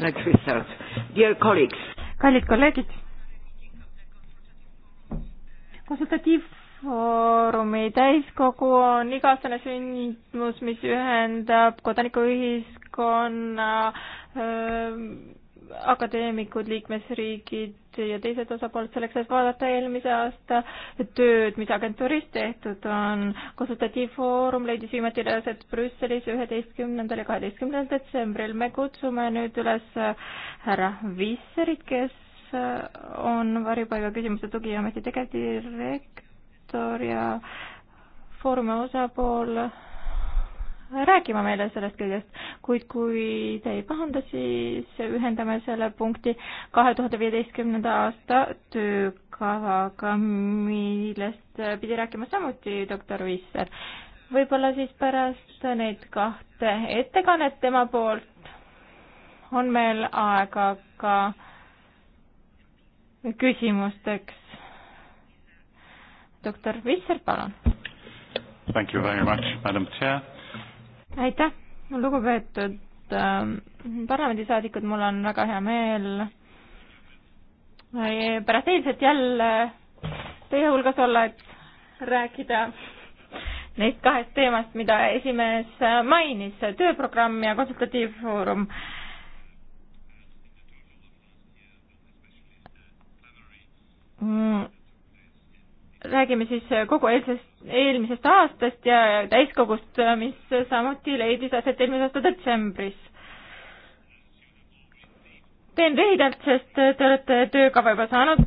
like research. Dear colleagues. kallid kolleegid. konsultatiivfoorumi täiskogu on igasene sündmus, mis ühendab kodanikuühiskonna ähm, akadeemikud, liikmesriigid ja teised osapooled selleks, et vaadata eelmise aasta tööd, mis agentuuris tehtud on. konsultatiivfoorum leidis viimati aset Brüsselis üheteistkümnendal ja kaheteistkümnendal detsembril. me kutsume nüüd üles härra Visserit, kes on varjupaiga küsimuste tugiameti tegevdirektor ja foorumi osapool rääkima meile sellest kõigest, kuid kui te ei pahanda, siis ühendame selle punkti kahe tuhande viieteistkümnenda aasta töökavaga, millest pidi rääkima samuti doktor Visser. võib-olla siis pärast neid kahte ettekannet tema poolt on meil aega ka küsimusteks. doktor Visser, palun. Thank you very much, madam chair aitäh, lugupeetud äh, parlamendisaadikud, mul on väga hea meel äh, pärast eilset jälle teie hulgas olla, et rääkida neist kahest teemast, mida esimees mainis, tööprogramm ja konsultatiivfoorum mm, räägime siis kogu eilsest eelmisest aastast ja täiskogust, mis samuti leidis aset eelmise aasta detsembris. teen lühidalt, sest te olete töökava juba saanud.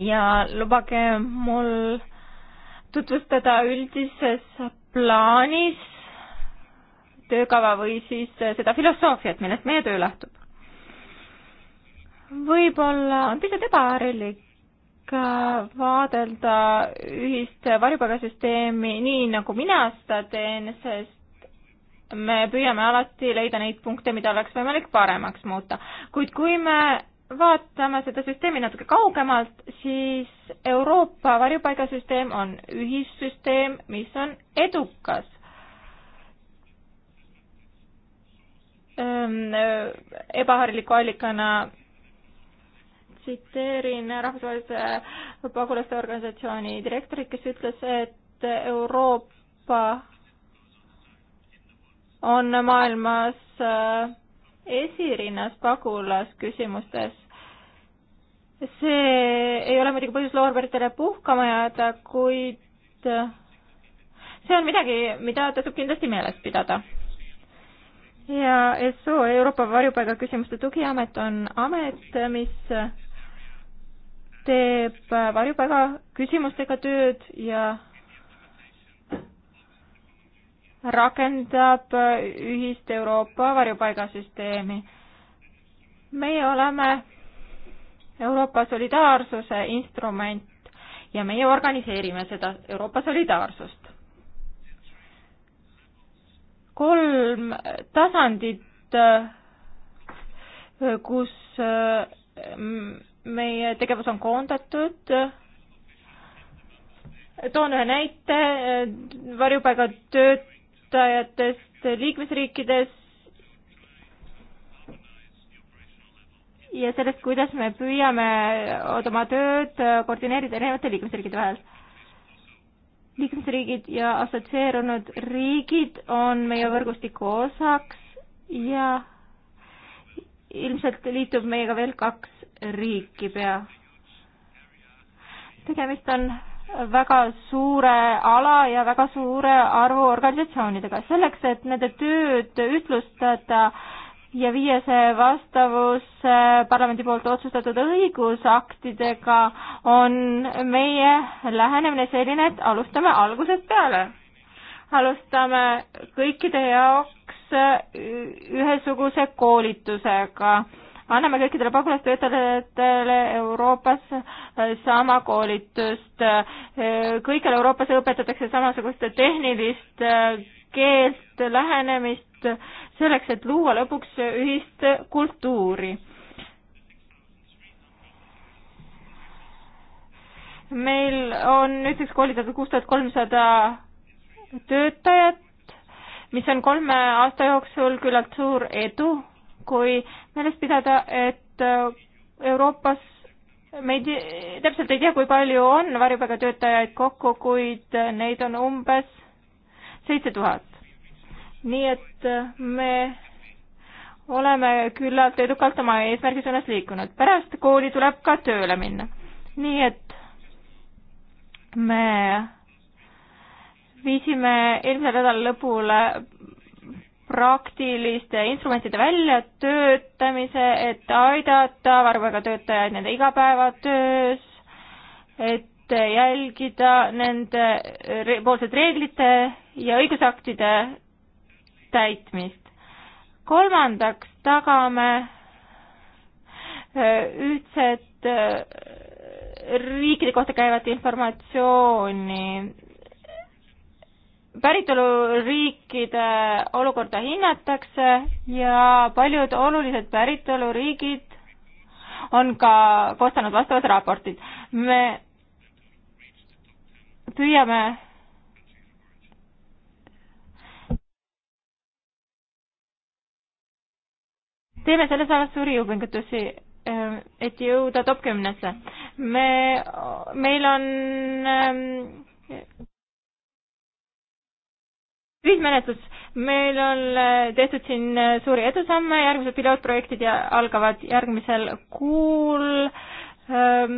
ja lubage mul tutvustada üldises plaanis töökava või siis seda filosoofiat, millest meie töö lähtub. võib-olla on pisut ebaharilik vaadelda ühist varjupaigasüsteemi nii, nagu mina seda teen, sest me püüame alati leida neid punkte, mida oleks võimalik paremaks muuta. kuid kui me vaatame seda süsteemi natuke kaugemalt, siis Euroopa varjupaigasüsteem on ühissüsteem, mis on edukas. Ehm, ebaharilikku allikana tsiteerin rahvusvahelise pagulaste organisatsiooni direktorit, kes ütles, et Euroopa on maailmas äh, esirinnas pagulasküsimustes. see ei ole muidugi põhjus loorberitele puhkama jääda, kuid äh, see on midagi, mida tasub kindlasti meeles pidada. ja SO, e, Euroopa Varjupaiga Küsimuste Tugiamet on amet, mis teeb äh, varjupaiga küsimustega tööd ja rakendab äh, ühist Euroopa varjupaigasüsteemi. meie oleme Euroopa solidaarsuse instrument ja meie organiseerime seda Euroopa solidaarsust. kolm tasandit, äh, kus meie tegevus on koondatud. toon ühe näite eh, varjupaiga töötajatest liikmesriikides ja sellest, kuidas me püüame oma tööd eh, koordineerida erinevate liikmesriikide vahel. liikmesriigid ja assotsieerunud riigid on meie võrgustiku osaks ja ilmselt liitub meiega veel kaks riiki pea. tegemist on väga suure ala ja väga suure arvu organisatsioonidega. selleks, et nende tööd ühtlustada ja viia see vastavusse parlamendi poolt otsustatud õigusaktidega, on meie lähenemine selline, et alustame algusest peale. alustame kõikide jaoks ühesuguse koolitusega anname kõikidele pagulastöötajatele Euroopas äh, sama koolitust. Äh, kõikjal Euroopas õpetatakse samasugust tehnilist äh, keelt, lähenemist selleks, et luua lõpuks ühist kultuuri meil on nüüdseks koolitatud kuus tuhat kolmsada töötajat, mis on kolme aasta jooksul küllalt suur edu kui meeles pidada, et äh, Euroopas me ei tea, täpselt ei tea, kui palju on varjupaigatöötajaid kokku, kuid neid on umbes seitse tuhat. nii et äh, me oleme küllalt edukalt oma eesmärgi suunas liikunud. pärast kooli tuleb ka tööle minna. nii et me viisime eelmise nädala lõpule praktiliste instrumentide väljatöötamise, et aidata varjupaiga töötajaid nende igapäevatöös, et jälgida nende re poolsed reeglite ja õigusaktide täitmist. kolmandaks tagame äh, ühtset äh, riikide kohta käivat informatsiooni päritoluriikide olukorda hinnatakse ja paljud olulised päritoluriigid on ka koostanud vastavad raportid. me püüame teeme selles alas suuri jõupingutusi, ehm, et jõuda top kümnesse. me, meil on ehm, ühismenetlus, meil on äh, tehtud siin äh, suuri edusamme, järgmised pilootprojektid algavad järgmisel kuul, ähm,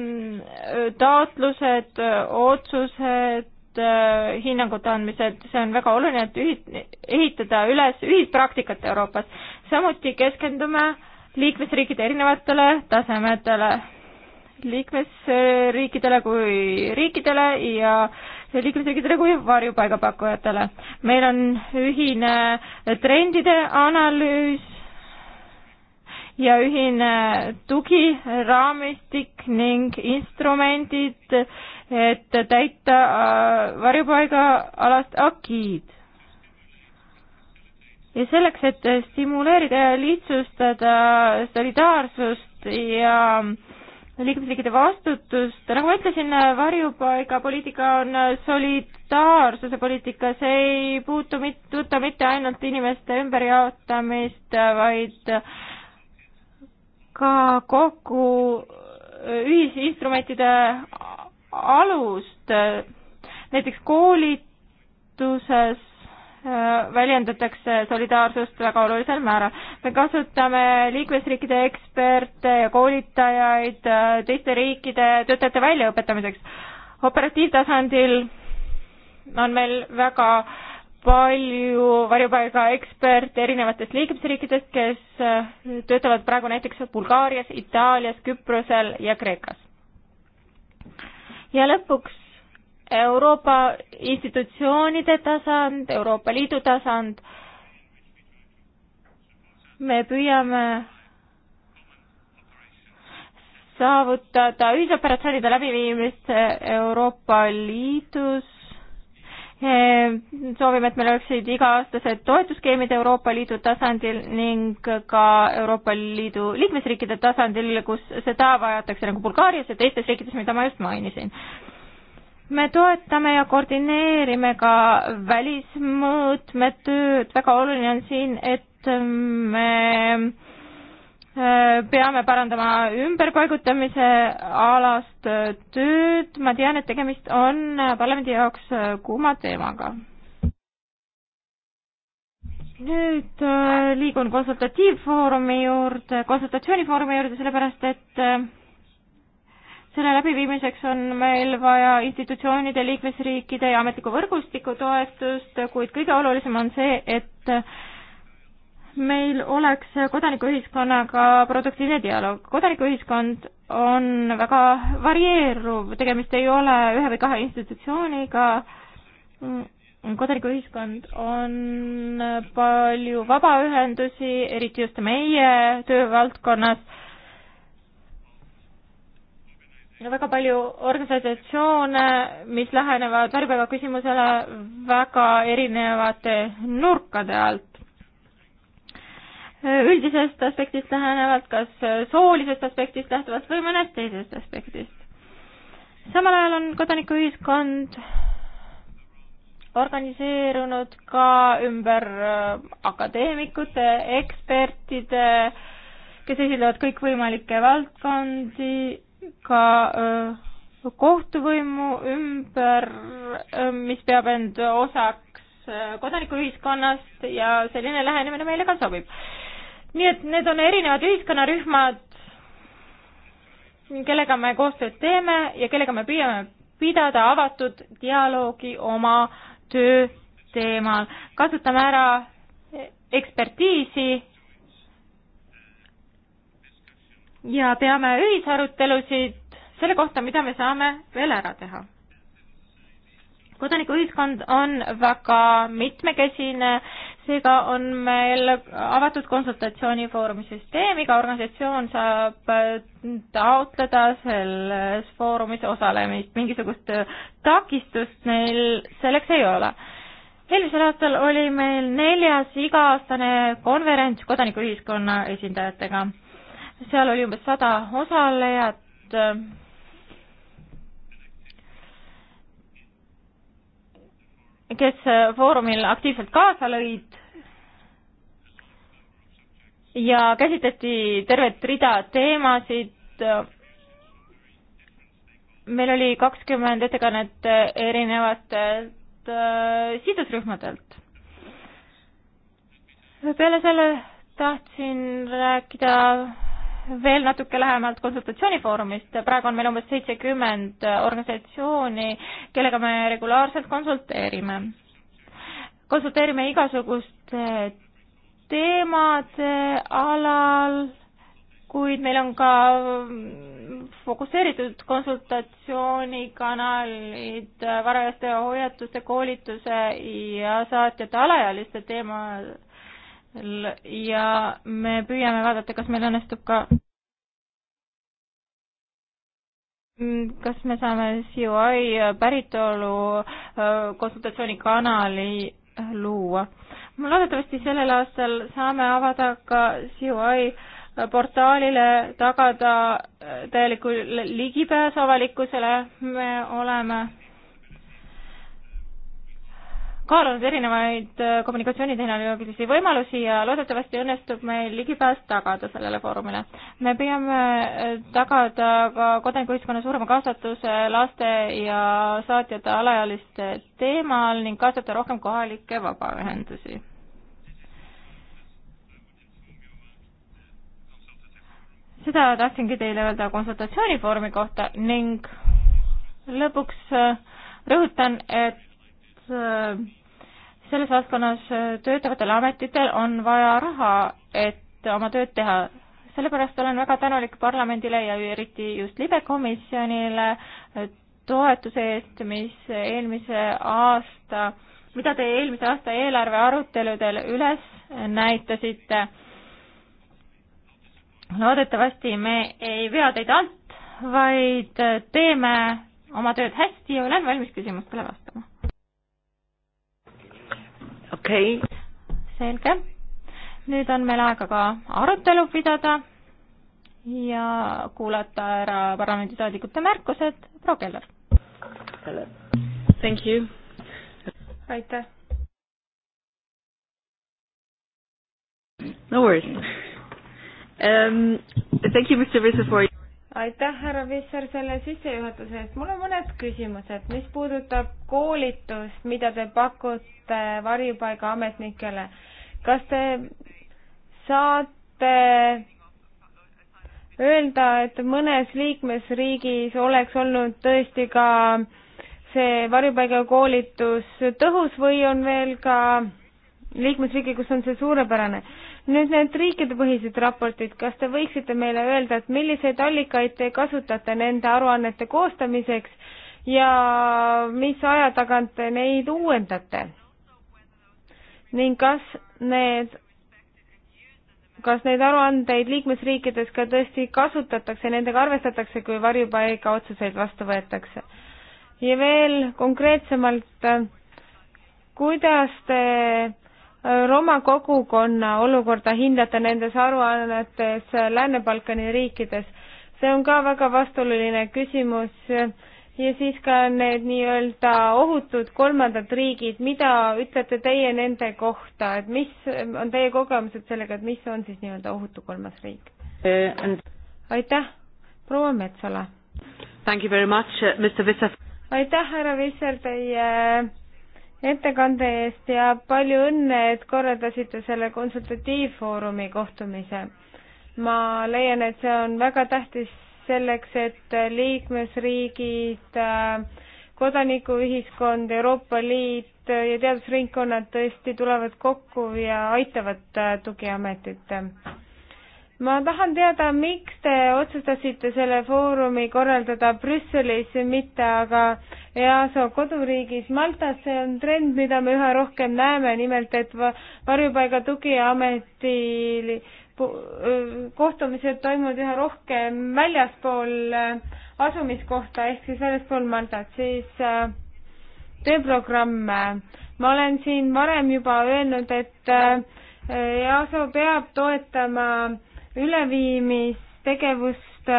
taotlused, otsused, äh, hinnangute andmised, see on väga oluline, et ühi-, ehitada üles ühispraktikat Euroopas. samuti keskendume liikmesriikide erinevatele tasemetele liikmesriikidele kui riikidele ja liikmesriikidele kui varjupaigapakkujatele. meil on ühine trendide analüüs ja ühine tugiraamistik ning instrumendid, et täita äh, varjupaigaalast akiid ja selleks, et stimuleerida ja lihtsustada solidaarsust ja liikmesriikide vastutust, nagu ma ütlesin, varjupaigapoliitika on solidaarsuse poliitika, see ei puutu mit-, puuduta mitte ainult inimeste ümberjaotamist, vaid ka kogu ühisinstrumentide alust, näiteks koolituses Äh, väljendatakse solidaarsust väga olulisel määral. me kasutame liikmesriikide eksperte ja koolitajaid äh, teiste riikide töötajate väljaõpetamiseks. operatiivtasandil on meil väga palju varjupaiga eksperte erinevatest liikmesriikidest, kes äh, töötavad praegu näiteks Bulgaarias, Itaalias, Küprosel ja Kreekas. ja lõpuks Euroopa institutsioonide tasand, Euroopa Liidu tasand. me püüame saavutada ühisoperatsioonide läbiviimist Euroopa Liidus. soovime, et meil oleksid iga-aastased toetusskeemid Euroopa Liidu tasandil ning ka Euroopa Liidu liikmesriikide tasandil, kus seda vajatakse, nagu Bulgaarias ja teistes riikides, mida ma just mainisin me toetame ja koordineerime ka välismõõtme tööd, väga oluline on siin, et me äh, peame parandama ümberpaigutamise alast äh, tööd, ma tean, et tegemist on äh, parlamendi jaoks kuuma teemaga. nüüd liigun konsultatiivfoorumi juurde, konsultatsioonifoorumi juurde, sellepärast et selle läbiviimiseks on meil vaja institutsioonide, liikmesriikide ja ametliku võrgustiku toetust, kuid kõige olulisem on see, et meil oleks kodanikuühiskonnaga produktiivne dialoog. kodanikuühiskond on väga varieeruv, tegemist ei ole ühe või kahe institutsiooniga, kodanikuühiskond on palju vabaühendusi, eriti just meie töövaldkonnas väga palju organisatsioone, mis lähenevad tarbijakaitse küsimusele väga erinevate nurkade alt. üldisest aspektist lähenevad kas soolisest aspektist lähtuvalt või mõnest teisest aspektist. samal ajal on kodanikuühiskond organiseerunud ka ümber äh, akadeemikute, ekspertide, kes esindavad kõikvõimalikke valdkondi ka äh, kohtuvõimu ümber, äh, mis peab end osaks äh, kodanikuühiskonnast ja selline lähenemine meile ka sobib. nii et need on erinevad ühiskonnarühmad, kellega me koostööd teeme ja kellega me püüame pidada avatud dialoogi oma töö teemal. kasutame ära ekspertiisi ja peame ühisarutelusid selle kohta, mida me saame veel ära teha. kodanikuühiskond on väga mitmekesine, seega on meil avatud konsultatsioonifoorumi süsteem, iga organisatsioon saab taotleda selles foorumis osalemist, mingisugust takistust neil selleks ei ole eelmisel aastal oli meil neljas iga-aastane konverents kodanikuühiskonna esindajatega seal oli umbes sada osalejat. kes foorumil aktiivselt kaasa lõid ja käsitleti tervet rida teemasid. meil oli kakskümmend ettekannet erinevatelt äh, sidusrühmadelt. peale selle tahtsin rääkida veel natuke lähemalt konsultatsioonifoorumist, praegu on meil umbes seitsekümmend organisatsiooni, kellega me regulaarselt konsulteerime. konsulteerime igasuguste teemade alal, kuid meil on ka fokusseeritud konsultatsioonikanalid varajaste hoiatuste, koolituse ja saatjate alaealiste teemal ja me püüame vaadata, kas meil õnnestub ka mm, kas me saame COI äh, päritolu äh, konsultatsioonikanali äh, luua? loodetavasti sellel aastal saame avada ka COI portaalile tagada täieliku ligipääs avalikkusele, me oleme kaalunud erinevaid äh, kommunikatsioonitehnoloogilisi võimalusi ja loodetavasti õnnestub meil ligipääs tagada sellele foorumile. me püüame äh, tagada ka kodanikuühiskonna suurema kaasatuse laste ja saatjate alaealiste teemal ning kaasata rohkem kohalikke vabaühendusi. seda tahtsingi teile öelda konsultatsioonifoorumi kohta ning lõpuks äh, rõhutan, et Äh, selles valdkonnas äh, töötavatel ametitel on vaja raha, et oma tööd teha. sellepärast olen väga tänulik parlamendile ja eriti just libekomisjonile äh, toetuse eest, mis eelmise aasta, mida te eelmise aasta eelarve aruteludel üles näitasite. loodetavasti me ei vea teid alt, vaid teeme oma tööd hästi ja olen valmis küsimustele vastama okei okay.. selge. nüüd on meil aega ka arutelu pidada ja kuulata ära parlamendisaadikute märkused. proua Keller. Thank you. aitäh. No worries um,. Thank you, Mr Visa for aitäh, härra Visser, selle sissejuhatuse eest. mul on mõned küsimused, mis puudutab koolitust, mida te pakute varjupaigaametnikele. kas te saate öelda, et mõnes liikmesriigis oleks olnud tõesti ka see varjupaigakoolitus tõhus või on veel ka liikmesriike, kus on see suurepärane? nüüd need riikidepõhised raportid, kas te võiksite meile öelda, et milliseid allikaid te kasutate nende aruannete koostamiseks ja mis aja tagant te neid uuendate? ning kas need, kas neid aruandeid liikmesriikides ka tõesti kasutatakse, nendega arvestatakse, kui varjupaiga otsuseid vastu võetakse? ja veel konkreetsemalt, kuidas te Roma kogukonna olukorda hindate nendes aruannetes Lääne-Balkani riikides? see on ka väga vastuoluline küsimus ja siis ka need nii-öelda ohutud kolmandad riigid, mida ütlete teie nende kohta, et mis on teie kogemused sellega, et mis on siis nii-öelda ohutu kolmas riik? aitäh, proua Metsala! aitäh, härra Visser, teie ettekande eest ja palju õnne, et korraldasite selle konsultatiivfoorumi kohtumise. ma leian, et see on väga tähtis selleks, et liikmesriigid, kodanikuühiskond, Euroopa Liit ja teadusringkonnad tõesti tulevad kokku ja aitavad äh, tugiametit. ma tahan teada, miks te otsustasite selle foorumi korraldada Brüsselis, mitte aga äh, EASO koduriigis Maltas, see on trend, mida me üha rohkem näeme, nimelt et varjupaiga tugiameti kohtumised toimuvad üha rohkem väljaspool äh, asumiskohta ehk siis väljaspool Maltat, siis äh, tööprogramme. ma olen siin varem juba öelnud, et äh, EASO peab toetama üleviimistegevust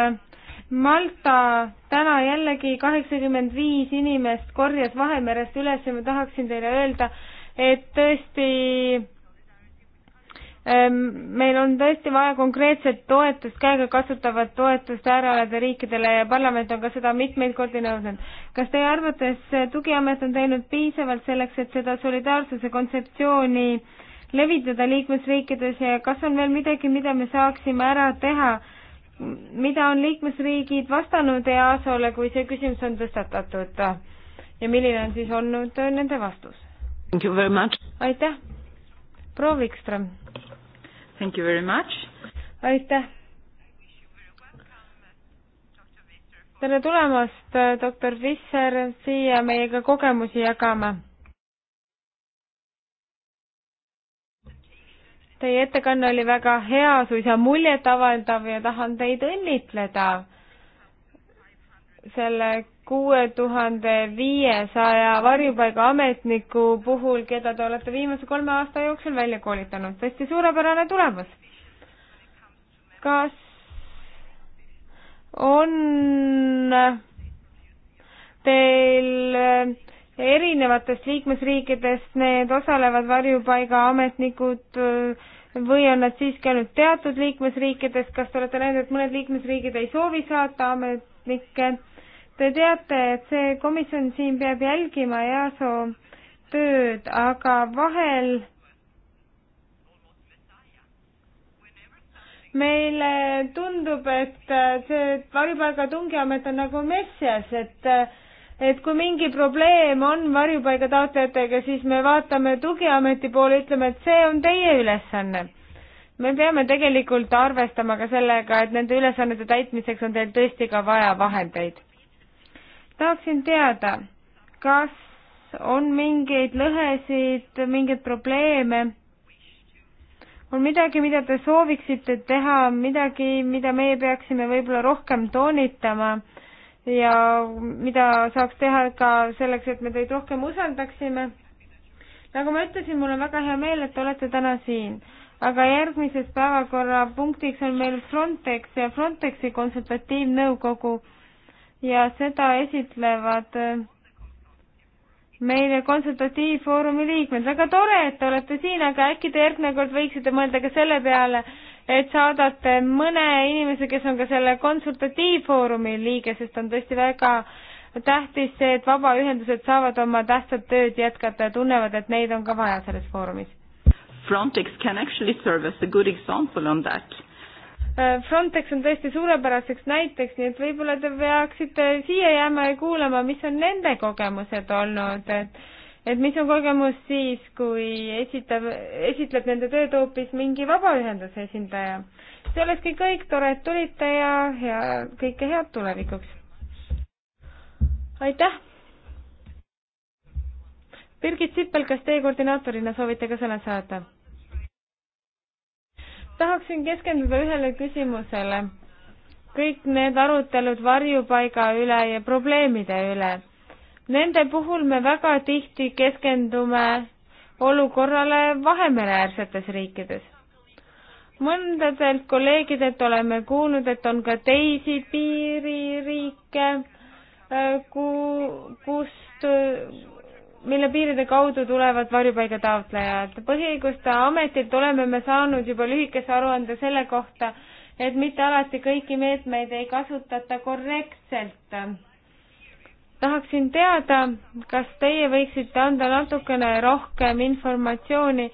Malta täna jällegi kaheksakümmend viis inimest korjas Vahemerest üles ja ma tahaksin teile öelda, et tõesti ähm, meil on tõesti vaja konkreetset toetust, käegakasutavat toetust äärealade riikidele ja parlament on ka seda mitmeid kordi nõudnud. kas teie arvates tugiamet on teinud piisavalt selleks, et seda solidaarsuse kontseptsiooni levitada liikmesriikides ja kas on veel midagi, mida me saaksime ära teha mida on liikmesriigid vastanud EASO-le, kui see küsimus on tõstatatud ja milline on siis olnud nende vastus? aitäh, proua Wikström! aitäh! tere tulemast, doktor Visser, siia meiega kogemusi jagama Teie ettekanne oli väga hea, suisa muljetavaldav ja tahan teid õnnitleda selle kuue tuhande viiesaja varjupaigaametniku puhul, keda te olete viimase kolme aasta jooksul välja koolitanud. tõesti suurepärane tulemus. kas on teil erinevatest liikmesriikidest need osalevad varjupaigaametnikud äh, või on nad siiski ainult teatud liikmesriikidest, kas te olete näinud, et mõned liikmesriigid ei soovi saata ametnikke? Te teate, et see komisjon siin peab jälgima EASO tööd, aga vahel meile tundub, et äh, see varjupaiga tungiamet on nagu messias, et äh, et kui mingi probleem on varjupaiga taotlejatega, siis me vaatame tugiameti poole, ütleme, et see on teie ülesanne. me peame tegelikult arvestama ka sellega, et nende ülesannete täitmiseks on teil tõesti ka vaja vahendeid. tahaksin teada, kas on mingeid lõhesid, mingeid probleeme? on midagi, mida te sooviksite teha, midagi, mida meie peaksime võib-olla rohkem toonitama ja mida saaks teha ka selleks, et me teid rohkem usaldaksime. nagu ma ütlesin, mul on väga hea meel, et te olete täna siin, aga järgmises päevakorrapunktiks on meil Frontex ja Frontexi konsultatiivnõukogu ja seda esitlevad eh, meile konsultatiivfoorumi liikmed. väga tore, et te olete siin, aga äkki te järgmine kord võiksite mõelda ka selle peale, et saadate mõne inimese, kes on ka selle konsultatiivfoorumi liige, sest on tõesti väga tähtis see, et vabaühendused saavad oma tähtsat tööd jätkata ja tunnevad, et neid on ka vaja selles foorumis. Frontex can actually serve as a good example on that. Äh, Frontex on tõesti suurepäraseks näiteks, nii et võib-olla te peaksite siia jääma ja kuulama, mis on nende kogemused olnud, et et mis on kogemus siis, kui esitab, esitleb nende tööd hoopis mingi vabaühenduse esindaja. see olekski kõik, tore, et tulite ja, ja kõike head tulevikuks. aitäh. Birgit Sippel, kas teie koordinaatorina soovite ka sõna saada? tahaksin keskenduda ühele küsimusele. kõik need arutelud varjupaiga üle ja probleemide üle Nende puhul me väga tihti keskendume olukorrale Vahemereäärsetes riikides. mõndadelt kolleegidelt oleme kuulnud, et on ka teisi piiririike, äh, ku-, kust, mille piiride kaudu tulevad varjupaiga taotlejad. põhiõiguste ametilt oleme me saanud juba lühikese aruande selle kohta, et mitte alati kõiki meetmeid ei kasutata korrektselt tahaksin teada, kas teie võiksite anda natukene rohkem informatsiooni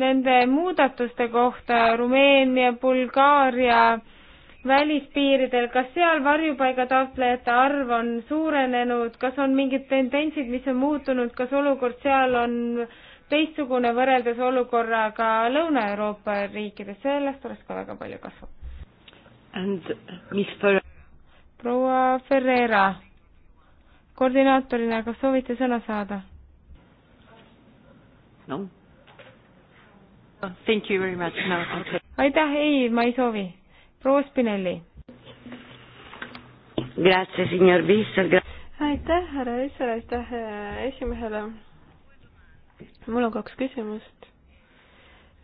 nende muudatuste kohta Rumeenia, Bulgaaria välispiiridel, kas seal varjupaigataotlejate arv on suurenenud, kas on mingid tendentsid, mis on muutunud, kas olukord seal on teistsugune võrreldes olukorraga Lõuna-Euroopa riikides, sellest oleks ka väga palju kasu. Uh, proua Ferreira koordinaatorina, kas soovite sõna saada? noh. Thank you very much no,. Okay. aitäh, ei, ma ei soovi. proua Spinelli. Grazie, signor Visser. aitäh, härra Visser, aitäh äh, esimehele. mul on kaks küsimust.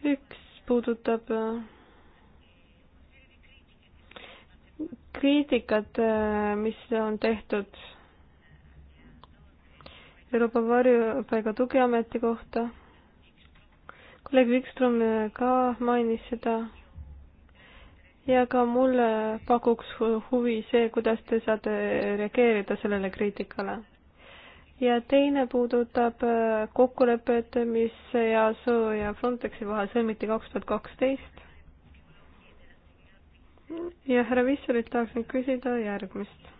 üks puudutab äh, kriitikat, äh, mis on tehtud Euroopa Varjupaiga Tugiameti kohta. kolleeg Wikström ka mainis seda. ja ka mulle pakuks huvi see, kuidas te saate reageerida sellele kriitikale. ja teine puudutab äh, kokkulepet, mis EASO ja Frontexi vahel sõlmiti kaks tuhat kaksteist. ja härra Vissarilt tahaksin küsida järgmist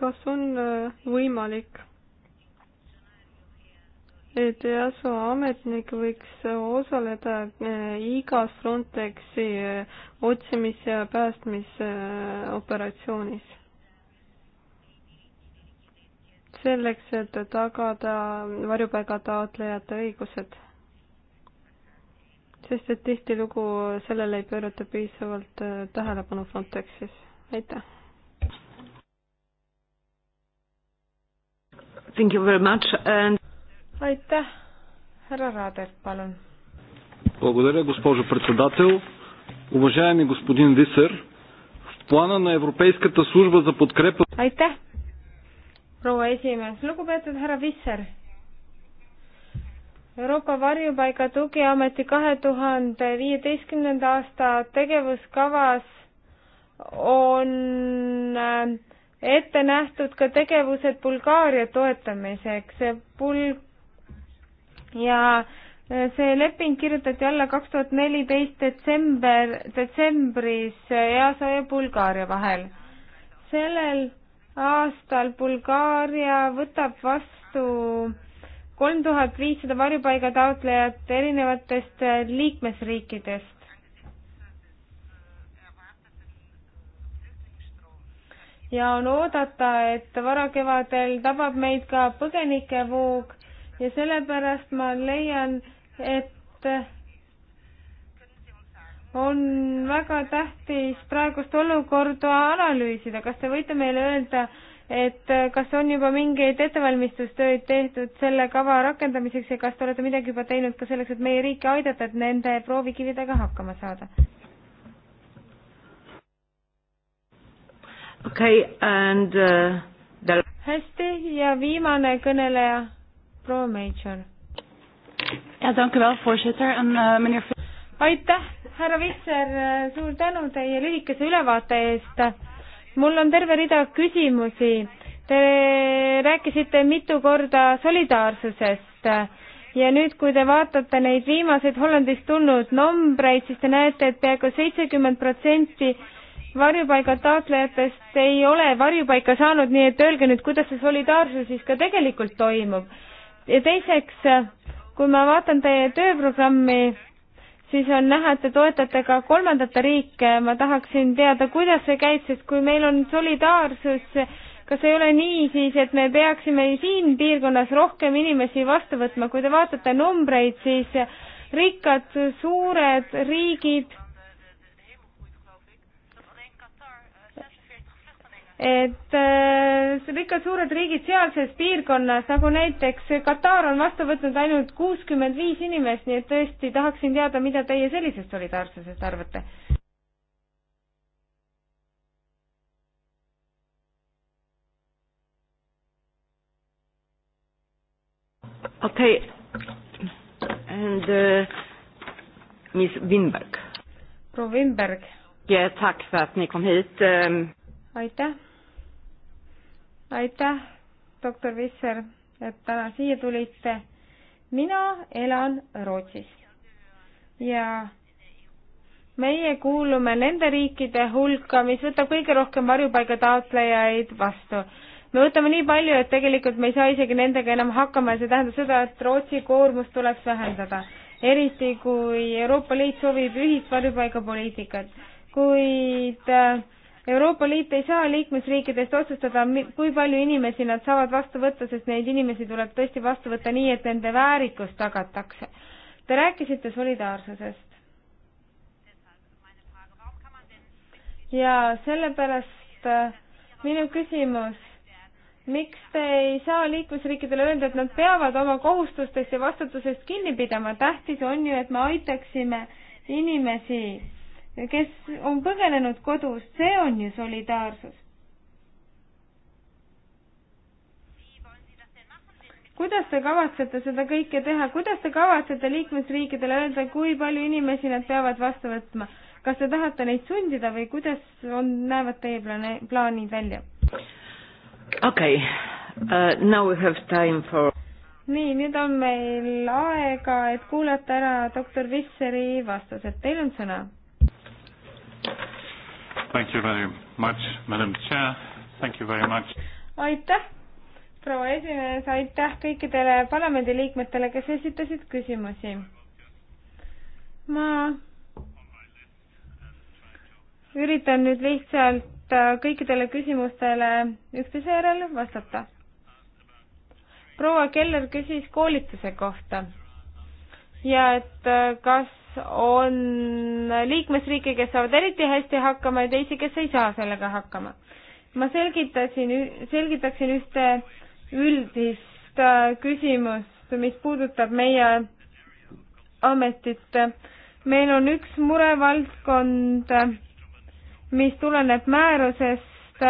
kas on äh, võimalik, et EASO ametnik võiks äh, osaleda äh, igas Frontexi otsimis- ja päästmisoperatsioonis? selleks, et tagada varjupaigataotlejate õigused sest et tihtilugu sellele ei pöörata piisavalt tähelepanu Frontexis. aitäh! Thank you very much and aitäh, härra Raadev, palun. Благодаря, госпожо председател. Уважаеми господин Висер, в плана на Европейската служба за подкрепа... Aitäh, proua esimees. Lugupeetud härra Visser, Euroopa Varjupaiga Tugiameti kahe tuhande viieteistkümnenda aasta tegevuskavas on äh, ette nähtud ka tegevused Bulgaaria toetamiseks. Bul- ja äh, see leping kirjutati alla kaks tuhat neliteist detsember, detsembris äh, EASA ja Bulgaaria vahel. sellel aastal Bulgaaria võtab vastu kolm tuhat viissada varjupaigataotlejat erinevatest äh, liikmesriikidest ja on oodata, et varakevadel tabab meid ka põgenikevoog ja sellepärast ma leian, et on väga tähtis praegust olukorda analüüsida, kas te võite meile öelda, et kas on juba mingeid ettevalmistustöid tehtud selle kava rakendamiseks ja kas te olete midagi juba teinud ka selleks, et meie riiki aidata, et nende proovikividega hakkama saada? okei okay,, and uh, the... hästi ja viimane kõneleja, proua Major. ja tänku veel, voorzitter, on uh, eh, meneer aitäh, härra Vitser, eh, suur tänu teie lühikese ülevaate eest. mul on terve rida küsimusi. Te rääkisite mitu korda solidaarsusest ja nüüd, kui te vaatate neid viimaseid Hollandist tulnud numbreid, siis te näete et, et peaaegu seitsekümmend protsenti varjupaiga taotlejatest ei ole varjupaika saanud, nii et öelge nüüd, kuidas see solidaarsus siis ka tegelikult toimub. ja teiseks, kui ma vaatan teie tööprogrammi, siis on näha, et te toetate ka kolmandate riike, ma tahaksin teada, kuidas see käib, sest kui meil on solidaarsus, kas ei ole nii siis, et me peaksime siin piirkonnas rohkem inimesi vastu võtma, kui te vaatate numbreid, siis rikkad suured riigid et rikkad äh, suured riigid sealses piirkonnas, nagu näiteks Katar on vastu võtnud ainult kuuskümmend viis inimest, nii et tõesti tahaksin teada, mida teie sellisest solidaarsusest arvate? okei okay., and uh, Miss Winberg. proua Winberg. ja, tack för att ni kom hit um.... aitäh aitäh, doktor Visser, et täna siia tulite. mina elan Rootsis ja meie kuulume nende riikide hulka, mis võtab kõige rohkem varjupaiga taotlejaid vastu. me võtame nii palju, et tegelikult me ei saa isegi nendega enam hakkama ja see tähendab seda, et Rootsi koormust tuleks vähendada. eriti, kui Euroopa Liit soovib ühist varjupaigapoliitikat, kuid äh, Euroopa Liit ei saa liikmesriikidest otsustada, kui palju inimesi nad saavad vastu võtta, sest neid inimesi tuleb tõesti vastu võtta nii, et nende väärikus tagatakse. Te rääkisite solidaarsusest. ja sellepärast äh, minu küsimus, miks te ei saa liikmesriikidele öelda, et nad peavad oma kohustustest ja vastutusest kinni pidama, tähtis on ju, et me aitaksime inimesi kes on põgenenud kodust, see on ju solidaarsus. kuidas te kavatsete seda kõike teha, kuidas te kavatsete liikmesriikidele öelda, kui palju inimesi nad peavad vastu võtma? kas te tahate neid sundida või kuidas on, näevad teie plaane, plaanid välja? okei okay. uh,, now we have time for nii, nüüd on meil aega, et kuulata ära doktor Visseri vastused, teil on sõna Thank you very much, madam chair, thank you very much. aitäh, proua esimees, aitäh kõikidele parlamendiliikmetele, kes esitasid küsimusi. ma üritan nüüd lihtsalt kõikidele küsimustele üksteise järel vastata. proua Keller küsis koolituse kohta ja et kas on liikmesriike, kes saavad eriti hästi hakkama ja teisi, kes ei saa sellega hakkama. ma selgitasin, selgitaksin ühte üldist äh, küsimust, mis puudutab meie ametit. meil on üks murevaldkond, mis tuleneb määrusest.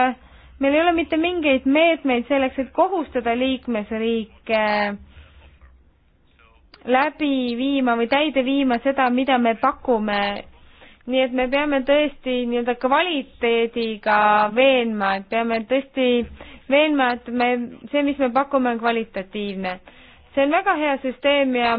meil ei ole mitte mingeid meetmeid selleks, et kohustada liikmesriike läbi viima või täide viima seda, mida me pakume. nii et me peame tõesti nii-öelda kvaliteediga veenma, et peame tõesti veenma, et me, see, mis me pakume, on kvalitatiivne. see on väga hea süsteem ja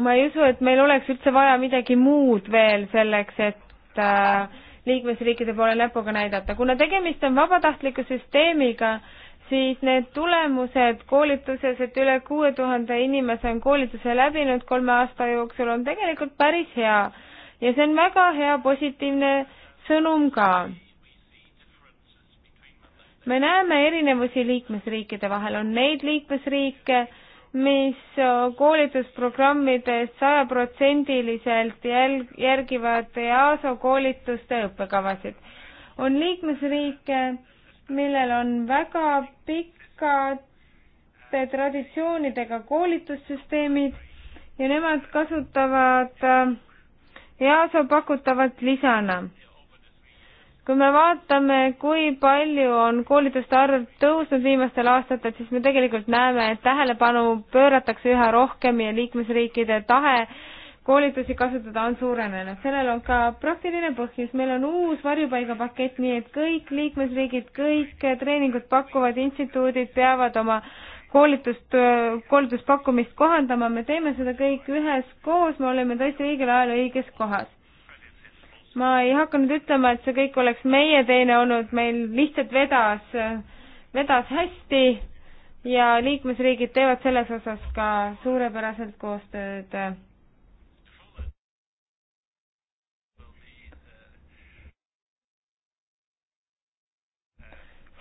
ma ei usu, et meil oleks üldse vaja midagi muud veel selleks, et äh, liikmesriikide poole näpuga näidata. kuna tegemist on vabatahtliku süsteemiga, siis need tulemused koolituses, et üle kuue tuhande inimese on koolituse läbinud kolme aasta jooksul, on tegelikult päris hea. ja see on väga hea positiivne sõnum ka. me näeme erinevusi liikmesriikide vahel, on neid liikmesriike, mis koolitusprogrammides sajaprotsendiliselt jälg-, järgivad EASO koolituste õppekavasid. on liikmesriike, millel on väga pikkade traditsioonidega koolitussüsteemid ja nemad kasutavad äh, EASO pakutavat lisana. kui me vaatame, kui palju on koolituste arv tõusnud viimastel aastatel, siis me tegelikult näeme, et tähelepanu pööratakse üha rohkem ja liikmesriikide tahe äh, koolitusi kasutada on suurenenud. sellel on ka praktiline põhjus, meil on uus varjupaigapakett, nii et kõik liikmesriigid, kõik treeningut pakkuvad instituudid peavad oma koolitust, koolituspakkumist kohandama, me teeme seda kõik üheskoos, me oleme tõesti õigel ajal õiges kohas. ma ei hakka nüüd ütlema, et see kõik oleks meie teene olnud, meil lihtsalt vedas, vedas hästi ja liikmesriigid teevad selles osas ka suurepäraselt koostööd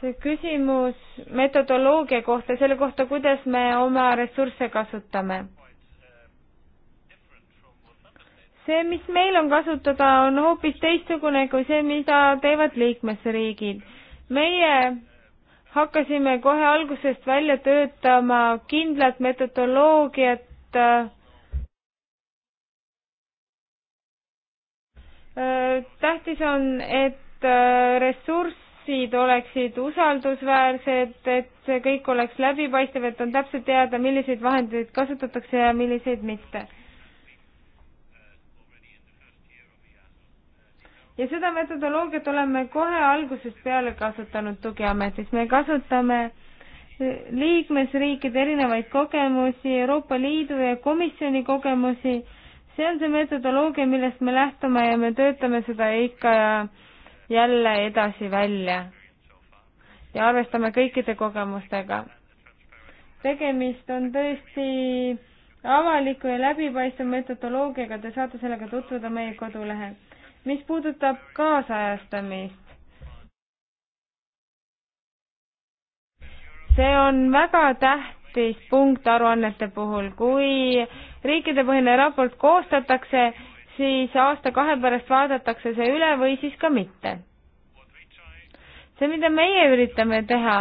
see küsimus metodoloogia kohta, selle kohta, kuidas me oma ressursse kasutame. see, mis meil on kasutada, on hoopis teistsugune kui see, mida teevad liikmesriigid. meie hakkasime kohe algusest välja töötama kindlat metodoloogiat, äh, tähtis on, et äh, ressurss passid oleksid usaldusväärsed, et kõik oleks läbipaistev, et on täpselt teada, milliseid vahendeid kasutatakse ja milliseid mitte. ja seda metodoloogiat oleme kohe algusest peale kasutanud tugiametis, me kasutame liikmesriikide erinevaid kogemusi, Euroopa Liidu ja komisjoni kogemusi, see on see metodoloogia, millest me lähtume ja me töötame seda ikka ja jälle edasi välja ja arvestame kõikide kogemustega. tegemist on tõesti avaliku ja läbipaistva metodoloogiaga, te saate sellega tutvuda meie kodulehel. mis puudutab kaasajastamist, see on väga tähtis punkt aruannete puhul, kui riikidepõhine raport koostatakse, siis aasta-kahe pärast vaadatakse see üle või siis ka mitte. see, mida meie üritame teha,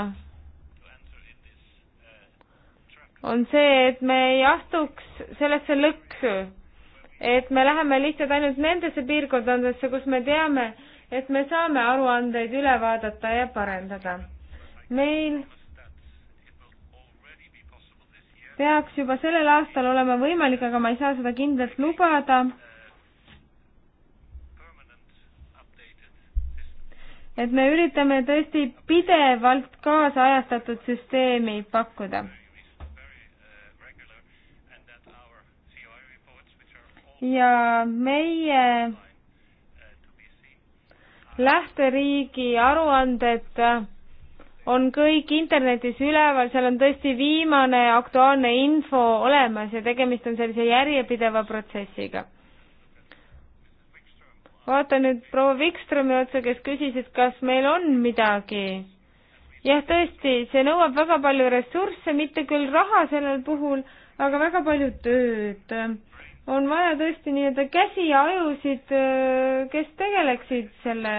on see, et me ei astuks sellesse lõksu, et me läheme lihtsalt ainult nendesse piirkondadesse, kus me teame, et me saame aruandeid üle vaadata ja parendada. meil peaks juba sellel aastal olema võimalik, aga ma ei saa seda kindlalt lubada et me üritame tõesti pidevalt kaasajastatud süsteemi pakkuda. ja meie lähteriigi aruanded on kõik internetis üleval, seal on tõesti viimane aktuaalne info olemas ja tegemist on sellise järjepideva protsessiga vaatan nüüd proua Vikströmi otsa, kes küsis, et kas meil on midagi. jah, tõesti, see nõuab väga palju ressursse, mitte küll raha sellel puhul, aga väga palju tööd. on vaja tõesti nii-öelda käsi ja ajusid, äh, kes tegeleksid selle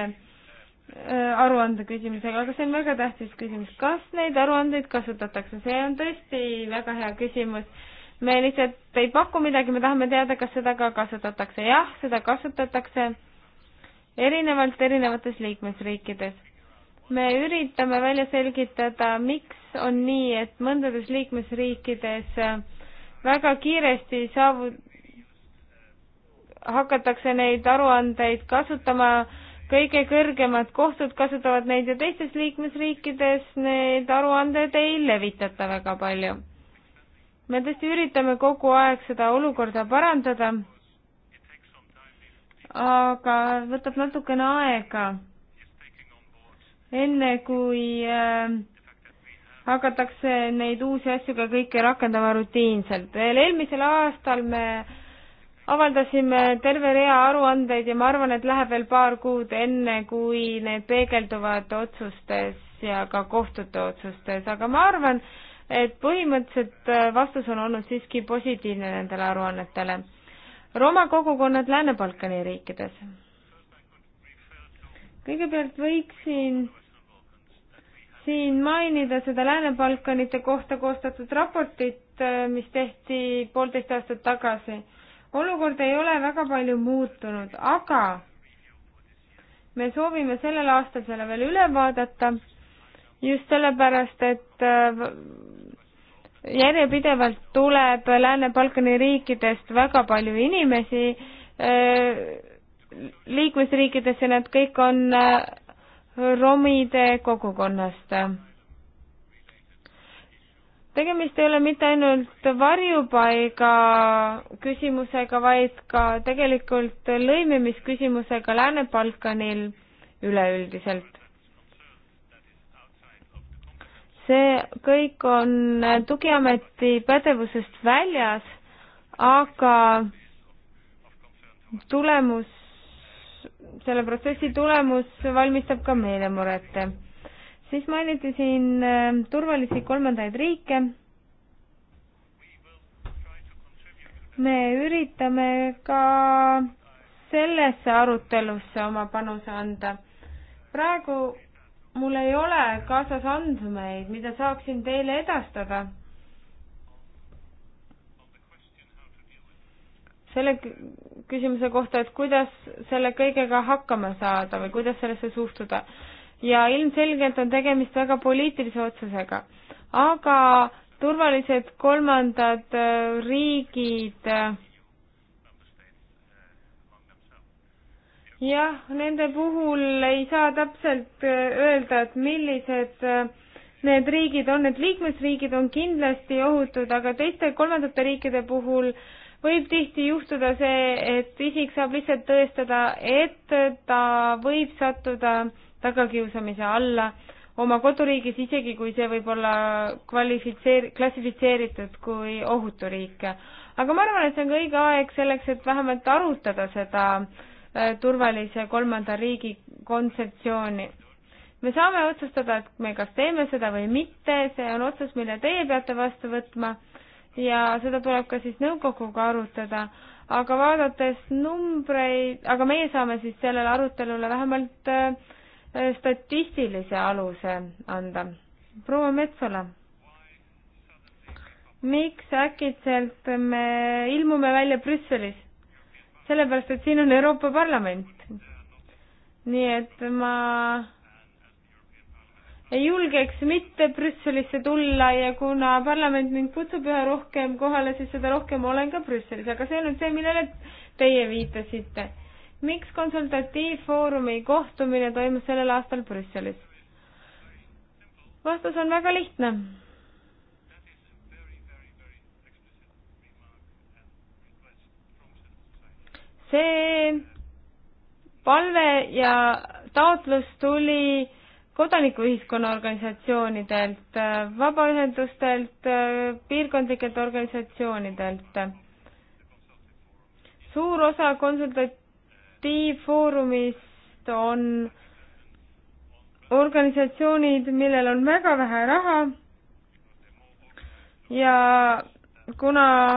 äh, aruande küsimusega, aga see on väga tähtis küsimus. kas neid aruandeid kasutatakse, see on tõesti väga hea küsimus me lihtsalt ei paku midagi, me tahame teada, kas seda ka kasutatakse. jah, seda kasutatakse erinevalt erinevates liikmesriikides. me üritame välja selgitada, miks on nii, et mõndades liikmesriikides äh, väga kiiresti saavu-, hakatakse neid aruandeid kasutama, kõige kõrgemad kohtud kasutavad neid ja teistes liikmesriikides need aruanded ei levitata väga palju. me tõesti üritame kogu aeg seda olukorda parandada aga võtab natukene aega, enne kui äh, hakatakse neid uusi asju ka kõike rakendama rutiinselt. veel eelmisel aastal me avaldasime terve rea aruandeid ja ma arvan, et läheb veel paar kuud, enne kui need peegelduvad otsustes ja ka kohtute otsustes, aga ma arvan, et põhimõtteliselt äh, vastus on olnud siiski positiivne nendele aruannetele Roma kogukonnad Lääne-Balkani riikides. kõigepealt võiksin siin mainida seda Lääne-Balkanite kohta koostatud raportit, mis tehti poolteist aastat tagasi. olukord ei ole väga palju muutunud, aga me soovime sellel aastal selle veel üle vaadata just sellepärast, et järjepidevalt tuleb Lääne-Balkani riikidest väga palju inimesi äh, liikmesriikidesse, nad kõik on äh, romide kogukonnast. tegemist ei ole mitte ainult varjupaiga küsimusega, vaid ka tegelikult lõimimisküsimusega Lääne-Balkanil üleüldiselt see kõik on tugiameti pädevusest väljas, aga tulemus, selle protsessi tulemus valmistab ka meile muret. siis mainiti siin äh, turvalisi kolmandaid riike. me üritame ka sellesse arutelusse oma panuse anda. praegu mul ei ole kaasas andmeid, mida saaksin teile edastada. selle küsimuse kohta, et kuidas selle kõigega hakkama saada või kuidas sellesse suhtuda. ja ilmselgelt on tegemist väga poliitilise otsusega. aga turvalised kolmandad äh, riigid äh, jah, nende puhul ei saa täpselt äh, öelda, et millised äh, need riigid on, need liikmesriigid on kindlasti ohutud, aga teiste kolmandate riikide puhul võib tihti juhtuda see, et isik saab lihtsalt tõestada, et ta võib sattuda tagakiusamise alla oma koduriigis, isegi kui see võib olla kvalifitseer-, klassifitseeritud kui ohutu riik. aga ma arvan, et see on ka õige aeg selleks, et vähemalt arutada seda äh, Äh, turvalise kolmanda riigi kontseptsiooni. me saame otsustada, et me kas teeme seda või mitte, see on otsus, mille teie peate vastu võtma ja seda tuleb ka siis nõukoguga arutada, aga vaadates numbreid, aga meie saame siis sellele arutelule vähemalt äh, statistilise aluse anda. proua Metsola, miks äkitselt me ilmume välja Brüsselis sellepärast et siin on Euroopa Parlament. nii et ma ei julgeks mitte Brüsselisse tulla ja kuna parlament mind kutsub üha rohkem kohale, siis seda rohkem olen ka Brüsselis, aga see on nüüd see, millele teie viitasite. miks konsultatiivfoorumi kohtumine toimus sellel aastal Brüsselis? vastus on väga lihtne see palve ja taotlus tuli kodanikuühiskonna organisatsioonidelt, vabaühendustelt, piirkondlikelt organisatsioonidelt. suur osa konsultatiivfoorumist on organisatsioonid, millel on väga vähe raha ja kuna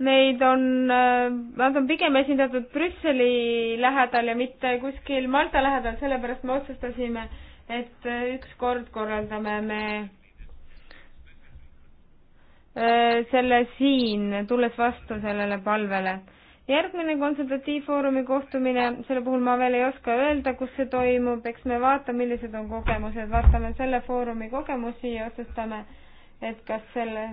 neid on, äh, nad on pigem esindatud Brüsseli lähedal ja mitte kuskil Malta lähedal, sellepärast me otsustasime, et äh, ükskord korraldame me äh, selle siin, tulles vastu sellele palvele. järgmine konsultatiivfoorumi kohtumine, selle puhul ma veel ei oska öelda, kus see toimub, eks me vaatame, millised on kogemused, vaatame selle foorumi kogemusi ja otsustame, et kas selle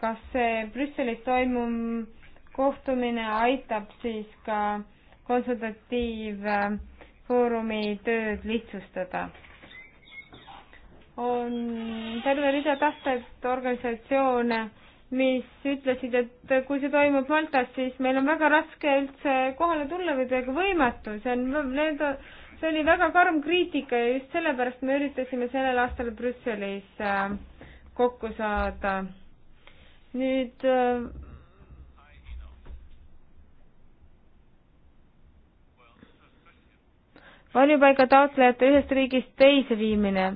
kas see Brüsselis toimuv kohtumine aitab siis ka konsultatiivfoorumi tööd lihtsustada? on terve rida tahtet organisatsioone, mis ütlesid, et kui see toimub Maltas, siis meil on väga raske üldse kohale tulla või peaaegu võimatu, see on, need on, see oli väga karm kriitika ja just sellepärast me üritasime sellel aastal Brüsselis äh, kokku saada nüüd äh, varjupaiga taotlejate ühest riigist teise viimine.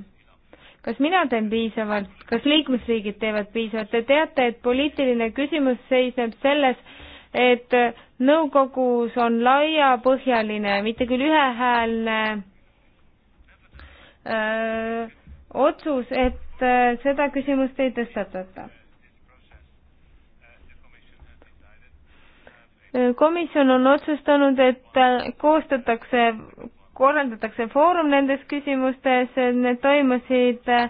kas mina teen piisavalt, kas liikmesriigid teevad piisavalt? Te teate, et poliitiline küsimus seisneb selles, et nõukogus on laiapõhjaline, mitte küll ühehäälne öö, äh, otsus, et öö, äh, seda küsimust ei tõstatata. komisjon on otsustanud, et koostatakse, korraldatakse foorum nendes küsimustes, need toimusid äh,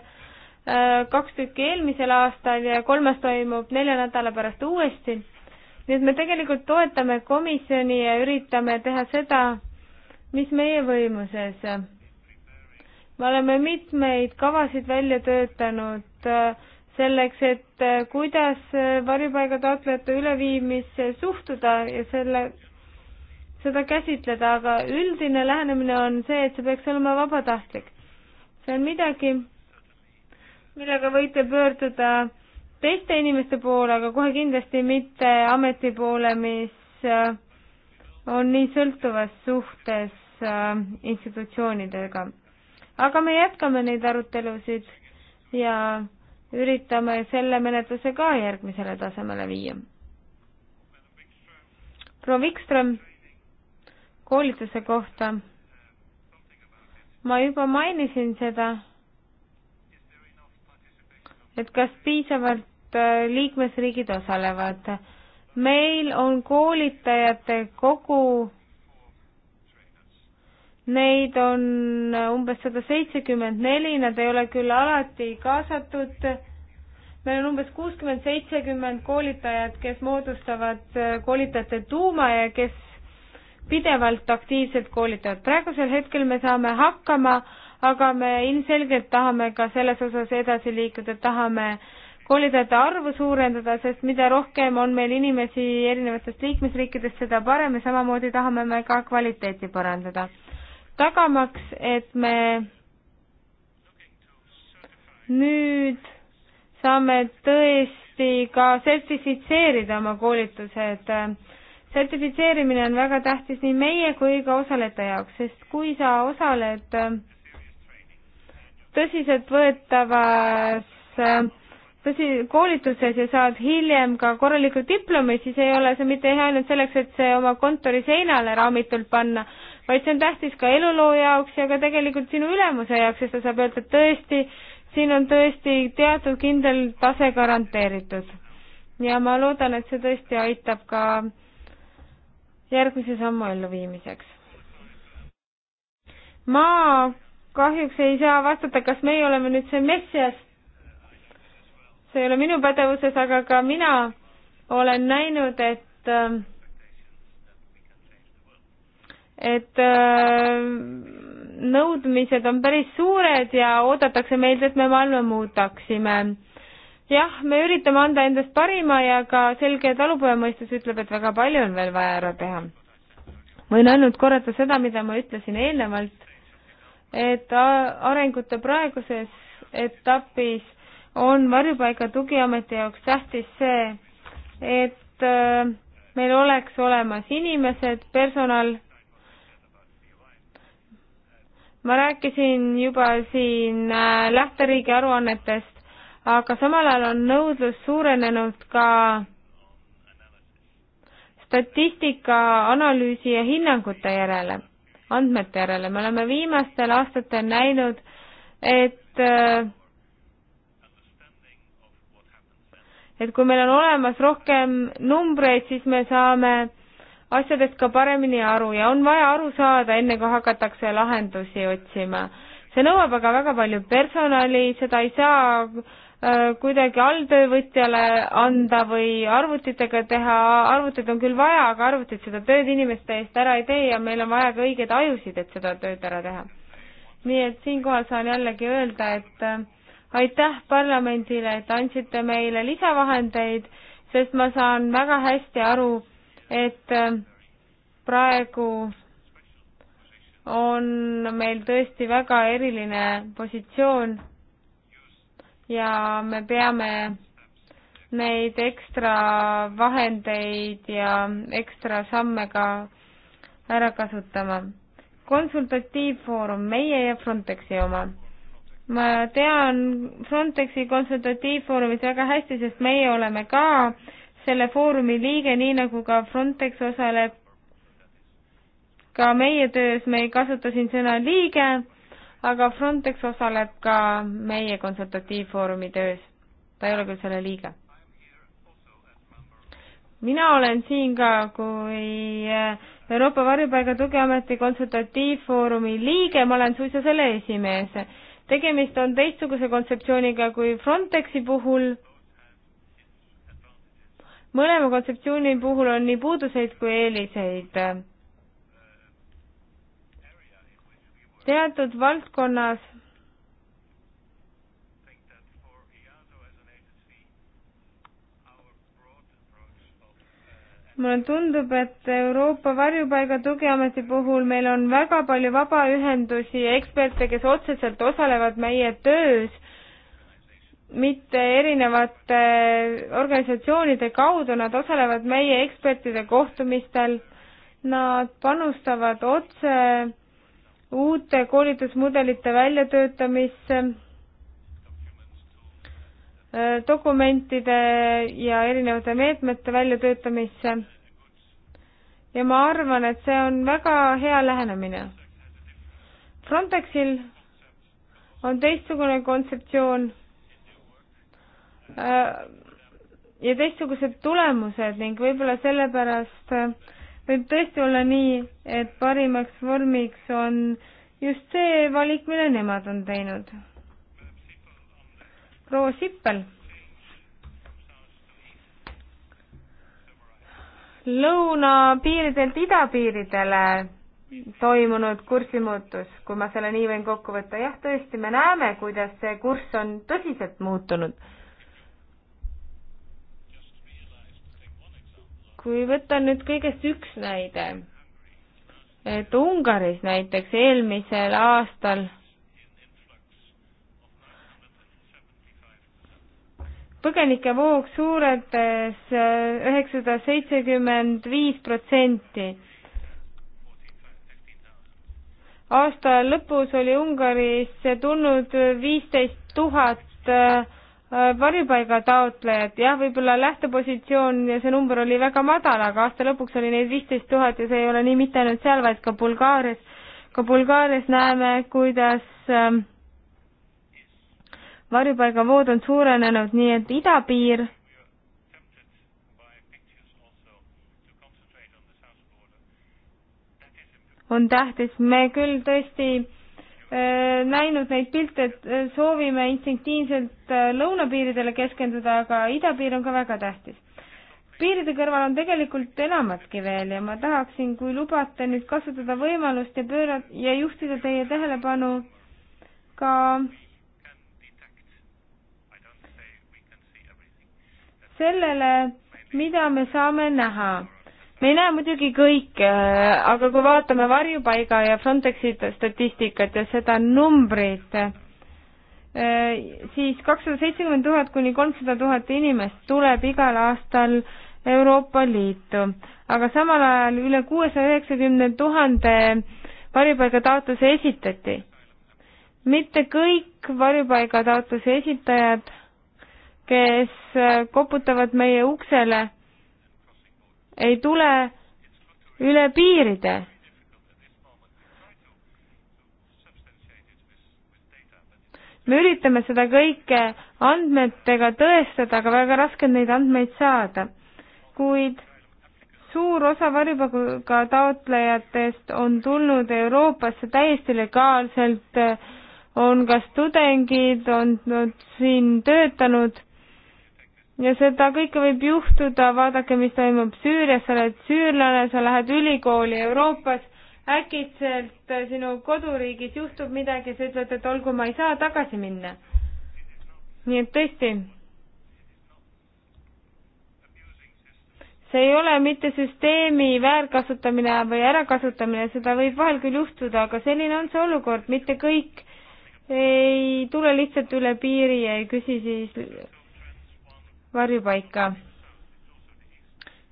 kaks tükki eelmisel aastal ja kolmas toimub nelja nädala pärast uuesti. nii et me tegelikult toetame komisjoni ja üritame teha seda, mis meie võimuses. me oleme mitmeid kavasid välja töötanud äh, selleks, et äh, kuidas äh, varjupaiga taotlejate üleviimisse suhtuda ja selle, seda käsitleda, aga üldine lähenemine on see, et see peaks olema vabatahtlik. see on midagi, millega võite pöörduda teiste inimeste poole, aga kohe kindlasti mitte ameti poole, mis äh, on nii sõltuvas suhtes institutsioonidega. aga me jätkame neid arutelusid ja üritame selle menetluse ka järgmisele tasemele viia. proua Wikström, koolituse kohta. ma juba mainisin seda, et kas piisavalt äh, liikmesriigid osalevad. meil on koolitajate kogu Neid on umbes sada seitsekümmend neli, nad ei ole küll alati kaasatud. meil on umbes kuuskümmend, seitsekümmend koolitajat, kes moodustavad äh, koolitajate tuuma ja kes pidevalt aktiivselt koolitavad. praegusel hetkel me saame hakkama, aga me ilmselgelt tahame ka selles osas edasi liikuda, tahame koolitajate arvu suurendada, sest mida rohkem on meil inimesi erinevatest liikmesriikidest, seda parem ja samamoodi tahame me ka kvaliteeti parandada tagamaks, et me nüüd saame tõesti ka sertifitseerida oma koolitused. sertifitseerimine on väga tähtis nii meie kui ka osalejate jaoks, sest kui sa osaled tõsiseltvõetavas tõsi, koolituses ja saad hiljem ka korraliku diplomi, siis ei ole see mitte ainult selleks, et see oma kontori seinale raamitult panna, vaid see on tähtis ka eluloo jaoks ja ka tegelikult sinu ülemuse jaoks, sest ta saab öelda, et tõesti, siin on tõesti teatud kindel tase garanteeritud. ja ma loodan, et see tõesti aitab ka järgmise sammu elluviimiseks. ma kahjuks ei saa vastata, kas meie oleme nüüd see messias. see ei ole minu pädevuses, aga ka mina olen näinud, et äh, et äh, nõudmised on päris suured ja oodatakse meilt, et me maailma muudaksime. jah, me üritame anda endast parima ja ka selge talupojamõistus ütleb, et väga palju on veel vaja ära teha. võin ainult korrata seda, mida ma ütlesin eelnevalt, et arengute praeguses etapis on varjupaiga tugiameti jaoks tähtis see, et äh, meil oleks olemas inimesed, personal ma rääkisin juba siin äh, lähteriigi aruannetest, aga samal ajal on nõudlus suurenenud ka statistika analüüsi ja hinnangute järele, andmete järele. me oleme viimastel aastatel näinud, et äh, et kui meil on olemas rohkem numbreid, siis me saame asjadest ka paremini aru ja on vaja aru saada, enne kui hakatakse lahendusi otsima. see nõuab aga väga palju personali, seda ei saa äh, kuidagi alltöövõtjale anda või arvutitega teha, arvutid on küll vaja, aga arvutid seda tööd inimeste eest ära ei tee ja meil on vaja ka õigeid ajusid, et seda tööd ära teha. nii et siinkohal saan jällegi öelda, et äh, aitäh parlamendile, et andsite meile lisavahendeid, sest ma saan väga hästi aru, et äh, praegu on meil tõesti väga eriline positsioon ja me peame neid ekstra vahendeid ja ekstra samme ka ära kasutama. konsultatiivfoorum, meie ja Frontexi oma ma tean Frontexi konsultatiivfoorumis väga hästi, sest meie oleme ka selle foorumi liige, nii nagu ka Frontex osaleb ka meie töös, me ei kasuta siin sõna liige, aga Frontex osaleb ka meie konsultatiivfoorumi töös. ta ei ole küll selle liige. mina olen siin ka kui äh, Euroopa Varjupaiga Tugiameti konsultatiivfoorumi liige, ma olen suisa selle esimees. tegemist on teistsuguse kontseptsiooniga kui Frontexi puhul mõlema kontseptsiooni puhul on nii puuduseid kui eeliseid. teatud valdkonnas mulle tundub, et Euroopa Varjupaiga Tugiameti puhul meil on väga palju vabaühendusi ja eksperte, kes otseselt osalevad meie töös mitte erinevate organisatsioonide kaudu, nad osalevad meie ekspertide kohtumistel, nad panustavad otse uute koolitusmudelite väljatöötamisse, äh, dokumentide ja erinevate meetmete väljatöötamisse ja ma arvan, et see on väga hea lähenemine. Frontexil on teistsugune kontseptsioon Äh, ja teistsugused tulemused ning võib-olla sellepärast äh, võib tõesti olla nii, et parimaks vormiks on just see valik, mille nemad on teinud. proua Sippel. lõunapiiridelt idapiiridele toimunud kursimuutus, kui ma selle nii võin kokku võtta, jah, tõesti, me näeme, kuidas see kurss on tõsiselt muutunud kui võtta nüüd kõigest üks näide, et Ungaris näiteks eelmisel aastal põgenikevoog suurenes äh, üheksasada seitsekümmend viis protsenti. aasta lõpus oli Ungarisse tulnud viisteist tuhat äh, Äh, varjupaigataotlejad, jah, võib-olla lähtepositsioon ja see number oli väga madal, aga aasta lõpuks oli neid viisteist tuhat ja see ei ole nii mitte ainult seal, vaid ka Bulgaarias. ka Bulgaarias näeme, kuidas ähm, varjupaigavood on suurenenud, nii et idapiir on tähtis, me küll tõesti Äh, näinud neid pilte, et äh, soovime instinktiivselt äh, lõunapiiridele keskenduda, aga idapiir on ka väga tähtis. piiride kõrval on tegelikult enamatki veel ja ma tahaksin, kui lubate, nüüd kasutada võimalust ja pööra- ja juhtida teie tähelepanu ka sellele, mida me saame näha me ei näe muidugi kõike, aga kui vaatame varjupaiga ja Frontexi statistikat ja seda numbrit, eh, siis kakssada seitsekümmend tuhat kuni kolmsada tuhat inimest tuleb igal aastal Euroopa Liitu, aga samal ajal üle kuuesaja üheksakümne tuhande varjupaigataotluse esitati. mitte kõik varjupaigataotluse esitajad, kes koputavad meie uksele ei tule üle piiride. me üritame seda kõike andmetega tõestada, aga väga raske on neid andmeid saada. kuid suur osa varjupaiga taotlejatest on tulnud Euroopasse täiesti legaalselt, on kas tudengid, on nad siin töötanud ja seda kõike võib juhtuda, vaadake, mis toimub Süürias, sa oled süürlane, sa lähed ülikooli Euroopas, äkitselt sinu koduriigis juhtub midagi, sa ütled, et olgu, ma ei saa tagasi minna. nii et tõesti, see ei ole mitte süsteemi väärkasutamine või ärakasutamine, seda võib vahel küll juhtuda, aga selline on see olukord, mitte kõik ei tule lihtsalt üle piiri ja ei küsi siis varjupaika.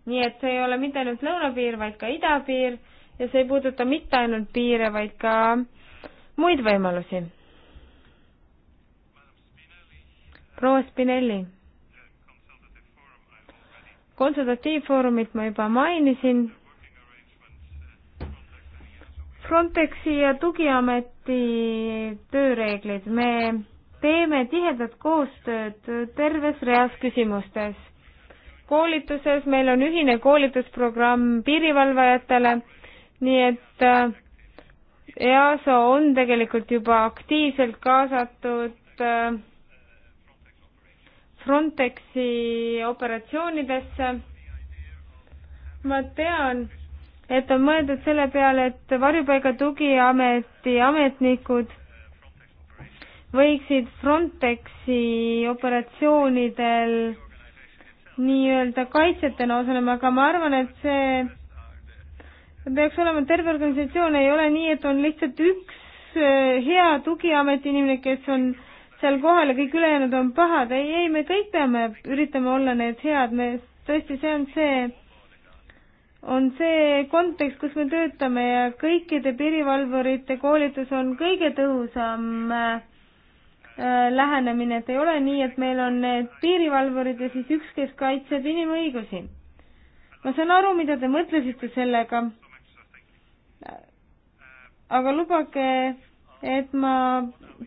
nii et see ei ole mitte ainult lõunapiir, vaid ka idapiir ja see ei puuduta mitte ainult piire, vaid ka muid võimalusi. proua Spinelli. konsultatiivfoorumit ma juba mainisin. Frontexi ja Tugiameti tööreeglid, me teeme tihedat koostööd terves reas küsimustes. koolituses, meil on ühine koolitusprogramm piirivalvajatele, nii et äh, EASO on tegelikult juba aktiivselt kaasatud äh, Frontexi operatsioonidesse. ma tean, et on mõeldud selle peale, et varjupaiga tugiameti ametnikud võiksid Frontexi operatsioonidel nii-öelda kaitsjatena osalema, aga ma arvan, et see peaks olema terve organisatsioon, ei ole nii, et on lihtsalt üks eh, hea tugiametiinimene, kes on seal kohal ja kõik ülejäänud on pahad. ei, ei, me kõik peame üritama olla need head, me tõesti, see on see, on see kontekst, kus me töötame ja kõikide piirivalvurite koolitus on kõige tõhusam äh, Äh, lähenemine, et ei ole nii, et meil on need piirivalvurid ja siis üks, kes kaitseb inimõigusi. ma saan aru, mida te mõtlesite sellega, aga lubage, et ma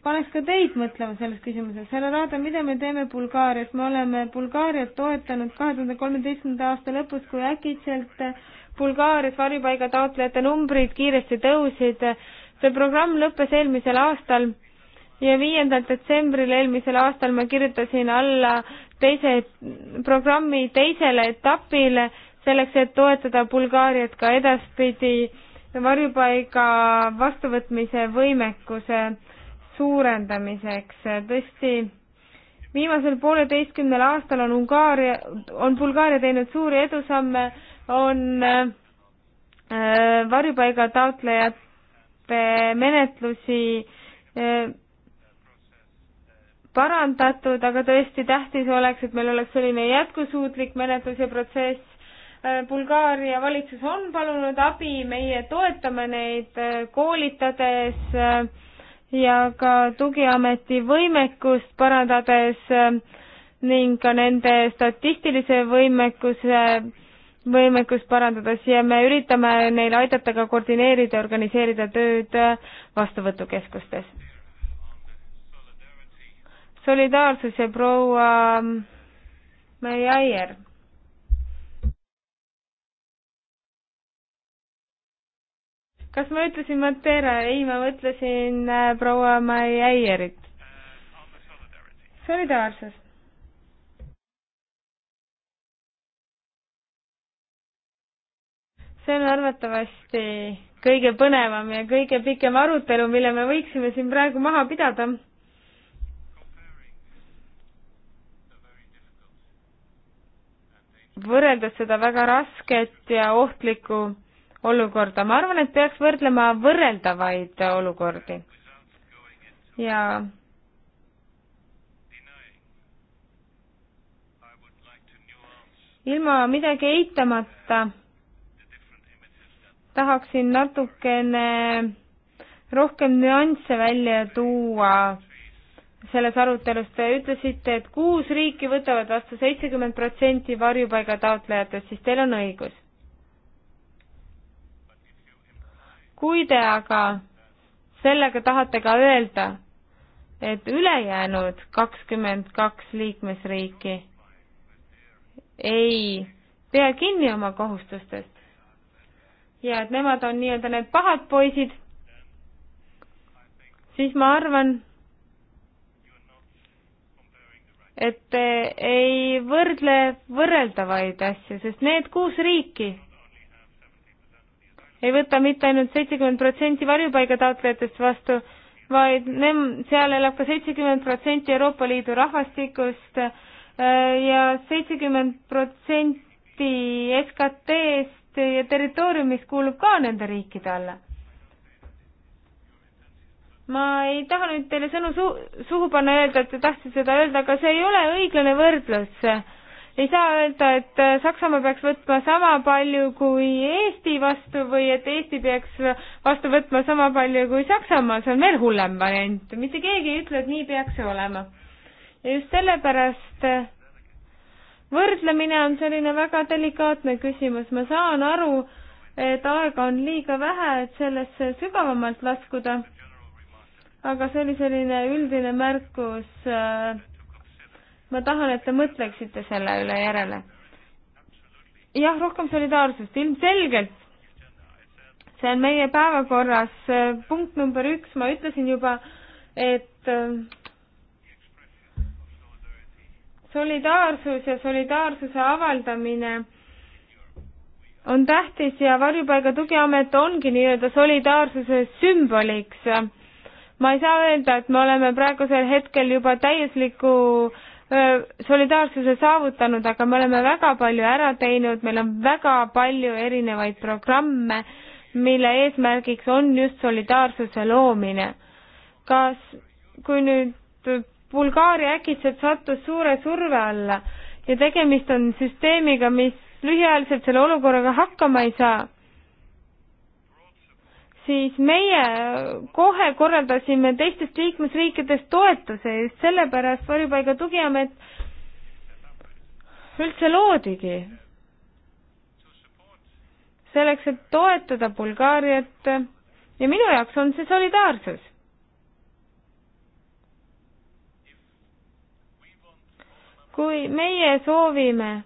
paneks ka teid mõtlema selles küsimuses. härra Raada, mida me teeme Bulgaarias? me oleme Bulgaariat toetanud kahe tuhande kolmeteistkümnenda aasta lõpus, kui äkitselt Bulgaarias varjupaiga taotlejate numbrid kiiresti tõusid. see programm lõppes eelmisel aastal ja viiendal detsembril eelmisel aastal ma kirjutasin alla teise, programmi teisele etapile selleks, et toetada Bulgaariat ka edaspidi varjupaiga vastuvõtmise võimekuse suurendamiseks. tõesti, viimasel pooleteistkümnel aastal on Ungaaria, on Bulgaaria teinud suuri edusamme, on äh, varjupaiga taotlejate menetlusi äh, parandatud, aga tõesti tähtis oleks, et meil oleks selline jätkusuutlik menetlus ja protsess. Äh, Bulgaaria valitsus on palunud abi, meie toetame neid äh, koolitades äh, ja ka tugiameti võimekust parandades ning ka nende statistilise võimekuse, võimekust parandades ja me üritame neil aidata ka koordineerida, organiseerida tööd vastuvõtukeskustes solidaarsuse proua Meijer. Ähm, kas ma ütlesin Matera? ei, ma mõtlesin äh, proua Meijerit. solidaarsus. see on arvatavasti kõige põnevam ja kõige pikem arutelu, mille me võiksime siin praegu maha pidada võrreldes seda väga rasket ja ohtlikku olukorda. ma arvan, et peaks võrdlema võrreldavaid olukordi. ja ilma midagi eitamata tahaksin natukene rohkem nüansse välja tuua selles arutelus te ütlesite, et kuus riiki võtavad vastu seitsekümmend protsenti varjupaiga taotlejatest, siis teil on õigus. kui te aga sellega tahate ka öelda, et ülejäänud kakskümmend kaks liikmesriiki ei pea kinni oma kohustustest ja et nemad on nii-öelda need pahad poisid, siis ma arvan, et te ei võrdle võrreldavaid asju, sest need kuus riiki ei võta mitte ainult seitsekümmend protsenti varjupaigataotlejatest vastu, vaid nem-, seal elab ka seitsekümmend protsenti Euroopa Liidu rahvastikust äh, ja seitsekümmend protsenti SKT-st ja territooriumist kuulub ka nende riikide alla ma ei taha nüüd teile sõnu su-, suhu panna ja öelda, et te tahtsite seda öelda, aga see ei ole õiglane võrdlus. ei saa öelda, et Saksamaa peaks võtma sama palju kui Eesti vastu või et Eesti peaks vastu võtma sama palju kui Saksamaa, see on veel hullem variant. mitte keegi ei ütle, et nii peaks see olema. ja just sellepärast võrdlemine on selline väga delikaatne küsimus, ma saan aru, et aega on liiga vähe, et sellesse sügavamalt laskuda aga see oli selline üldine märkus. ma tahan, et te mõtleksite selle üle järele. jah, rohkem solidaarsust, ilmselgelt. see on meie päevakorras punkt number üks, ma ütlesin juba, et eh, solidaarsus ja solidaarsuse avaldamine on tähtis ja Varjupaiga Tugiamet ongi nii-öelda solidaarsuse sümboliks ma ei saa öelda, et me oleme praegusel hetkel juba täiusliku solidaarsuse saavutanud, aga me oleme väga palju ära teinud, meil on väga palju erinevaid programme, mille eesmärgiks on just solidaarsuse loomine. kas, kui nüüd Bulgaaria äkitselt sattus suure surve alla ja tegemist on süsteemiga, mis lühiajaliselt selle olukorraga hakkama ei saa siis meie kohe korraldasime teistest liikmesriikidest toetuse just sellepärast varjupaiga tugiamet üldse loodigi. selleks, et toetada Bulgaariat ja minu jaoks on see solidaarsus. kui meie soovime,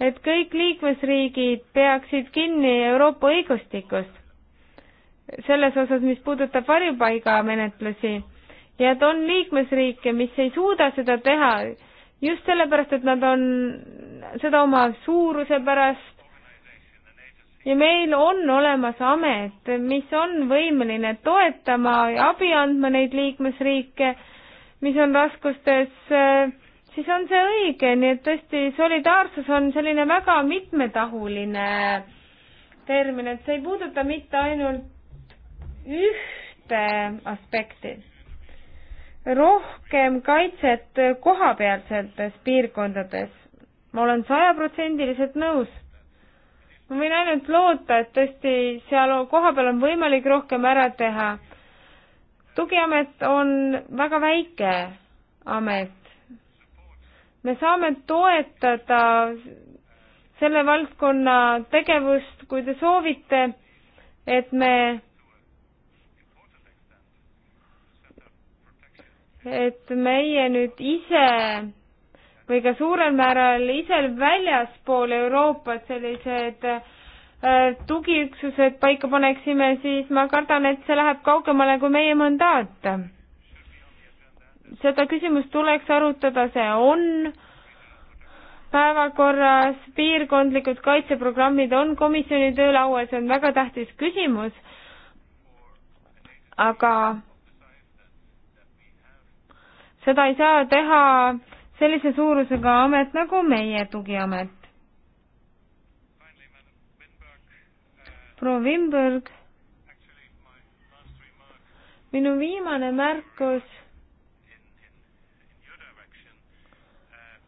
et kõik liikmesriigid peaksid kinni Euroopa õigustikust, selles osas, mis puudutab varjupaigamenetlusi ja et on liikmesriike, mis ei suuda seda teha just sellepärast, et nad on seda oma suuruse pärast ja meil on olemas amet, mis on võimeline toetama ja abi andma neid liikmesriike, mis on raskustes, siis on see õige, nii et tõesti, solidaarsus on selline väga mitmetahuline termin, et see ei puuduta mitte ainult ühte aspekti. rohkem kaitset kohapealsetes piirkondades. ma olen sajaprotsendiliselt nõus. ma võin ainult loota, et tõesti seal kohapeal on võimalik rohkem ära teha. tugiamet on väga väike amet. me saame toetada selle valdkonna tegevust, kui te soovite, et me et meie nüüd ise või ka suurel määral ise väljaspool Euroopat sellised äh, tugiüksused paika paneksime, siis ma kardan, et see läheb kaugemale kui meie mandaat. seda küsimust tuleks arutada, see on päevakorras, piirkondlikud kaitseprogrammid on komisjoni töölaual, see on väga tähtis küsimus, aga seda ei saa teha sellise suurusega amet nagu meie tugiamet. proua Wimberg, minu viimane märkus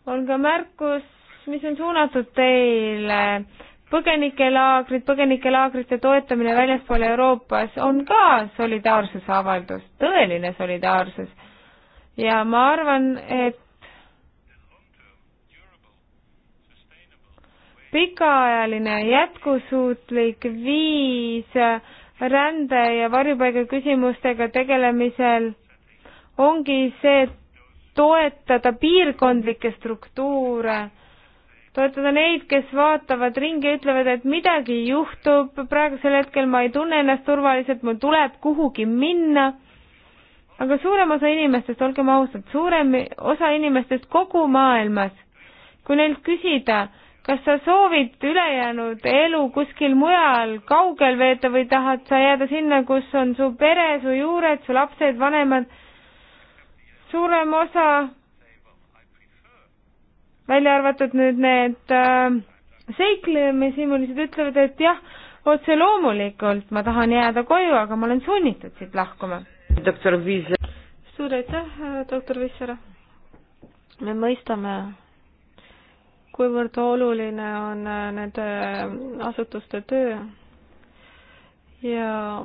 on ka märkus, mis on suunatud teile. põgenikelaagrid, põgenikelaagrite toetamine väljaspool Euroopas on ka solidaarsuse avaldus, tõeline solidaarsus ja ma arvan, et pikaajaline jätkusuutlik viis rände ja varjupaiga küsimustega tegelemisel ongi see, et toetada piirkondlikke struktuure, toetada neid, kes vaatavad ringi ja ütlevad, et midagi juhtub, praegusel hetkel ma ei tunne ennast turvaliselt, mul tuleb kuhugi minna aga suurem osa inimestest, olgem ausad, suurem osa inimestest kogu maailmas, kui neilt küsida, kas sa soovid ülejäänud elu kuskil mujal kaugel veeta või tahad sa jääda sinna, kus on su pere, su juured, su lapsed, vanemad, suurem osa, välja arvatud nüüd need äh, seiklemishimulised, ütlevad, et jah, otse loomulikult ma tahan jääda koju, aga ma olen sunnitud siit lahkuma doktor Viis. suur aitäh, doktor Viisar. me mõistame, kuivõrd oluline on nende asutuste töö ja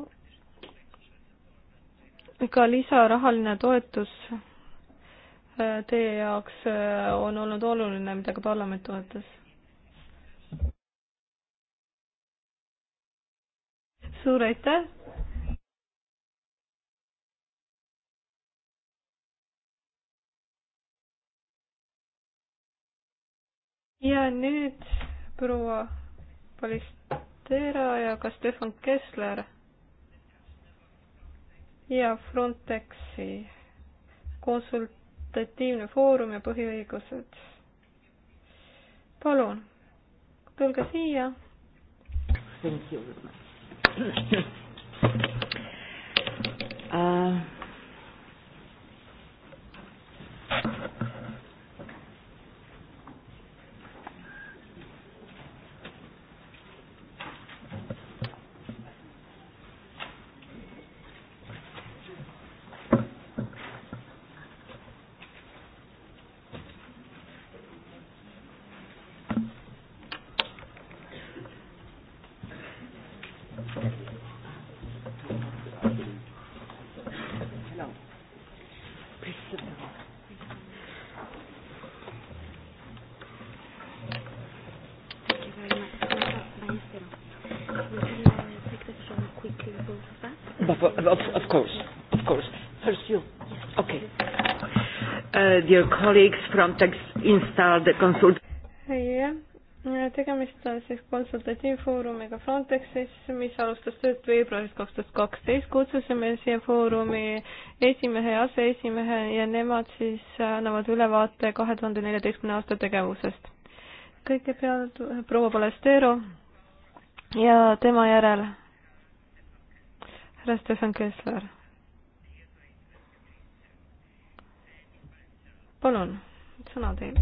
ka lisarahaline toetus äh, teie jaoks äh, on olnud oluline, mida ka parlament toetas? suur aitäh! ja nüüd proua Palistera ja ka Stefan Kessler ja Frontexi konsultatiivne foorum ja põhiõigused. palun, tulge siia. Uh... your colleagues Frontex installed the consult-. jah, tegemist on siis konsultatiivfoorumiga Frontexis, mis alustas tööd veebruaris kaks tuhat kaksteist, kutsusime siia foorumi esimehe ja aseesimehe ja nemad siis annavad ülevaate kahe tuhande neljateistkümne aasta tegevusest. kõigepealt proua Palestero ja tema järel härra Stefan Kessler palun, sõna teil.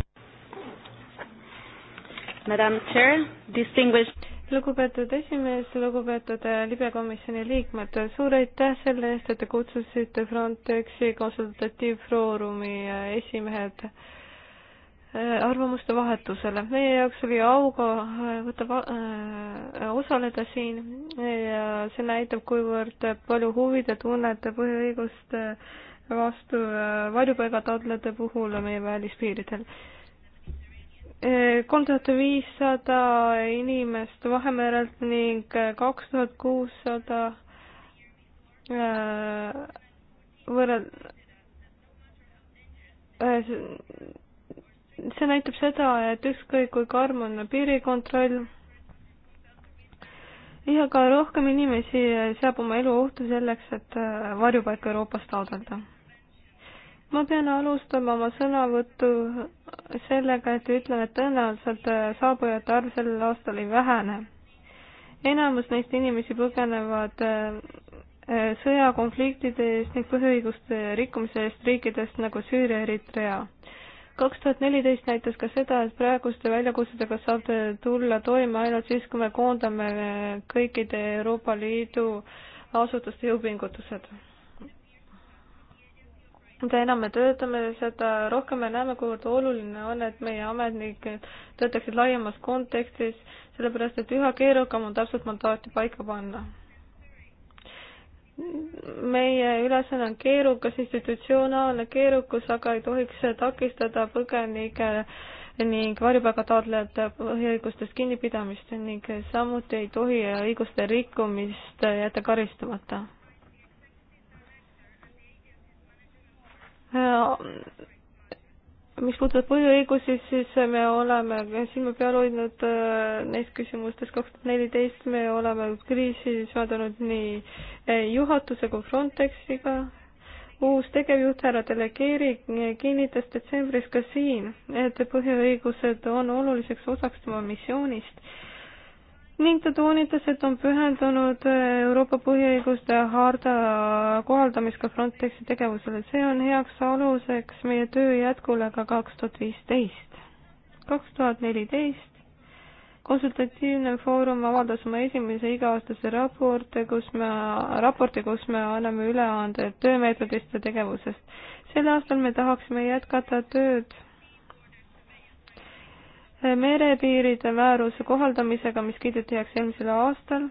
Madam Chair, distinguished lugupeetud esimees, lugupeetud äh, libekomisjoni liikmed, suur aitäh selle eest, et te kutsusite Frontexi konsultatiivfoorumi äh, esimehed äh, arvamuste vahetusele. meie jaoks oli auga võtta äh, osaleda siin ja see näitab, kuivõrd palju huvi te tunnete põhiõiguste äh, vastu äh, varjupaigataotlejate puhul meie välispiiridel. Äh, kolm tuhat viissada inimest Vahemerelt ning äh, kaks tuhat kuussada võrreld-, see näitab seda, et ükskõik kui karm on piirikontroll, iga rohkem inimesi seab oma elu ohtu selleks, et varjupaika Euroopas taotleda ma pean alustama oma sõnavõttu sellega, et ütlen, et tõenäoliselt äh, saabujate arv sellel aastal ei vähene. enamus neist inimesi põgenevad äh, äh, sõjakonfliktide eest ning põhiõiguste rikkumise eest riikidest nagu Süüria, Eritrea. kaks tuhat neliteist näitas ka seda, et praeguste väljakutsedega saab tulla toime ainult siis, kui me koondame kõikide Euroopa Liidu asutuste jõupingutused mida enam me töötame, seda rohkem me näeme, kuivõrd oluline on, et meie ametnikud töötaksid laiemas kontekstis, sellepärast et üha keerukam on täpselt mandaati paika panna. meie ülesanne on keerukas, institutsionaalne keerukus, aga ei tohiks takistada põgenike ning varjupaiga taotlejate põhiõigustest kinnipidamist ning samuti ei tohi õiguste rikkumist jätta karistamata Äh, mis puudutab põhiõigusi, siis me oleme silma peal hoidnud äh, neis küsimustes. kaks tuhat neliteist me oleme kriisi saadanud nii äh, juhatuse kui Frontexiga. uus tegevjuht härra Delegeeri kinnitas detsembris ka siin, et põhiõigused on oluliseks osaks tema missioonist ning ta toonitas, et on pühendunud äh, Euroopa põhiõiguste harda kohaldamisega Frontexi tegevusele. see on heaks aluseks meie töö jätkule ka kaks tuhat viisteist. kaks tuhat neliteist konsultatiivne foorum avaldas oma esimese igaastase raporti, kus me, raporti, kus me anname üleande töömeetodist ja tegevusest. sel aastal me tahaksime jätkata tööd merepiiride määruse kohaldamisega, mis kiideti heaks eelmisel aastal,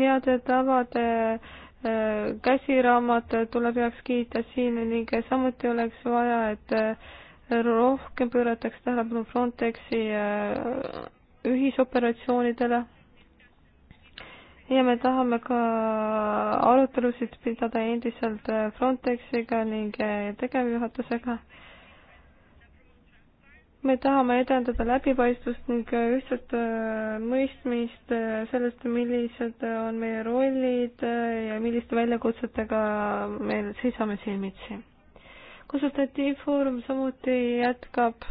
heade tavade äh, käsiraamat tuleb heaks kiita siin ning samuti oleks vaja, et äh, rohkem pöörataks tähelepanu Frontexi äh, ühisoperatsioonidele ja me tahame ka arutelusid pidada endiselt Frontexiga ning tegevjuhatusega me tahame edendada läbipaistvust ning ühtset äh, mõistmist äh, sellest, millised on meie rollid äh, ja milliste väljakutsetega me seisame silmitsi. konsultatiivfoorum samuti jätkab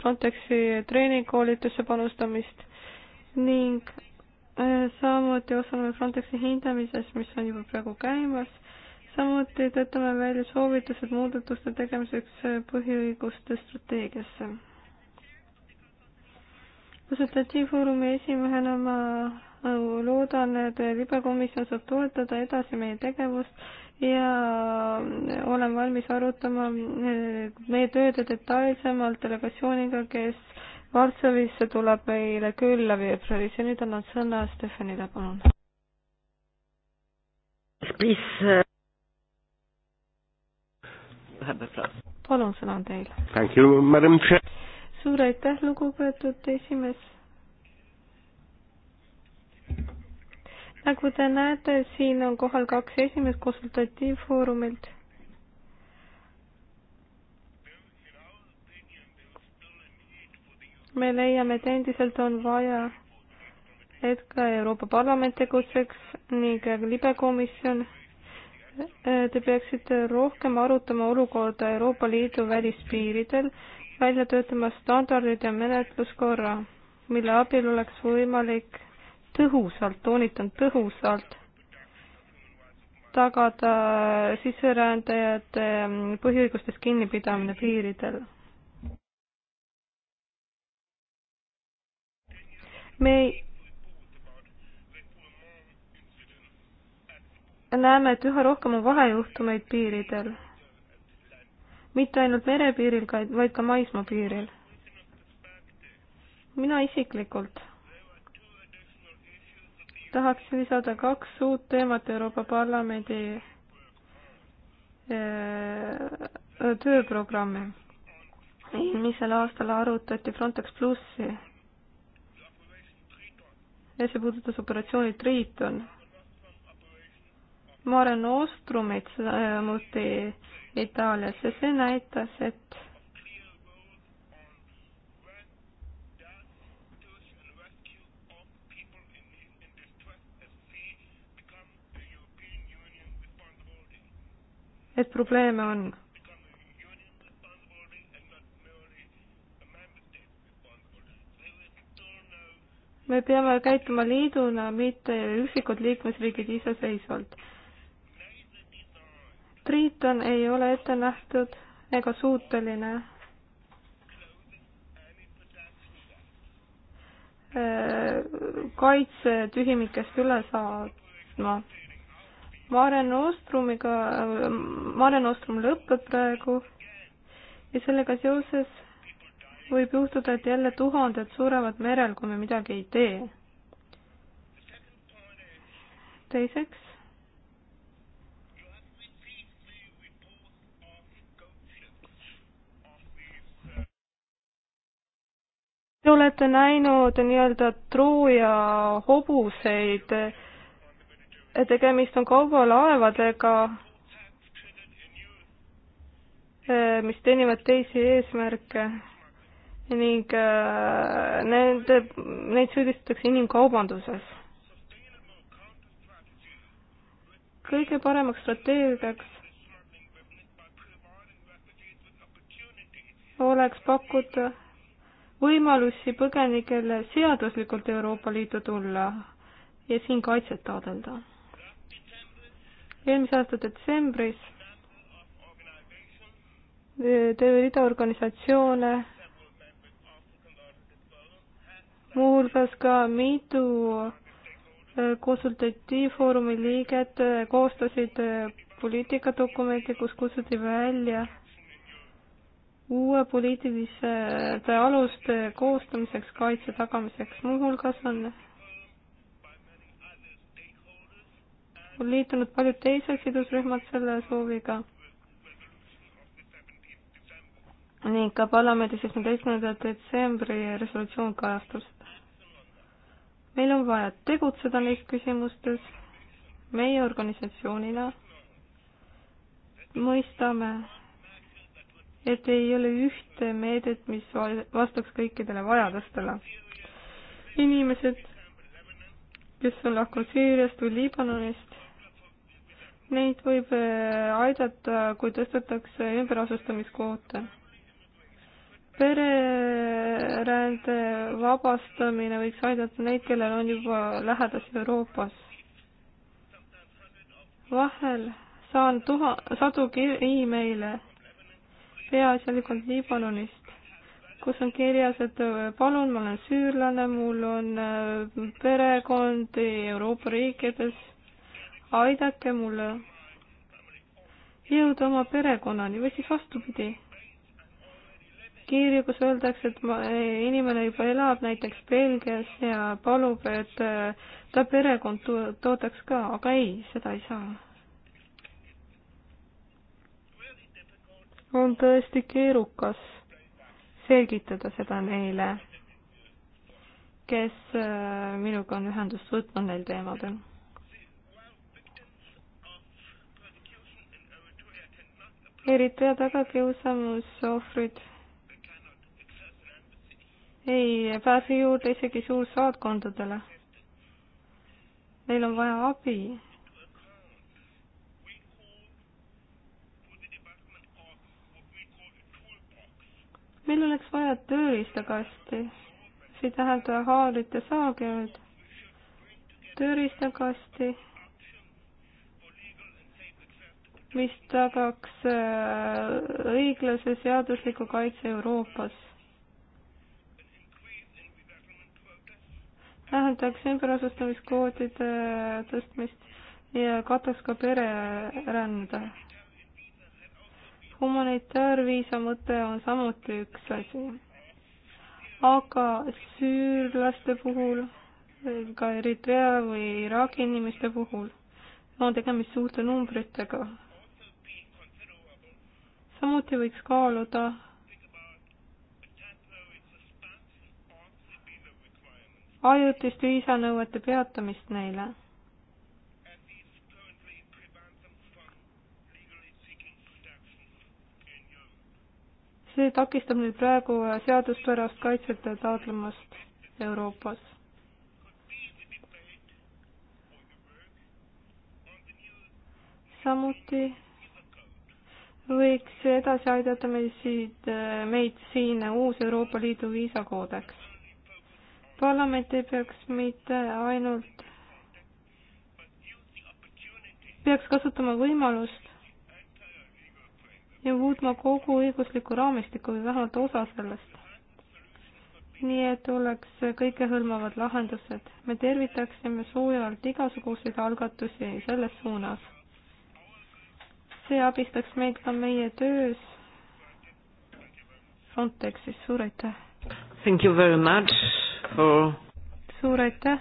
Frontexi treeningkoolitusse panustamist ning samuti osaleme Frontexi hindamises, mis on juba praegu käimas samuti töötame välja soovitused muudatuste tegemiseks põhiõiguste strateegiasse. konsultatiivfoorumi esimehena ma äh, loodan, et libekomisjon saab toetada edasi meie tegevust ja äh, olen valmis arutama äh, meie tööd detailsemalt delegatsiooniga, kes Varssavisse tuleb meile külla veebruaris ja nüüd annan sõna Stefanile, palun palun, sõna on teil. suur aitäh, lugupeetud esimees. nagu te näete, siin on kohal kaks esimest konsultatiivfoorumilt me leiame, et endiselt on vaja, et ka Euroopa Parlament tegutseks ning libekomisjon Eh, te peaksite rohkem arutama olukorda Euroopa Liidu välispiiridel, välja töötama standardid ja menetluskorra, mille abil oleks võimalik tõhusalt, toonitan tõhusalt, tagada eh, sisserändajate mm, põhiõigustes kinnipidamine piiridel. me ei näeme, et üha rohkem on vahejuhtumeid piiridel. mitte ainult merepiiril, vaid ka maismaapiiril. mina isiklikult tahaks lisada kaks uut teemat Euroopa Parlamendi eh, tööprogrammi. eelmisel aastal arutati Frontex plussi ja see puudutas operatsiooni Triton Mare Nostrumit samuti äh, Itaalias ja see näitas, et et probleeme on. me peame käituma liiduna, mitte üksikud liikmesriigid iseseisvalt Triiton ei ole ette nähtud ega suuteline äh, kaitsetühimikest üle saadma. Mare Nostrumiga, äh, Mare Nostrum lõpeb praegu ja sellega seoses võib juhtuda, et jälle tuhanded surevad merel, kui me midagi ei tee. teiseks Te olete näinud nii-öelda Trooja hobuseid, tegemist on kaubalaevadega, mis teenivad teisi eesmärke ning äh, nende, neid süüdistatakse inimkaubanduses. kõige paremaks strateegiaks oleks pakkuda võimalusi põgenikele seaduslikult Euroopa Liitu tulla ja siin kaitset taotleda. eelmise aasta detsembris terve rida organisatsioone, muuhulgas ka mitu eh, konsultatiivfoorumi liiget eh, koostasid eh, poliitikadokumente, kus kutsuti välja uue poliitiliste aluste koostamiseks, kaitse tagamiseks, muuhulgas on liitunud paljud teised sidusrühmad selle sooviga ning ka parlamendi seitsmeteistkümnenda detsembri resolutsioon kajastus seda. meil on vaja tegutseda neis küsimustes, meie organisatsioonina mõistame et ei ole ühte meedet, mis vastaks kõikidele vajadustele. inimesed, kes on lahkunud Süüriast või Liibanonist, neid võib äh, aidata, kui tõstetakse ümberasustamiskvoote. pererände vabastamine võiks aidata neid, kellel on juba lähedasi Euroopas. vahel saan tuha-, sadu e-meile peaasjalikult Liibanonist, kus on kirjas, et äh, palun, ma olen süürlane, mul on äh, perekond Euroopa riikides, aidake mulle jõuda oma perekonnani või siis vastupidi. kirju, kus öeldakse, et ma, e, inimene juba elab näiteks Belgias ja palub, et äh, ta perekond toodaks ka, aga ei, seda ei saa on tõesti keerukas selgitada seda neile, kes äh, minuga on ühendust võtnud neil teemadel. Eritrea tagakiusamusohvrid ei pääse juurde isegi suursaatkondadele. Neil on vaja abi meil oleks vaja tööriistakasti, see tähendab haalit ja saagiaid, tööriistakasti, mis tagaks äh, õiglase seadusliku kaitse Euroopas. tähendaks ümberasustamiskvootide tõstmist ja kataks ka pererände humanitaarviisa mõte on samuti üks asi. aga süürlaste puhul, ka Eritrea või Iraagi inimeste puhul on tegemist suurte numbritega. samuti võiks kaaluda ajutist viisanõuete peatamist neile see takistab nüüd praegu seaduspärast kaitset taotlemast Euroopas. samuti võiks edasi aidata meid siit, eh, meid siin uus Euroopa Liidu viisakoodeks. parlament ei peaks mitte ainult, peaks kasutama võimalust ja muutma kogu õiguslikku raamistikku või vähemalt osa sellest. nii et oleks kõikehõlmavad lahendused. me tervitaksime soojalt igasuguseid algatusi selles suunas. see abistaks meid ka meie töös Frontexis, suur aitäh! Thank you very much for suur aitäh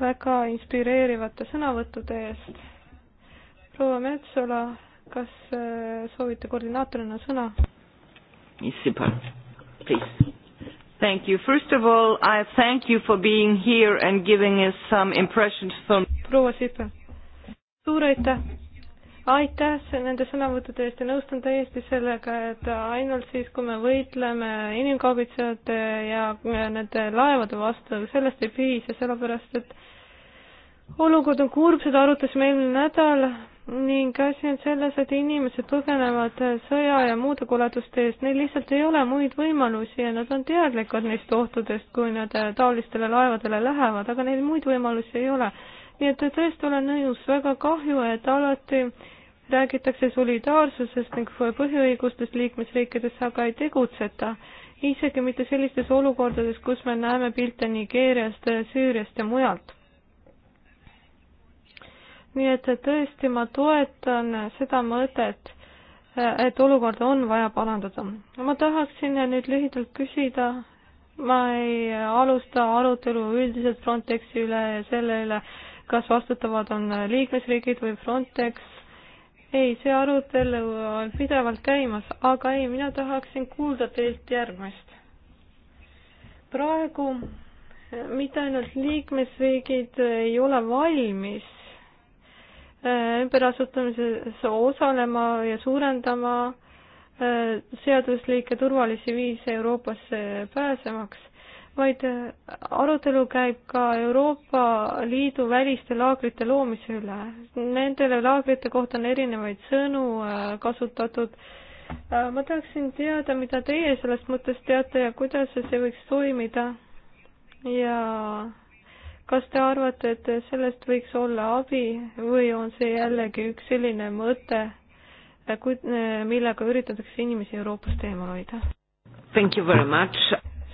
väga inspireerivate sõnavõttude eest. proua Metsola kas äh, soovite koordinaatorina sõna? Please. Thank you. First of all, I thank you for being here and giving us some impressions from proua Sipel, suur aitäh! aitäh nende sõnavõttude eest ja nõustun täiesti sellega, et ainult siis, kui me võitleme inimkaubitsejate ja nende laevade vastu, sellest ei piisa, sellepärast et olukord on kurb, seda arutasime eelmine nädal ning asi on selles, et inimesed põgenevad sõja ja muude koleduste eest, neil lihtsalt ei ole muid võimalusi ja nad on teadlikud neist ohtudest, kui nad äh, taolistele laevadele lähevad, aga neil muid võimalusi ei ole. nii et tõesti olen nõus, väga kahju, et alati räägitakse solidaarsusest ning põhiõigustest liikmesriikides, aga ei tegutseta. isegi mitte sellistes olukordades, kus me näeme pilte Nigeeriast, Süüriast ja mujalt nii et tõesti, ma toetan seda mõtet, et olukorda on vaja parandada. ma tahaksin nüüd lühidalt küsida, ma ei alusta arutelu üldiselt Frontexi üle ja selle üle, kas vastutavad on liikmesriigid või Frontex. ei, see arutelu on pidevalt käimas, aga ei, mina tahaksin kuulda teilt järgmist. praegu mitte ainult liikmesriigid ei ole valmis Äh, ümberasutamises osalema ja suurendama äh, seaduslikke turvalisi viise Euroopasse pääsemaks, vaid äh, arutelu käib ka Euroopa Liidu väliste laagrite loomise üle. Nendele laagrite kohta on erinevaid sõnu kasutatud. ma tahaksin teada, mida teie sellest mõttest teate ja kuidas see võiks toimida ja kas te arvate, et sellest võiks olla abi või on see jällegi üks selline mõte, millega üritatakse inimesi Euroopast eemal hoida? Thank you very much.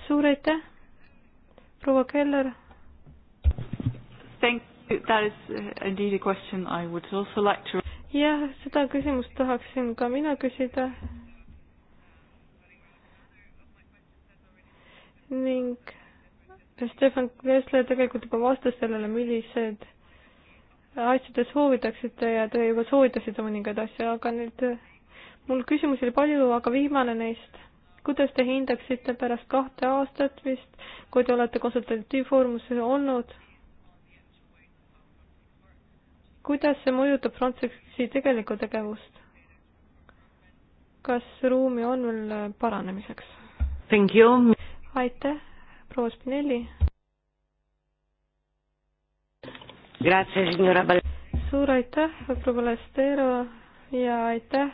suur aitäh, proua Keller. Thank you, that is uh, indeed a question I would also like to. jah, seda küsimust tahaksin ka mina küsida. ning Stefan Kressler tegelikult juba vastas sellele, millised asjades soovitaksite ja te juba soovitasite mõningaid asju, aga nüüd eh, mul küsimusi oli palju, aga viimane neist. kuidas te hindaksite pärast kahte aastat vist, kui te olete konsultatiivfoorumis olnud, kuidas see mõjutab Frontexi tegelikku tegevust? kas ruumi on veel eh, paranemiseks? aitäh proua Spinelli. suur aitäh, proua Balestero ja aitäh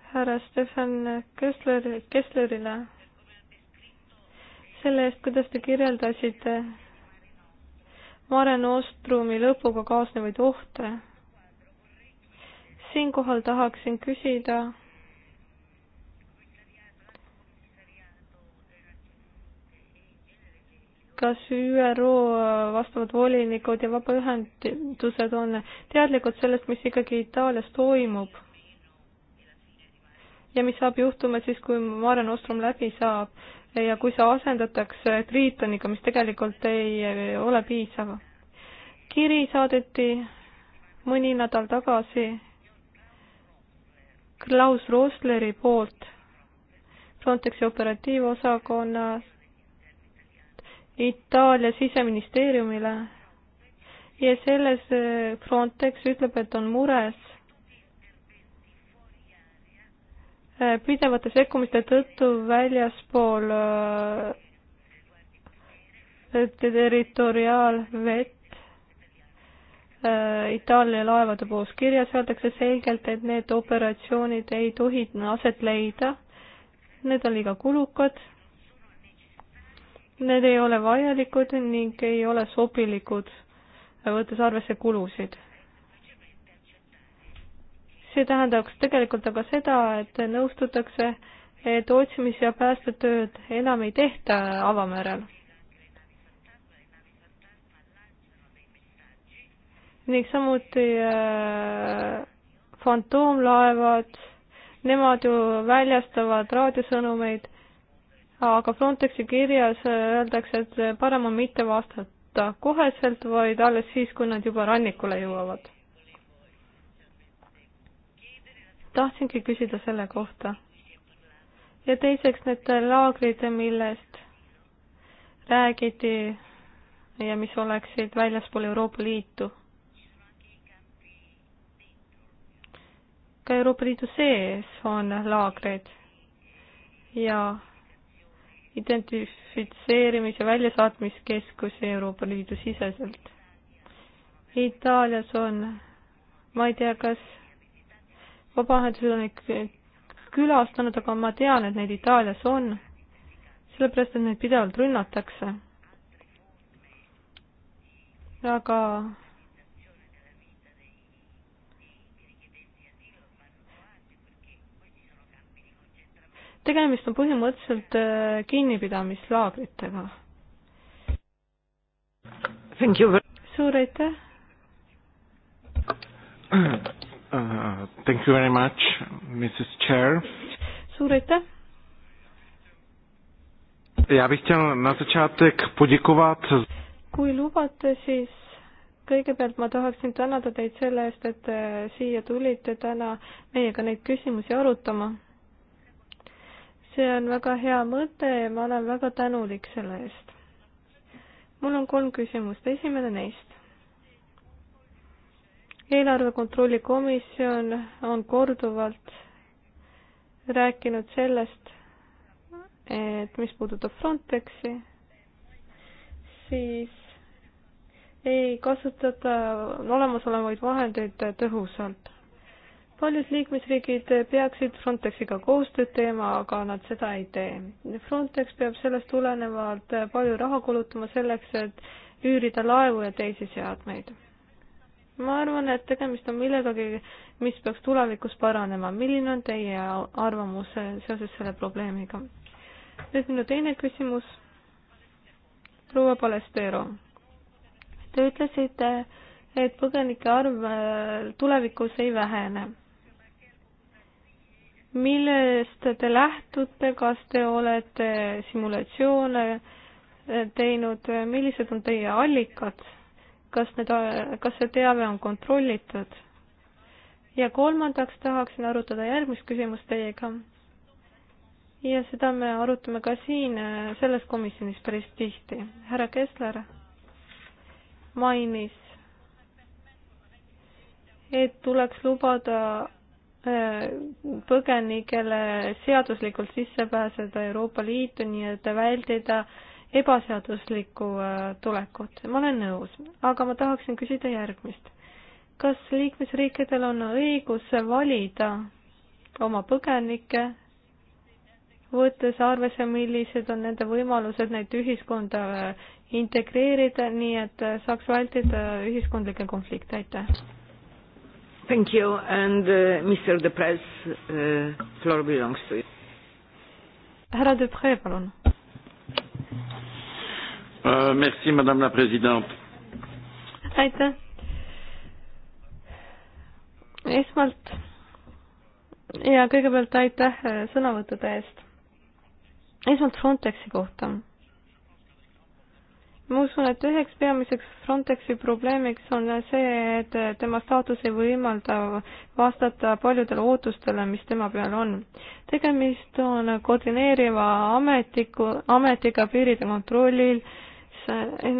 härra Stefan Kessler, Kesslerile selle eest, kuidas te kirjeldasite Mare Nostrumi lõpuga kaasnevaid ohte. siinkohal tahaksin küsida kas ÜRO vastavad volinikud ja vabaühendused on teadlikud sellest, mis ikkagi Itaalias toimub? ja mis saab juhtuma siis, kui Mare Nostrum läbi saab ja kui see asendatakse Tritoniga, mis tegelikult ei ole piisav? kiri saadeti mõni nädal tagasi Klaus Rosleri poolt Frontexi operatiivosakonnast Itaalia siseministeeriumile ja selles äh, Frontex ütleb, et on mures äh, pidevate sekkumiste tõttu väljaspool äh, territoriaalvett Itaalia laevade puhul. kirjas öeldakse selgelt, et need operatsioonid ei tohi aset leida, need on liiga kulukad Need ei ole vajalikud ning ei ole sobilikud, võttes arvesse kulusid. see tähendaks tegelikult aga seda, et nõustutakse, et otsimis- ja päästetööd enam ei tehta avamerel ning samuti äh, fantoomlaevad, nemad ju väljastavad raadiosõnumeid aga Frontexi kirjas öeldakse, et parem on mitte vastata koheselt, vaid alles siis, kui nad juba rannikule jõuavad. tahtsingi küsida selle kohta. ja teiseks need laagrid, millest räägiti ja mis oleksid väljaspool Euroopa Liitu. ka Euroopa Liidu sees on laagreid ja identifitseerimis- ja väljasaatmiskeskusi Euroopa Liidu siseselt. Itaalias on, ma ei tea, kas vabaühendused on neid külastanud, aga ma tean, et neid Itaalias on, sellepärast et neid pidevalt rünnatakse. aga tegemist on põhimõtteliselt äh, kinnipidamislaagritega. suur aitäh! Uh, thank you very much, Mrs. Chair. Suur aitäh! Já bych chtěl na začátek poděkovat. Kui lubate, siis kõigepealt ma tahaksin tänada teid selle eest, et äh, siia tulite täna meiega neid küsimusi arutama see on väga hea mõte ja ma olen väga tänulik selle eest. mul on kolm küsimust, esimene neist. eelarve kontrolli komisjon on korduvalt rääkinud sellest, et mis puudutab Frontexi, siis ei kasutata olemasolevaid vahendeid tõhusalt paljud liikmesriigid peaksid Frontexiga koostööd teema, aga nad seda ei tee. Frontex peab sellest tulenevalt palju raha kulutama selleks, et üürida laevu ja teisi seadmeid ma arvan, et tegemist on millegagi, mis peaks tulevikus paranema. milline on teie arvamus seoses selle probleemiga? nüüd minu teine küsimus. proua Palestero, te ütlesite, et põgenike arv äh, tulevikus ei vähene millest te lähtute, kas te olete simulatsioone eh, teinud, millised on teie allikad, kas need, kas see teave on kontrollitud? ja kolmandaks tahaksin arutada järgmist küsimust teiega. ja seda me arutame ka siin eh, selles komisjonis päris tihti. härra Kessler mainis, et tuleks lubada Äh, põgenikele seaduslikult sisse pääseda Euroopa Liitu, nii et väldida ebaseaduslikku äh, tulekut. ma olen nõus, aga ma tahaksin küsida järgmist. kas liikmesriikidel on õigus valida oma põgenikke, võttes arvesse, millised on nende võimalused neid ühiskonda äh, integreerida, nii et saaks vältida ühiskondlikke konflikte, aitäh! Thank you. And uh, Mr. Deprez, uh, floor belongs to you. härra Deprez, palun uh,. Merci, madame la president. aitäh. esmalt ja kõigepealt aitäh äh, sõnavõttude eest. esmalt Frontexi kohta ma usun, et üheks peamiseks Frontexi probleemiks on see, et tema staatus ei võimalda vastata paljudele ootustele, mis tema peal on. tegemist on koordineeriva ametiku, ametiga piiride kontrollil,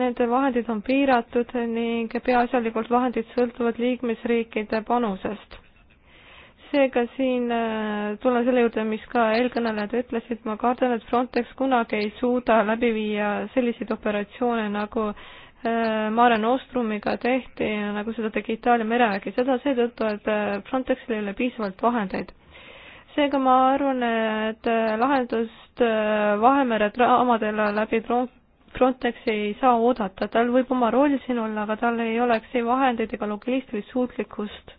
nende vahendid on piiratud ning peaasjalikult vahendid sõltuvad liikmesriikide panusest seega siin äh, tulen selle juurde, mis ka eelkõnelejad ütlesid, ma kardan, et Frontex kunagi ei suuda läbi viia selliseid operatsioone nagu äh, Mare Nostrumiga tehti ja nagu seda tegi Itaalia merevägi, seda seetõttu, et äh, Frontexil ei ole piisavalt vahendeid. seega ma arvan, et lahendust Vahemere draamadele läbi Frontexi ei saa oodata, tal võib oma roll siin olla, aga tal ei oleks ei vahendeid ega logistilist suutlikkust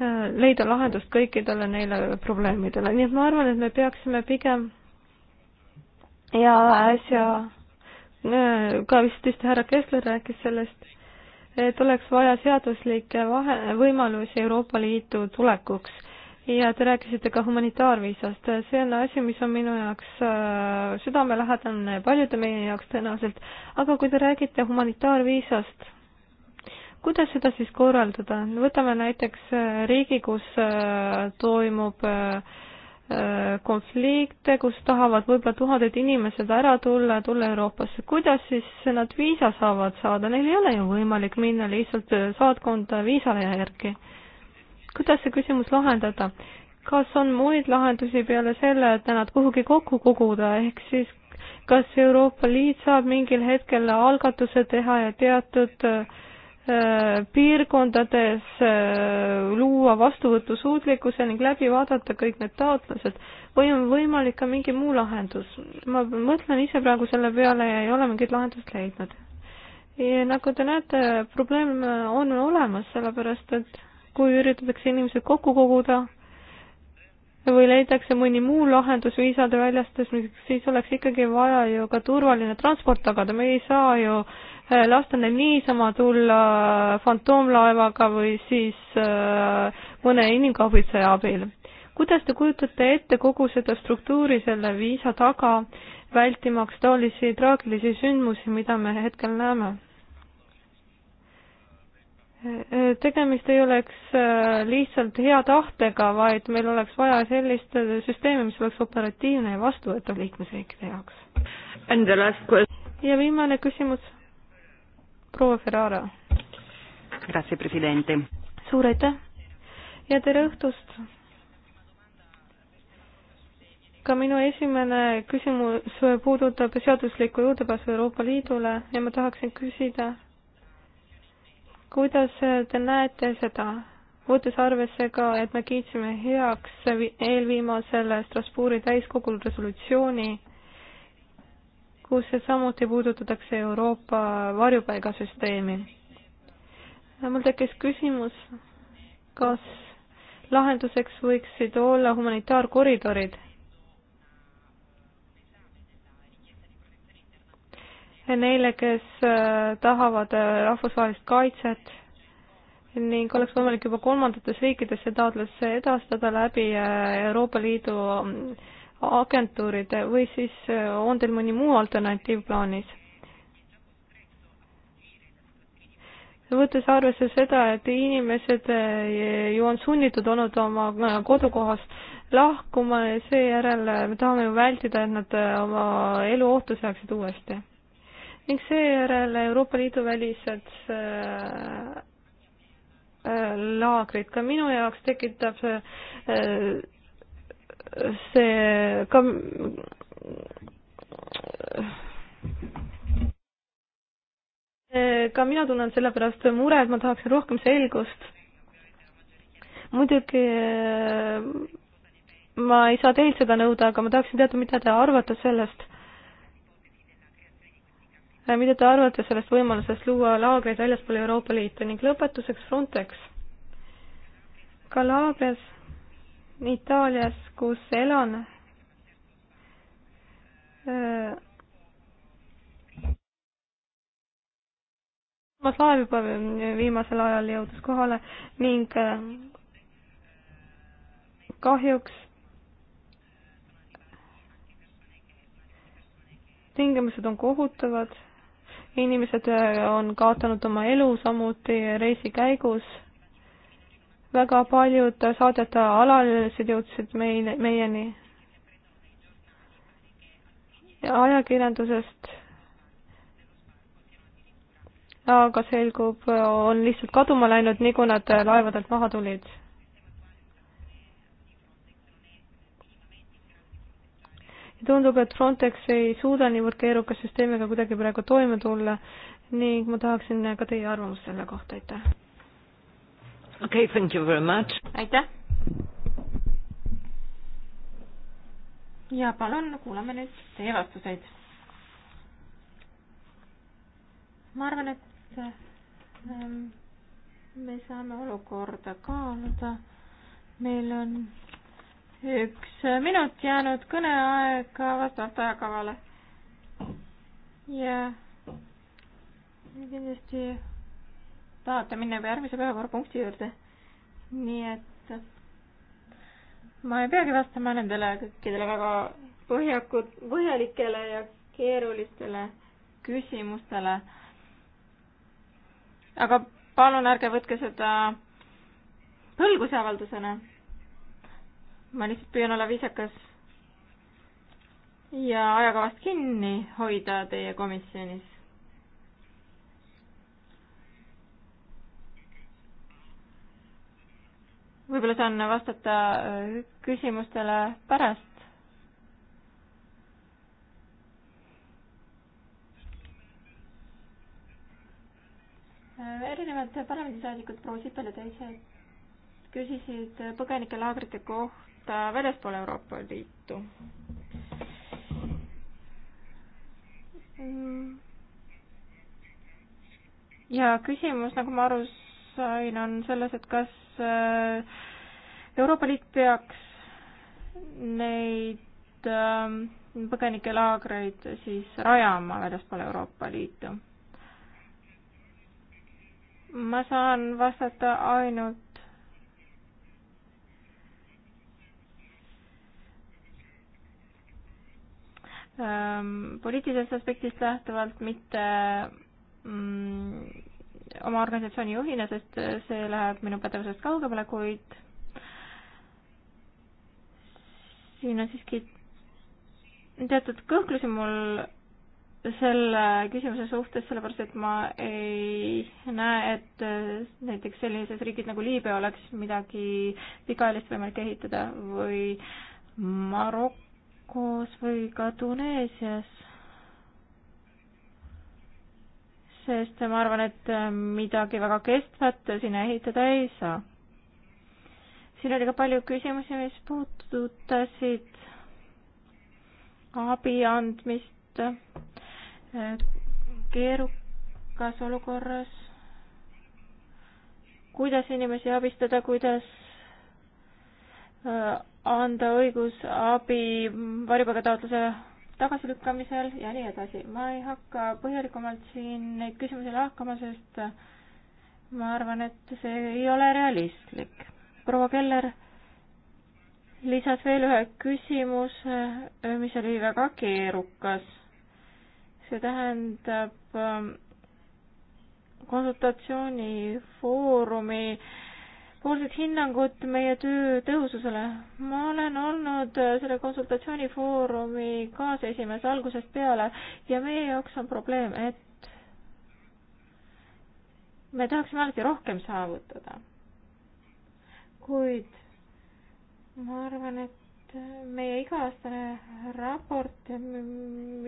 leida lahendust kõikidele neile probleemidele, nii et ma arvan, et me peaksime pigem ja äsja äh, ka vist vist härra Kessler rääkis sellest, et oleks vaja seaduslikke vahe, võimalusi Euroopa Liitu tulekuks ja te rääkisite ka humanitaarviisast, see on asi, mis on minu jaoks äh, südamelähedane paljude meie jaoks tõenäoliselt, aga kui te räägite humanitaarviisast kuidas seda siis korraldada? võtame näiteks äh, riigi, kus äh, toimub äh, konflikte, kus tahavad võib-olla tuhanded inimesed ära tulla, tulla Euroopasse, kuidas siis nad viisa saavad saada, neil ei ole ju võimalik minna lihtsalt saatkonda viisale järgi. kuidas see küsimus lahendada? kas on muid lahendusi peale selle, et nad kuhugi kokku koguda, ehk siis kas Euroopa Liit saab mingil hetkel algatuse teha ja teatud äh, Äh, piirkondades äh, luua vastuvõtusuutlikkuse ning läbi vaadata kõik need taotlused või on võimalik ka mingi muu lahendus. ma mõtlen ise praegu selle peale ja ei ole mingit lahendust leidnud. nagu te näete, probleem on olemas, sellepärast et kui üritatakse inimesed kokku koguda või leitakse mõni muu lahendus viisade väljastamiseks, siis oleks ikkagi vaja ju ka turvaline transport tagada, me ei saa ju äh, Äh, lasta neil niisama tulla äh, fantoomlaevaga või siis äh, mõne inimkaubitseja abil. kuidas te kujutate ette kogu seda struktuuri selle viisa taga, vältimaks taolisi traagilisi sündmusi, mida me hetkel näeme? tegemist ei oleks lihtsalt hea tahtega, vaid meil oleks vaja sellist süsteemi, mis oleks operatiivne ja vastuvõetav liikmesriikide jaoks. ja viimane küsimus proua Ferrara. Grazie, president. suur aitäh ja tere õhtust. ka minu esimene küsimus puudutab seaduslikku juurdepääsu Euroopa Liidule ja ma tahaksin küsida, kuidas te näete seda, võttes arvesse ka, et me kiitsime heaks eelviimasel Strasbourgi täiskogul resolutsiooni kus samuti puudutatakse Euroopa varjupaigasüsteemi. mul tekkis küsimus, kas lahenduseks võiksid olla humanitaarkoridorid? Neile, kes äh, tahavad äh, rahvusvahelist kaitset ning oleks võimalik juba kolmandates riikides see taotlus edastada läbi äh, Euroopa Liidu mm, agentuurid või siis äh, on teil mõni muu alternatiiv plaanis? võttes arvesse seda, et inimesed äh, ju on sunnitud olnud oma äh, kodukohast lahkuma ja seejärel me tahame ju vältida, et nad oma elu ohtu seaksid uuesti. ning seejärel Euroopa Liidu välised laagrid, ka minu jaoks tekitab see ka ka mina tunnen selle pärast mure, et ma tahaksin rohkem selgust. muidugi ma ei saa teilt seda nõuda, aga ma tahaksin teada, mida te arvate sellest. mida te arvate sellest võimalusest luua laagreid väljaspool Euroopa Liitu ning lõpetuseks Frontex. ka Laagres Itaalias, kus elan, kolmas äh, laev juba viimasel ajal jõudis kohale ning äh, kahjuks tingimused on kohutavad, inimesed äh, on kaotanud oma elu samuti reisi käigus väga paljud saadete alalised jõudsid meile, meieni. ajakirjandusest aga selgub, on lihtsalt kaduma läinud, nii kui nad laevadelt maha tulid. tundub, et Frontex ei suuda niivõrd keeruka süsteemiga kuidagi praegu toime tulla ning ma tahaksin ka teie arvamust selle kohta, aitäh okay, thank you very much. aitäh. ja palun kuulame nüüd teie vastuseid. ma arvan, et ähm, me saame olukorda kaaluda. meil on üks minut jäänud kõneaega vastavalt ajakavale. ja kindlasti tahate minna juba järgmise päevakorrapunkti juurde. nii et ma ei peagi vastama nendele kõikidele väga põhjakud, põhjalikele ja keerulistele küsimustele. aga palun ärge võtke seda põlguseavaldusena. ma lihtsalt püüan olla viisakas ja ajakavast kinni hoida teie komisjonis võib-olla saan vastata äh, küsimustele pärast. Äh, erinevad parlamendisaadikud, proua Sipel ja teised, küsisid äh, põgenikelaagrite kohta väljaspool Euroopa Liitu. Mm. ja küsimus, nagu ma aru sain, on selles, et kas Äh, Euroopa Liit peaks neid ähm, põgenikelaagreid siis rajama väljaspool Euroopa Liitu? ma saan vastata ainult ähm, poliitilisest aspektist lähtuvalt, mitte mm, oma organisatsiooni juhina, sest äh, see läheb minu pädevusest kaugemale, kuid siin on siiski teatud kõhklusi mul selle küsimuse suhtes, sellepärast et ma ei näe, et äh, näiteks sellises riigis nagu Liibüa oleks midagi pikaajalist võimalik ehitada või Marokos või ka Tuneesias sest ma arvan, et äh, midagi väga kestvat sinna ehitada ei saa. siin oli ka palju küsimusi, mis puudutasid abi andmist äh, keerukas olukorras, kuidas inimesi abistada, kuidas äh, anda õigus abi varjupaigataotluse tagasilükkamisel ja nii edasi. ma ei hakka põhjalikumalt siin neid küsimusi lahkama, sest ma arvan, et see ei ole realistlik. proua Keller lisas veel ühe küsimuse, mis oli väga keerukas. see tähendab ähm, konsultatsioonifoorumi äh, poolset hinnangut meie töö tõhususele. ma olen olnud selle konsultatsioonifoorumi kaasesimees algusest peale ja meie jaoks on probleem, et me tahaksime alati rohkem saavutada. kuid ma arvan, et meie iga-aastane raport,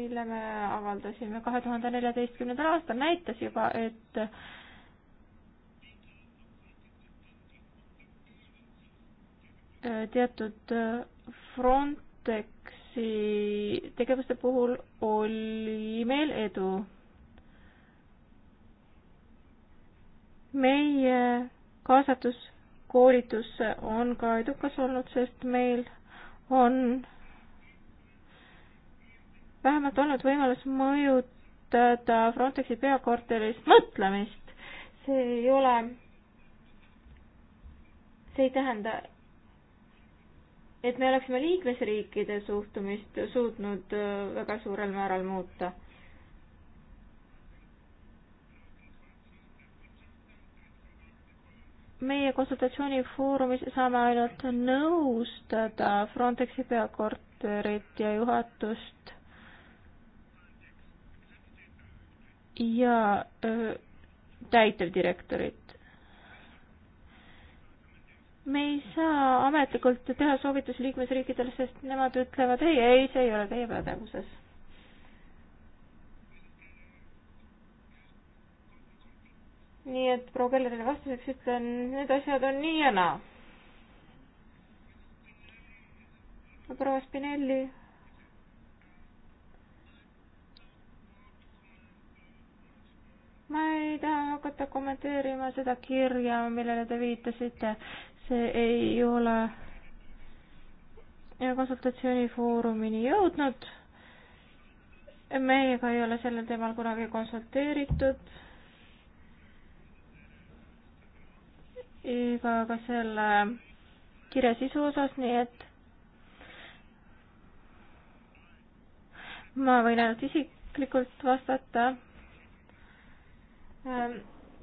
mille me avaldasime kahe tuhande neljateistkümnendal aastal, näitas juba, et teatud äh, Frontexi tegevuste puhul oli meil edu. meie kaasatus koolitusse on ka edukas olnud, sest meil on vähemalt olnud võimalus mõjutada Frontexi peakorteris mõtlemist. see ei ole, see ei tähenda, et me oleksime liikmesriikide suhtumist suutnud äh, väga suurel määral muuta. meie konsultatsioonifoorumis saame ainult nõustada Frontexi peakorterit ja juhatust ja äh, täitevdirektorit me ei saa ametlikult teha soovitusi liikmesriikidele, sest nemad ütlevad ei, ei, see ei ole teie pädevuses. nii et proua Kellerile vastuseks ütlen, need asjad on nii ja naa. proua Spinelli ma ei taha hakata kommenteerima seda kirja, millele te viitasite see ei ole konsultatsioonifoorumini jõudnud. meiega ei ole sellel teemal kunagi konsulteeritud. ega ka selle kirja sisu osas, nii et ma võin ainult isiklikult vastata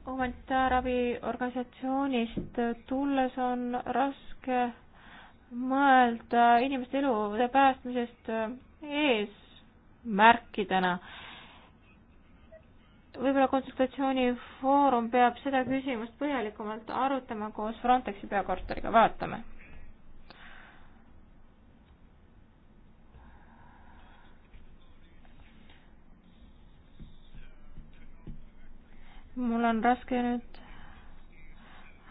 humanitaarabiorganisatsioonist tulles on raske mõelda inimeste elude päästmisest eesmärkidena. võib-olla konsultatsioonifoorum peab seda küsimust põhjalikumalt arutama koos Frontexi peakorteriga, vaatame mul on raske nüüd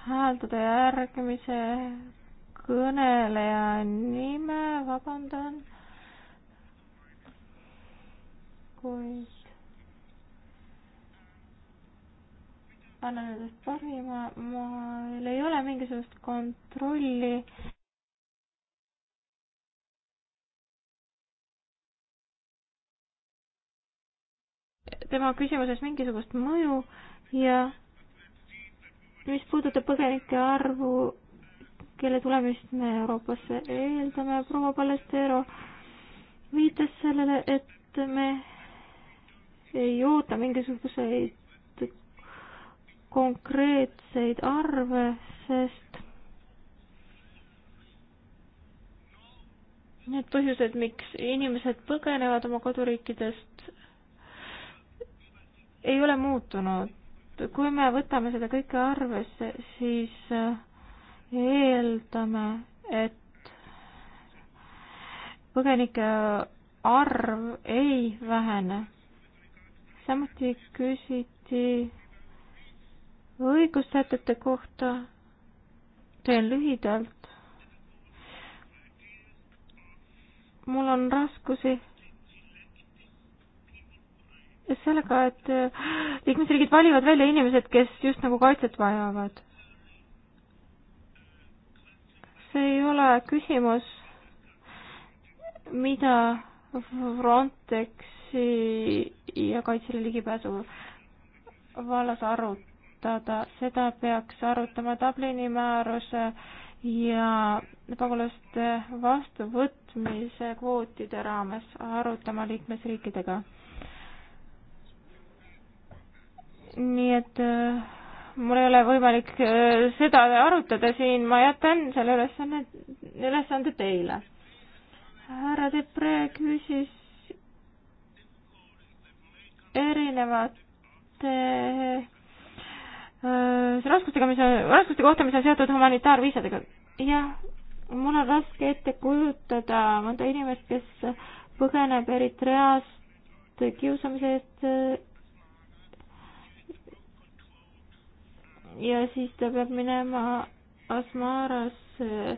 hääldada järgmise kõneleja nime, vabandan. kuid annan endast parima, mul ei ole mingisugust kontrolli tema küsimuses mingisugust mõju ja mis puudutab põgenike arvu, kelle tulemist me Euroopasse eeldame, proua Palestero viitas sellele, et me ei oota mingisuguseid konkreetseid arve, sest need põhjused, miks inimesed põgenevad oma koduriikidest, ei ole muutunud kui me võtame seda kõike arvesse, siis äh, eeldame, et põgenike arv ei vähene. samuti küsiti õigussätete kohta. teen lühidalt. mul on raskusi sellega, et äh, liikmesriigid valivad välja inimesed, kes just nagu kaitset vajavad. see ei ole küsimus, mida Frontexi ja Kaitsele ligipääsu vallas arutada, seda peaks arutama Dublini määruse ja pagulaste vastuvõtmise kvootide raames arutama liikmesriikidega nii et äh, mul ei ole võimalik äh, seda arutada siin, ma jätan selle ülesanne, ülesande teile. härra Depre küsis erinevate äh, raskustega, mis on, raskuste kohta, mis on seotud humanitaarviisadega. jah, mul on raske ette kujutada mõnda inimest, kes põgeneb Eritreast kiusamise eest ja siis ta peab minema Asmarasse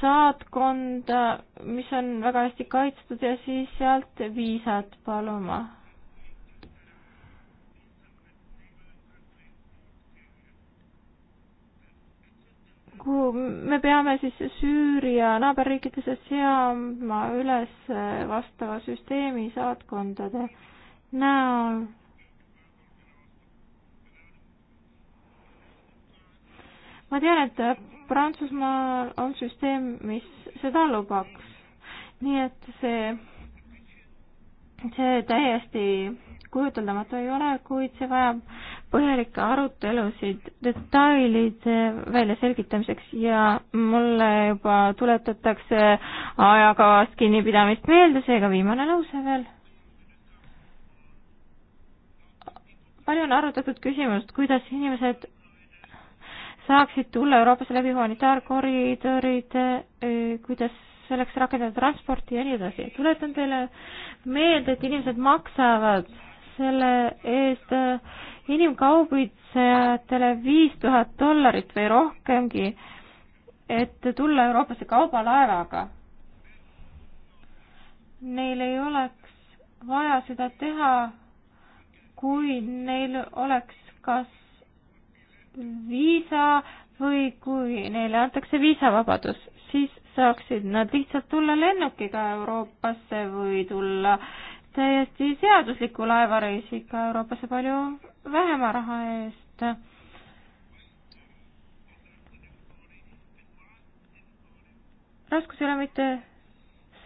saatkonda, mis on väga hästi kaitstud ja siis sealt viisat paluma. kuhu me peame siis Süüria naaberriikidesse seama üles vastava süsteemi saatkondade näol ma tean, et Prantsusmaal on süsteem, mis seda lubaks. nii et see, see täiesti kujuteldamatu ei ole, kuid see vajab põhjalikke arutelusid detailide väljaselgitamiseks ja mulle juba tuletatakse ajakavast kinnipidamist meelde, seega viimane lause veel. palju on arutatud küsimust, kuidas inimesed saaksid tulla Euroopasse läbi humanitaarkoridoride, eh, kuidas selleks rakendada transporti ja nii edasi. tuletan teile meelde, et inimesed maksavad selle eest eh, inimkaubitsejatele viis tuhat dollarit või rohkemgi, et tulla Euroopasse kaubalaevaga. Neil ei oleks vaja seda teha, kui neil oleks kas viisa või kui neile antakse viisavabadus, siis saaksid nad lihtsalt tulla lennukiga Euroopasse või tulla täiesti seadusliku laevareisiga Euroopasse palju vähema raha eest. raskus ei ole mitte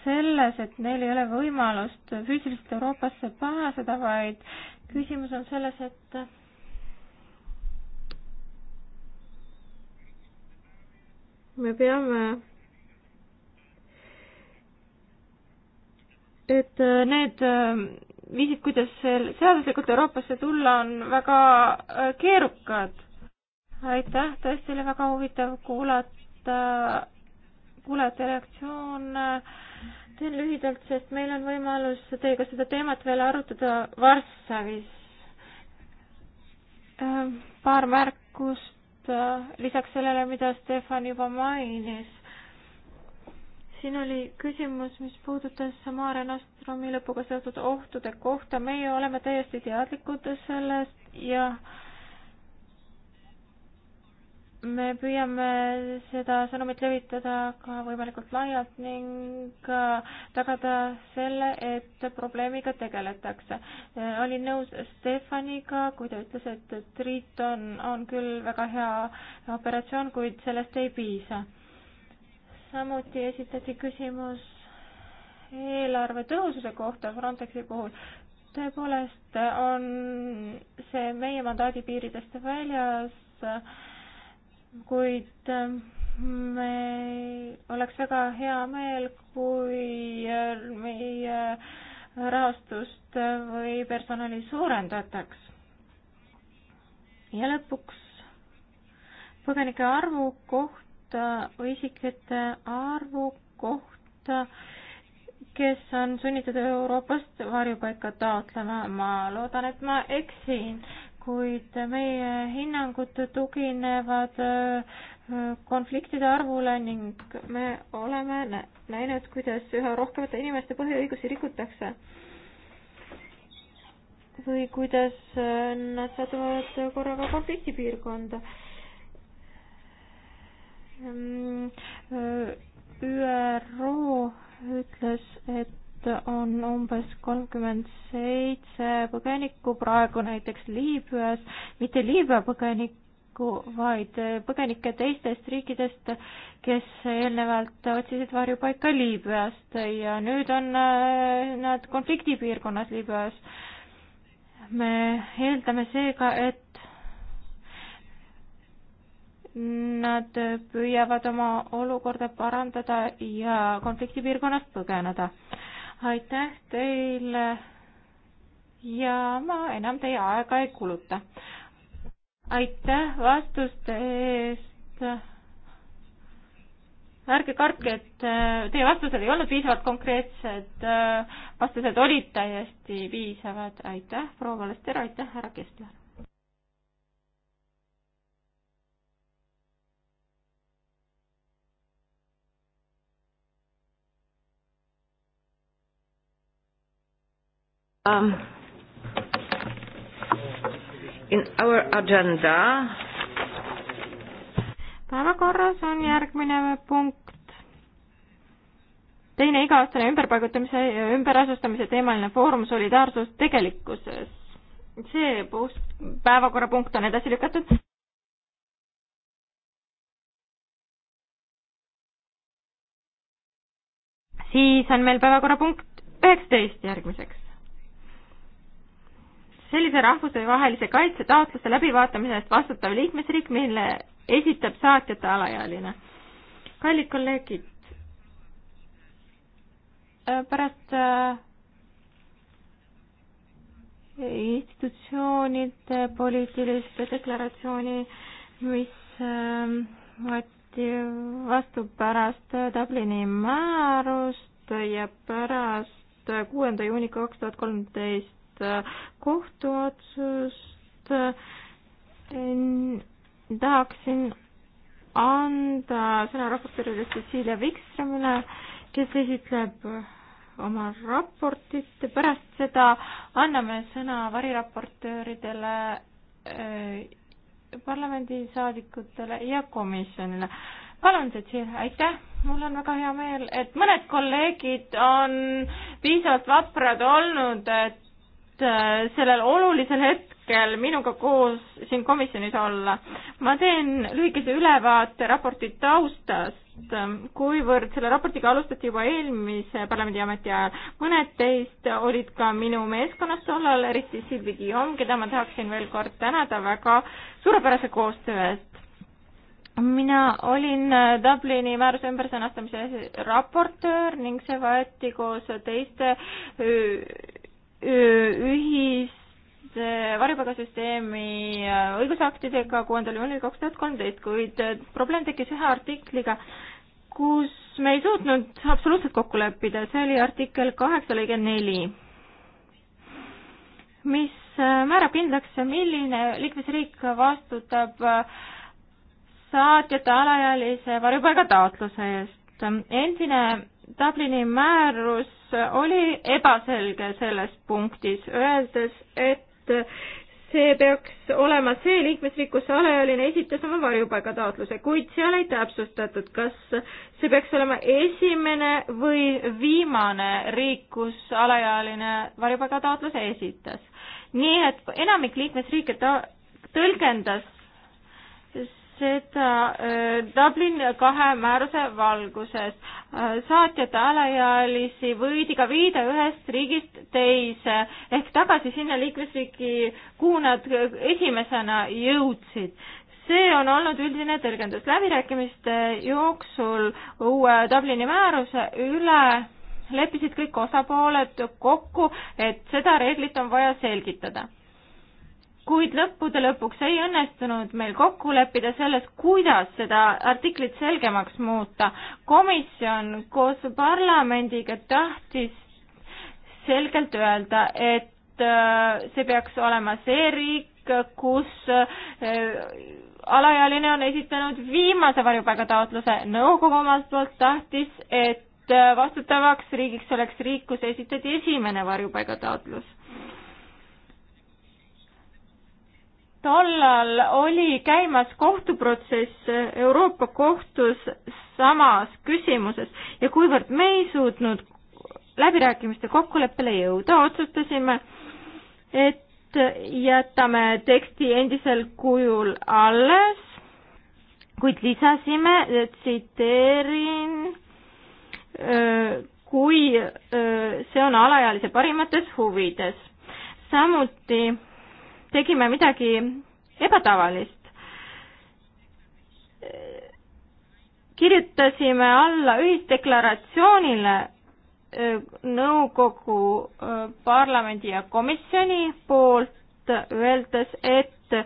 selles, et neil ei ole võimalust füüsiliselt Euroopasse pääseda, vaid küsimus on selles, et me peame et äh, need äh, viisid, kuidas seaduslikult Euroopasse tulla, on väga äh, keerukad. aitäh, tõesti oli väga huvitav kuulata, kuulajate reaktsioon. teen lühidalt, sest meil on võimalus teiega seda teemat veel arutada Varssavis. Ähm, paar märkust Äh, lisaks sellele, mida Stefan juba mainis. siin oli küsimus, mis puudutas Maarja Nastromi lõpuga seotud ohtude kohta. meie oleme täiesti teadlikud sellest ja äh, me püüame seda sõnumit levitada ka võimalikult laialt ning äh, tagada selle, et probleemiga tegeletakse. Äh, olin nõus Stefaniga, kui ta ütles, et Triton on küll väga hea operatsioon, kuid sellest ei piisa. samuti esitati küsimus eelarve tõhususe kohta Frontexi puhul tõepoolest on see meie mandaadi piiridest väljas äh, kuid ähm, me oleks väga hea meel, kui äh, meie rahastust äh, või personali suurendataks. ja lõpuks põgenike arvu kohta või isikute arvu kohta, kes on sunnitud Euroopast varjupaika taotlema, ma loodan, et ma eksin, kuid meie hinnangud tuginevad äh, konfliktide arvule ning me oleme näinud, kuidas üha rohkemate inimeste põhiõigusi rikutakse. või kuidas äh, nad satuvad korraga konfliktipiirkonda. Mm, äh, ÜRO ütles, et Liibüast on umbes kolmkümmend seitse põgenikku praegu näiteks Liibüas, mitte Liibüa põgenikku, vaid põgenikke teistest riikidest, kes eelnevalt otsisid varjupaika Liibüast ja nüüd on äh, nad konfliktipiirkonnas Liibüas. me eeldame seega, et nad püüavad oma olukorda parandada ja konfliktipiirkonnast põgeneda aitäh teile ja ma enam teie aega ei kuluta. aitäh vastuste eest. ärge kartke, et äh, teie vastused ei olnud piisavalt konkreetsed, äh, vastused olid täiesti piisavad. aitäh proua Valester, aitäh härra Kessler. Um, in our agenda. päevakorras on järgmine punkt. teine iga-aastane ümberpaigutamise, ümberasustamise teemaline foorum Solidaarsus tegelikkuses. see päevakorrapunkt on edasi lükatud. siis on meil päevakorrapunkt üheksateist järgmiseks sellise rahvusvahelise kaitse taotluse läbivaatamise eest vastutav liikmesriik, mille esitab saatjate alaealine. kallid kolleegid, äh, pärast äh, institutsioonide poliitilist deklaratsiooni, mis äh, võeti vastu pärast Dublini määrust ja pärast kuuenda juuni kaks tuhat kolmteist Äh, kohtuotsust äh, tahaksin anda sõna raportöörile Cecilia Wikströmile, kes esitleb oma raportit, pärast seda anname sõna variraportööridele, äh, parlamendisaadikutele ja komisjonile. palun, Cecilia, aitäh, mul on väga hea meel, et mõned kolleegid on piisavalt vaprad olnud, et Äh, sellel olulisel hetkel minuga koos siin komisjonis olla. ma teen lühikese ülevaate raporti taustast, ähm, kuivõrd selle raportiga alustati juba eelmise parlamendi ametiajal. mõned teist olid ka minu meeskonnas tollal, eriti Silvi Guillaume, keda ma tahaksin veel kord tänada väga suurepärase koostöö eest mina olin äh, Dublini määruse ümbersõnastamise raportöör ning see võeti koos teiste äh, ühise varjupaigasüsteemi äh, õigusaktidega kuuendal juunil kaks tuhat kolmteist, kuid äh, probleem tekkis ühe artikliga, kus me ei suutnud absoluutselt kokku leppida, see oli artikkel kaheksa lõige neli, mis äh, määrab kindlaks, milline liikmesriik vastutab saatjate alaealise varjupaigataotluse eest. endine Dublini määrus oli ebaselge selles punktis, öeldes, et see peaks olema see liikmesriik, kus alaealine esitas oma varjupaigataotluse, kuid seal ei täpsustatud, kas see peaks olema esimene või viimane riik, kus alaealine varjupaigataotluse esitas. nii et enamik liikmesriike ta-, tõlgendas seda äh, Dublin kahe määruse valguses. Äh, saatjate alaealisi võidiga viida ühest riigist teise ehk tagasi sinna liikmesriiki, kuhu nad esimesena jõudsid see on olnud üldine tõlgendus. läbirääkimiste jooksul uue Dublini määruse üle leppisid kõik osapooled kokku, et seda reeglit on vaja selgitada kuid lõppude lõpuks ei õnnestunud meil kokku leppida selles, kuidas seda artiklit selgemaks muuta. komisjon koos parlamendiga tahtis selgelt öelda, et äh, see peaks olema see riik, kus äh, alaealine on esitanud viimase varjupaigataotluse. nõukogu omalt poolt tahtis, et äh, vastutavaks riigiks oleks riik, kus esitati esimene varjupaigataotlus tollal oli käimas kohtuprotsess Euroopa kohtus samas küsimuses ja kuivõrd me ei suutnud läbirääkimiste kokkuleppele jõuda, otsustasime, et jätame teksti endisel kujul alles, kuid lisasime, tsiteerin, kui see on alaealise parimates huvides. samuti tegime midagi ebatavalist. kirjutasime alla ühisdeklaratsioonile nõukogu, parlamendi ja komisjoni poolt, öeldes, et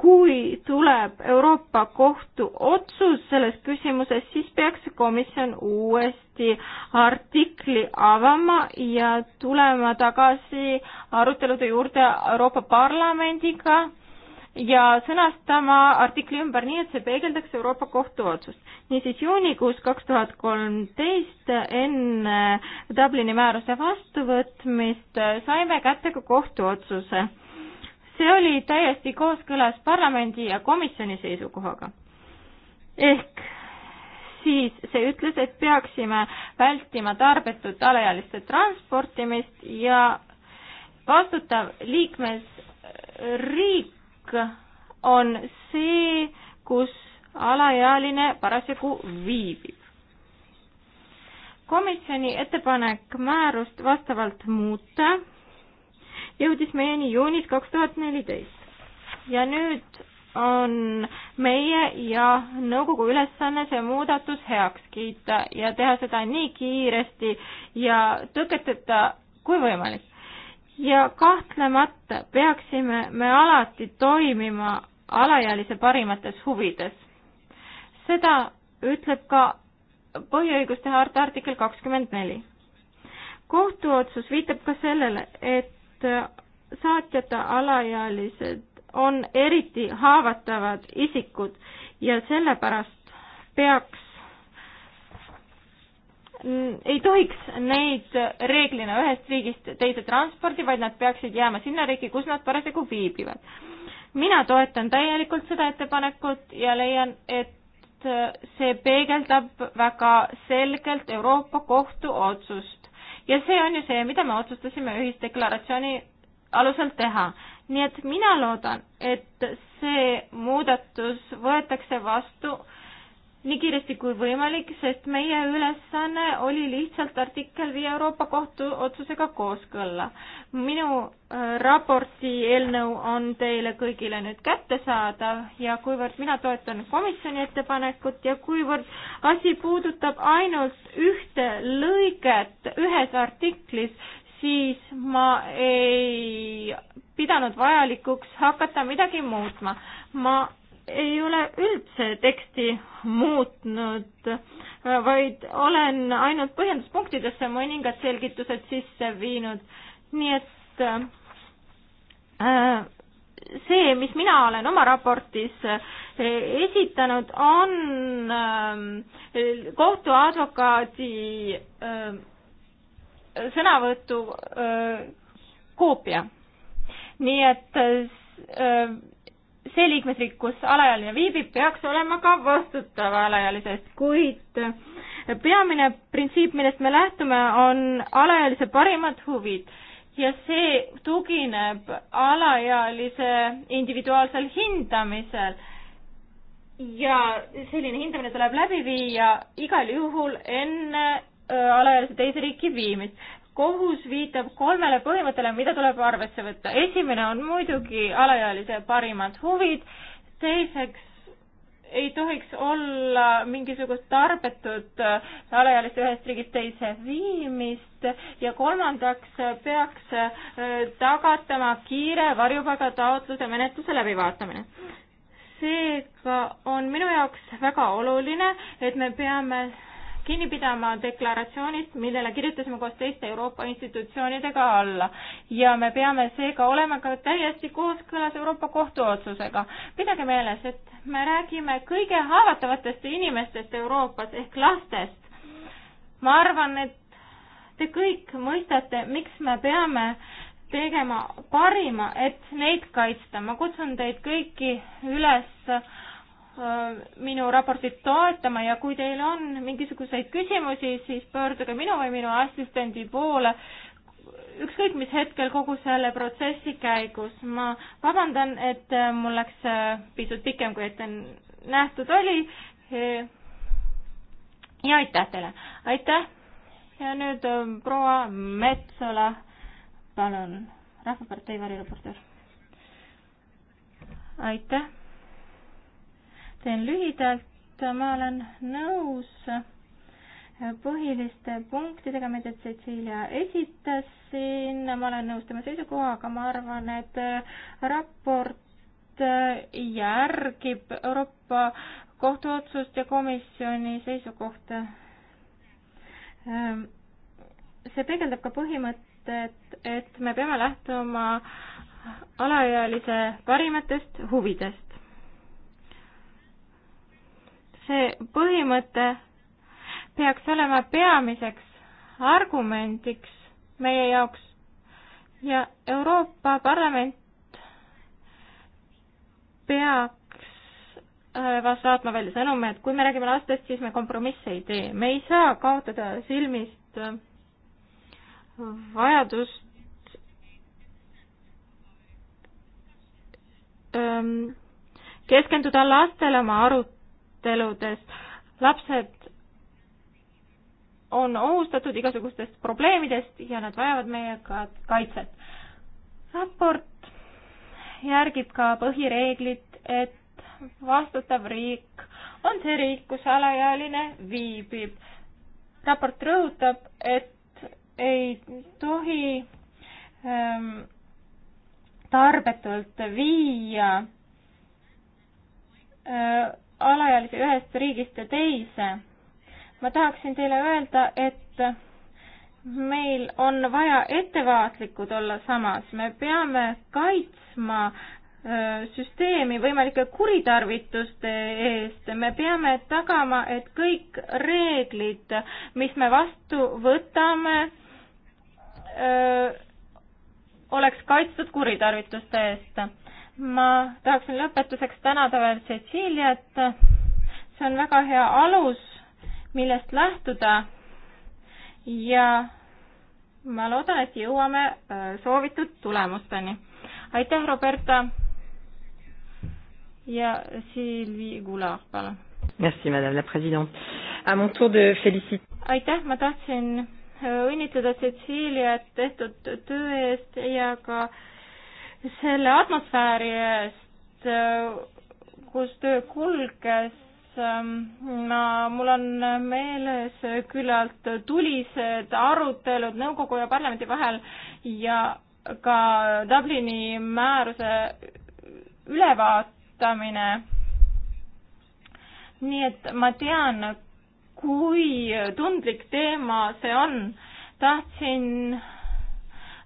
kui tuleb Euroopa Kohtu otsus selles küsimuses, siis peaks komisjon uuesti artikli avama ja tulema tagasi arutelude juurde Euroopa Parlamendiga ja sõnastama artikli ümber nii, et see peegeldaks Euroopa Kohtu otsust. niisiis juunikuus kaks tuhat kolmteist enne Dublini määruse vastuvõtmist saime kätte ka kohtuotsuse see oli täiesti kooskõlas parlamendi ja komisjoni seisukohaga. ehk siis see ütles, et peaksime vältima tarbetut alaealiste transportimist ja vastutav liikmesriik on see, kus alaealine parasjagu viibib. komisjoni ettepanek määrust vastavalt muuta jõudis meieni juunis kaks tuhat neliteist ja nüüd on meie ja nõukogu ülesanne see muudatus heaks kiita ja teha seda nii kiiresti ja tõketeta kui võimalik. ja kahtlemata peaksime me alati toimima alaealise parimates huvides. seda ütleb ka põhiõiguste harta artikkel kakskümmend neli kohtuotsus viitab ka sellele, et et äh, saatjata alaealised on eriti haavatavad isikud ja sellepärast peaks, mm, ei tohiks neid reeglina ühest riigist teise transpordi, vaid nad peaksid jääma sinna riiki, kus nad parasjagu viibivad. mina toetan täielikult seda ettepanekut ja leian, et see peegeldab väga selgelt Euroopa Kohtu otsust ja see on ju see, mida me otsustasime ühisdeklaratsiooni alusel teha. nii et mina loodan, et see muudatus võetakse vastu äh, nii kiiresti kui võimalik, sest meie ülesanne oli lihtsalt artikkel viia Euroopa Kohtu otsusega kooskõlla. minu äh, raporti eelnõu on teile kõigile nüüd kättesaadav ja kuivõrd mina toetan komisjoni ettepanekut ja kuivõrd asi puudutab ainult ühte lõiget ühes artiklis, siis ma ei pidanud vajalikuks hakata midagi muutma. ma ei ole üldse teksti muutnud, vaid olen ainult põhjenduspunktidesse mõningad selgitused sisse viinud. nii et äh, see, mis mina olen oma raportis äh, esitanud, on äh, kohtuadvokaadi sõnavõtu koopia. nii et see liikmesriik, kus alaealine viibib, peaks olema ka vastutav alaealisest, kuid peamine printsiip, millest me lähtume, on alaealise parimad huvid ja see tugineb alaealise individuaalsel hindamisel. ja selline hindamine tuleb läbi viia igal juhul enne äh, alaealise teise riiki viimist kohus viitab kolmele põhimõttele, mida tuleb arvesse võtta. esimene on muidugi alaealise parimad huvid, teiseks ei tohiks olla mingisugust tarbetut alaealiste ühest riigist teise viimist ja kolmandaks peaks äh, tagatama kiire varjupaigataotluse menetluse läbivaatamine. seega on minu jaoks väga oluline, et me peame kinni pidama deklaratsioonist, millele kirjutasime koos teiste Euroopa institutsioonidega alla ja me peame seega olema ka täiesti kooskõlas Euroopa Kohtu otsusega. pidage meeles, et me räägime kõige haavatavatest inimestest Euroopas ehk lastest. ma arvan, et te kõik mõistate, miks me peame tegema parima, et neid kaitsta. ma kutsun teid kõiki üles Äh, minu raportit toetama ja kui teil on mingisuguseid küsimusi, siis pöörduge minu või minu assistendi poole ükskõik mis hetkel kogu selle protsessi käigus. ma vabandan, et äh, mul läks äh, pisut pikem, kui ette nähtud oli. ja aitäh teile, aitäh. ja nüüd proua Metsola, palun, Rahvapartei varireporter. aitäh teen lühidalt, ma olen nõus põhiliste punktidega, mida Cecilia esitas siin, ma olen nõus tema seisukohaga, ma arvan, et raport järgib Euroopa kohtuotsust ja komisjoni seisukohta. see peegeldab ka põhimõtet, et me peame lähtuma alaealise parimatest huvidest see põhimõte peaks olema peamiseks argumendiks meie jaoks ja Euroopa Parlament peaks äh, saatma välja sõnumi, et kui me räägime lastest, siis me kompromisse ei tee. me ei saa kaotada silmist äh, vajadust ähm, keskenduda lastele oma arut-, aruteludes. lapsed on ohustatud igasugustest probleemidest ja nad vajavad meie ka kaitset. raport järgib ka põhireeglit, et vastutav riik on see riik, kus alaealine viibib. raport rõhutab, et ei tohi ähm, tarbetult viia äh, alaealisi ühest riigist teise. ma tahaksin teile öelda, et meil on vaja ettevaatlikud olla samas, me peame kaitsma süsteemi võimalike kuritarvituste eest, me peame tagama, et kõik reeglid, mis me vastu võtame, oleks kaitstud kuritarvituste eest ma tahaksin lõpetuseks tänada veel Ceciliat. see on väga hea alus, millest lähtuda. ja ma loodan, et jõuame äh, soovitud tulemusteni. aitäh, Roberta. ja Sylvie Goulard, palun. Merci, madame la president. A mon tour de félicit-. aitäh, ma tahtsin äh, õnnitleda Ceciliat tehtud töö eest ja ka äh, selle atmosfääri eest, äh, kus töö kulges. Ähm, ma, mul on meeles küllalt tulised arutelud nõukogu ja parlamendi vahel ja ka Dublini määruse ülevaatamine. nii et ma tean, kui tundlik teema see on. tahtsin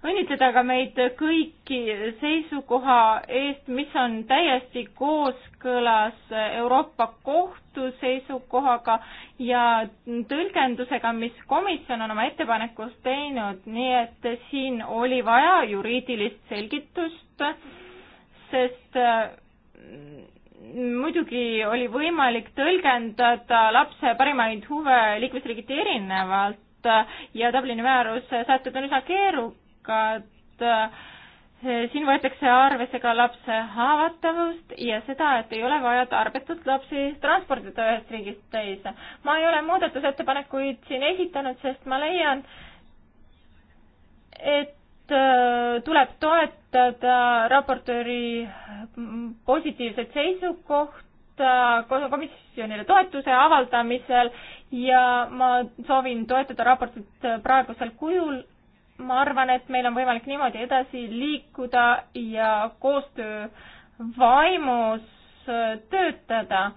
õnnitleda ka meid kõiki seisukoha eest, mis on täiesti kooskõlas Euroopa Kohtu seisukohaga ja tõlgendusega, mis komisjon on oma ettepanekus teinud, nii et siin oli vaja juriidilist selgitust, sest mm, muidugi oli võimalik tõlgendada lapse parimaid huve liikmesriigiti erinevalt ja Dublini määruse sätted on üsna keeru-, praktikat. Eh, siin võetakse arvesse ka lapse haavatavust ja seda, et ei ole vaja tarbetut lapsi transportida ühest riigist teise. ma ei ole muudatusettepanekuid siin esitanud, sest ma leian, et eh, tuleb toetada raportööri positiivset seisukohta, komisjonile toetuse avaldamisel ja ma soovin toetada raportit praegusel kujul, ma arvan, et meil on võimalik niimoodi edasi liikuda ja koostöö vaimus töötada.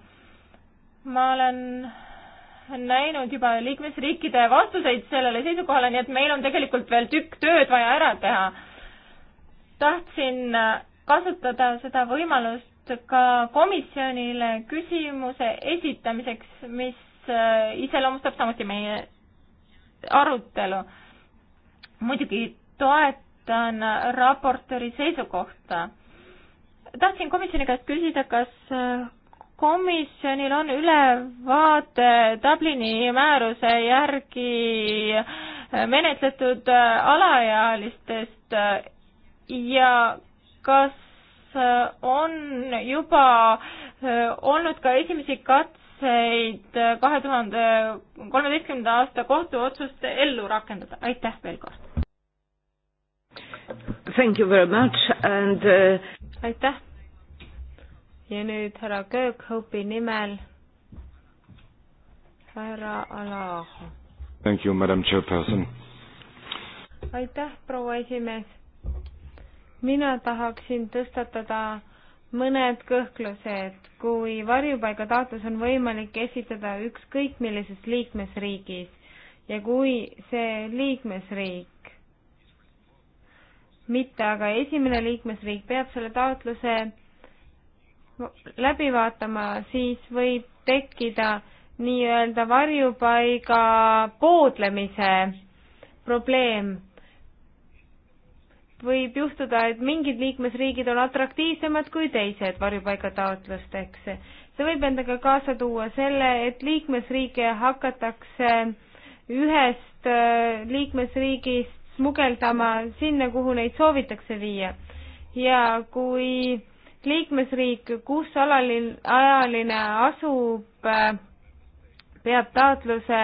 ma olen näinud juba liikmesriikide vastuseid sellele seisukohale, nii et meil on tegelikult veel tükk tööd vaja ära teha. tahtsin kasutada seda võimalust ka komisjonile küsimuse esitamiseks, mis iseloomustab samuti meie arutelu muidugi toetan raportööri seisukohta. tahtsin komisjoni käest küsida, kas komisjonil on ülevaade Dublini määruse järgi menetletud alaealistest ja kas on juba olnud ka esimesi katseid kahe tuhande kolmeteistkümnenda aasta kohtuotsust ellu rakendada, aitäh veel kord! Thank you very much and uh... aitäh! ja nüüd härra Kööghopi nimel härra Alaho. Thank you, madam chairperson. aitäh, proua esimees. mina tahaksin tõstatada mõned kõhklused, kui varjupaigataotlus on võimalik esitada ükskõik millises liikmesriigis ja kui see liikmesriik mitte, aga esimene liikmesriik peab selle taotluse läbi vaatama, siis võib tekkida nii-öelda varjupaiga poodlemise probleem. võib juhtuda, et mingid liikmesriigid on atraktiivsemad kui teised varjupaigataotlusteks. see võib endaga kaasa tuua selle, et liikmesriike hakatakse ühest äh, liikmesriigist smugeldama sinna, kuhu neid soovitakse viia. ja kui liikmesriik, kus alaline, ajaline asub, peab taotluse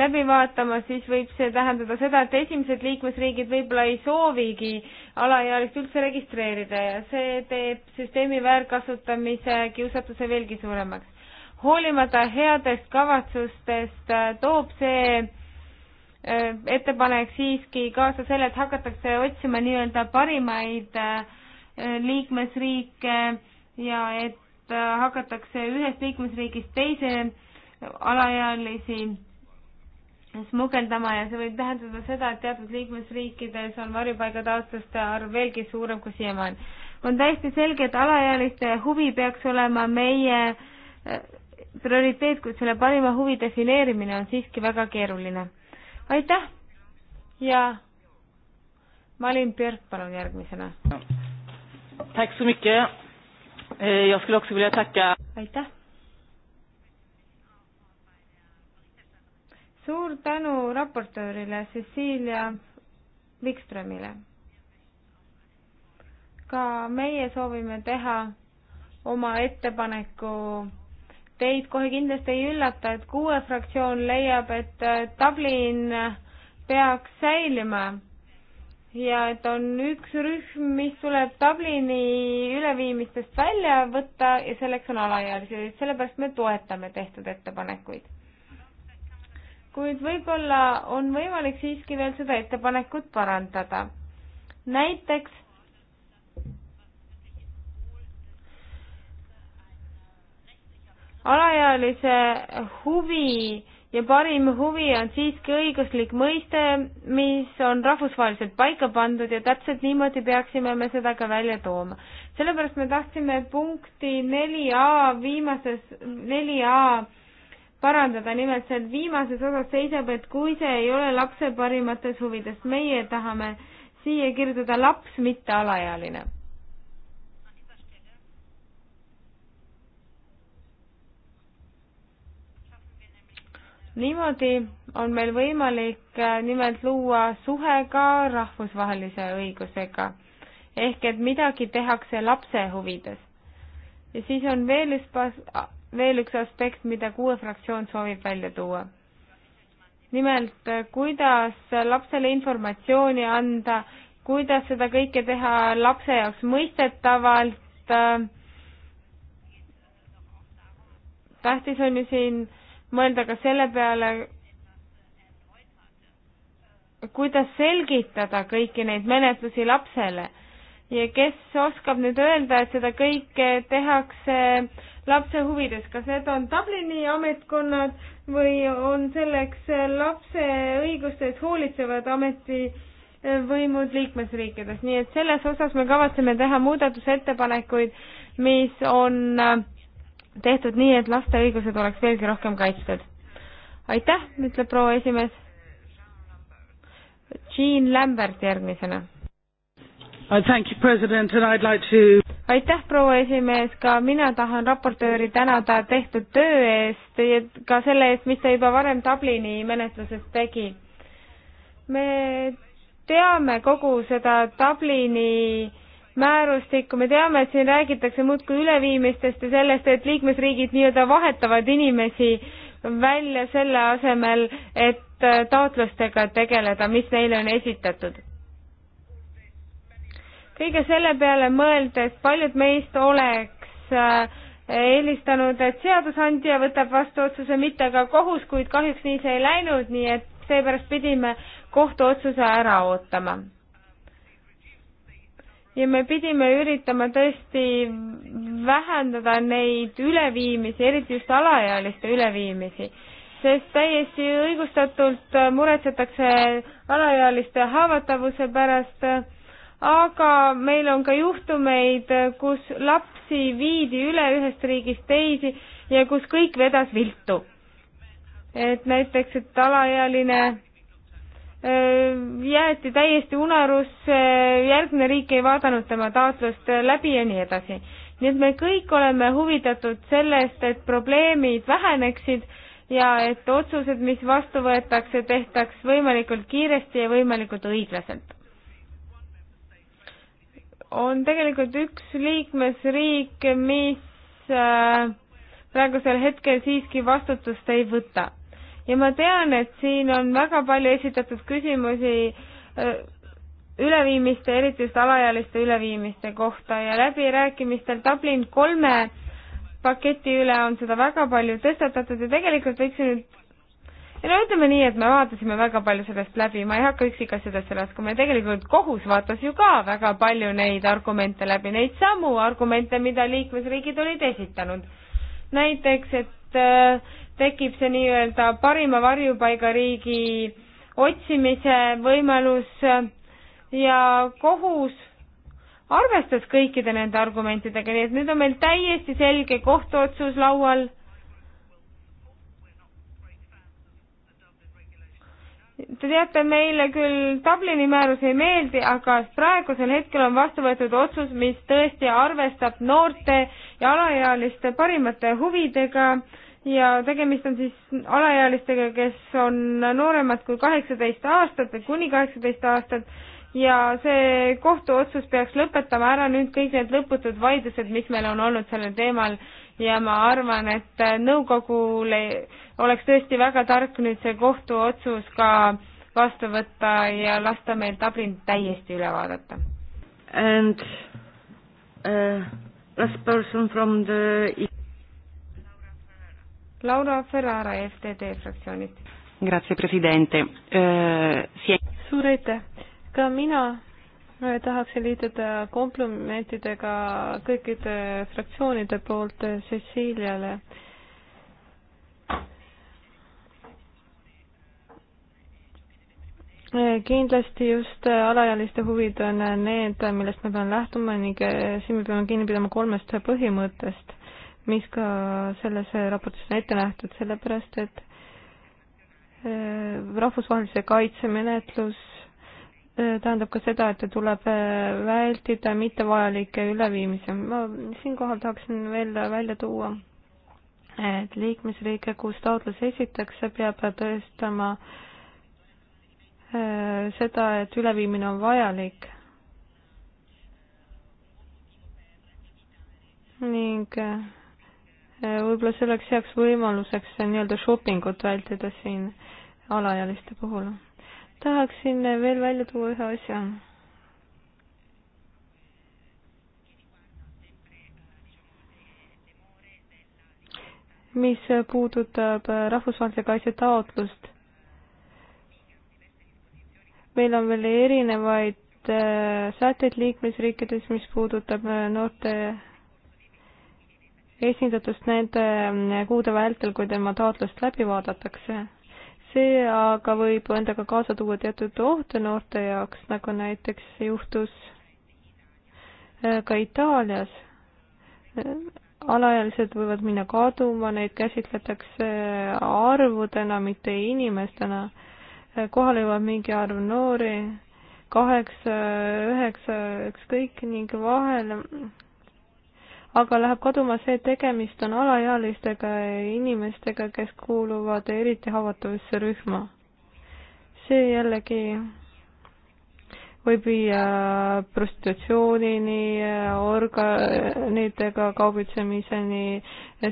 läbi vaatama, siis võib see tähendada seda, et esimesed liikmesriigid võib-olla ei soovigi alaealist üldse registreerida ja see teeb süsteemi väärkasutamise kiusatuse veelgi suuremaks. hoolimata headest kavatsustest äh, toob see Äh, ettepanek siiski kaasa selle, et hakatakse otsima nii-öelda parimaid äh, liikmesriike ja et äh, hakatakse ühest liikmesriigist teise alaealisi smugeldama ja see võib tähendada seda, et teatud liikmesriikides on varjupaigataotluste arv veelgi suurem kui siiamaani. on täiesti selge, et alaealiste huvi peaks olema meie prioriteet, kuid selle parima huvi defineerimine on siiski väga keeruline aitäh ja Malin Björk, palun järgmisena. Eh, aitäh. suur tänu raportöörile Cecilia Wikströmile. ka meie soovime teha oma ettepaneku Teid kohe kindlasti ei üllata, et kuue fraktsioon leiab, et äh, Dublin peaks säilima ja et on üks rühm, mis tuleb Dublini üleviimistest välja võtta ja selleks on alaealised, sellepärast me toetame tehtud ettepanekuid. kuid võib-olla on võimalik siiski veel seda ettepanekut parandada. näiteks alaealise huvi ja parim huvi on siiski õiguslik mõiste, mis on rahvusvaheliselt paika pandud ja täpselt niimoodi peaksime me seda ka välja tooma. sellepärast me tahtsime punkti neli A viimases, neli A parandada, nimelt seal viimases osas seisab, et kui see ei ole lapse parimates huvides, meie tahame siia kirjutada laps, mitte alaealine niimoodi on meil võimalik äh, nimelt luua suhe ka rahvusvahelise õigusega. ehk et midagi tehakse lapse huvides. ja siis on veel üks, veel üks aspekt, mida kuue fraktsioon soovib välja tuua. nimelt, äh, kuidas lapsele informatsiooni anda, kuidas seda kõike teha lapse jaoks mõistetavalt. Äh, tähtis on ju siin äh, mõelda ka selle peale, kuidas selgitada kõiki neid menetlusi lapsele ja kes oskab nüüd öelda, et seda kõike tehakse lapse huvides, kas need on Dublini ametkonnad või on selleks lapse õigustes hoolitsevad ametivõimud liikmesriikides, nii et selles osas me kavatseme teha muudatusettepanekuid, mis on äh, tehtud nii, et laste õigused oleks veelgi rohkem kaitstud. aitäh, ütleb proua esimees. Jean Lambert järgmisena. Uh, like to... aitäh, proua esimees, ka mina tahan raportööri tänada tehtud töö eest ja ka selle eest, mis ta juba varem Dublini menetluses tegi. me teame kogu seda Dublini määrustikku, me teame, et siin räägitakse muudkui üleviimistest ja sellest, et liikmesriigid nii-öelda vahetavad inimesi välja selle asemel, et äh, taotlustega tegeleda, mis neile on esitatud. kõige selle peale mõeldes paljud meist oleks äh, eelistanud, et seadusandja võtab vastu otsuse, mitte aga kohus, kuid kahjuks nii see ei läinud, nii et seepärast pidime kohtuotsuse ära ootama ja me pidime üritama tõesti vähendada neid üleviimisi, eriti just alaealiste üleviimisi, sest täiesti õigustatult muretsetakse alaealiste haavatavuse pärast, aga meil on ka juhtumeid, kus lapsi viidi üle ühest riigist teisi ja kus kõik vedas viltu. et näiteks, et alaealine Äh, jäeti täiesti unarusse, järgmine riik ei vaadanud tema taotlust läbi ja nii edasi. nii et me kõik oleme huvitatud sellest, et probleemid väheneksid ja et otsused, mis vastu võetakse, tehtaks võimalikult kiiresti ja võimalikult õiglaselt. on tegelikult üks liikmesriik, mis äh, praegusel hetkel siiski vastutust ei võta ja ma tean, et siin on väga palju esitatud küsimusi äh, üleviimiste, eriti just alaealiste üleviimiste kohta ja läbirääkimistel Dublin kolme paketi üle on seda väga palju tõstatatud ja tegelikult võiksime nüüd ja no ütleme nii, et me vaatasime väga palju sellest läbi, ma ei hakka üksikasjadesse laskuma ja tegelikult kohus vaatas ju ka väga palju neid argumente läbi, neid samu argumente, mida liikmesriigid olid esitanud. näiteks, et äh, tekib see nii-öelda parima varjupaigariigi otsimise võimalus ja kohus arvestas kõikide nende argumentidega, nii et nüüd on meil täiesti selge kohtuotsus laual. Te teate, meile küll Dublini määrus ei meeldi, aga praegusel hetkel on vastu võetud otsus, mis tõesti arvestab noorte ja alaealiste parimate huvidega äh, ja tegemist on siis alaealistega, kes on nooremad kui kaheksateist aastat või kuni kaheksateist aastat ja see kohtuotsus peaks lõpetama ära nüüd kõik need lõputud vaidlused, mis meil on olnud sellel teemal ja ma arvan, et nõukogule oleks tõesti väga tark nüüd see kohtuotsus ka vastu võtta ja lasta meil Dublin täiesti üle vaadata. And uh, last person from the Laura Ferrara FTD fraktsioonist. Grazie, president äh,. Eh, suur aitäh. ka mina eh, tahaksin liituda komplimentidega kõikide fraktsioonide poolt Ceciliale. Eh, kindlasti just alaealiste huvid on need, millest me peame lähtuma ning siin me peame kinni pidama kolmest põhimõttest mis ka selles raportis on ette nähtud, sellepärast et äh, rahvusvahelise kaitse menetlus äh, tähendab ka seda, et tuleb äh, vältida mittevajalikke üleviimisi. ma siinkohal tahaksin veel välja tuua, et liikmesriike, kus taotlus esitakse, peab tõestama seda, et üleviimine on vajalik ning Äh, võib-olla selleks heaks võimaluseks nii-öelda shoppingut vältida siin alaealiste puhul. tahaksin veel välja tuua ühe asja. mis puudutab rahvusvahelise kaitse taotlust. meil on veel erinevaid äh, sätteid liikmesriikides, mis puudutab äh, noorte esindatust nende ähm, kuude vältel, kui tema taotlust läbi vaadatakse. see aga võib endaga kaasa tuua teatud ohte noorte jaoks, nagu näiteks juhtus äh, ka Itaalias. Äh, alaealised võivad minna kaduma, neid käsitletakse äh, arvudena, mitte inimestena. kohale jõuab mingi arv noori, kaheksa, üheksa, ükskõik ning vahel aga läheb kaduma see, et tegemist on alaealistega inimestega, kes kuuluvad eriti haavatavasse rühma. see jällegi võib viia prostitutsioonini, organitega kaubitsemiseni,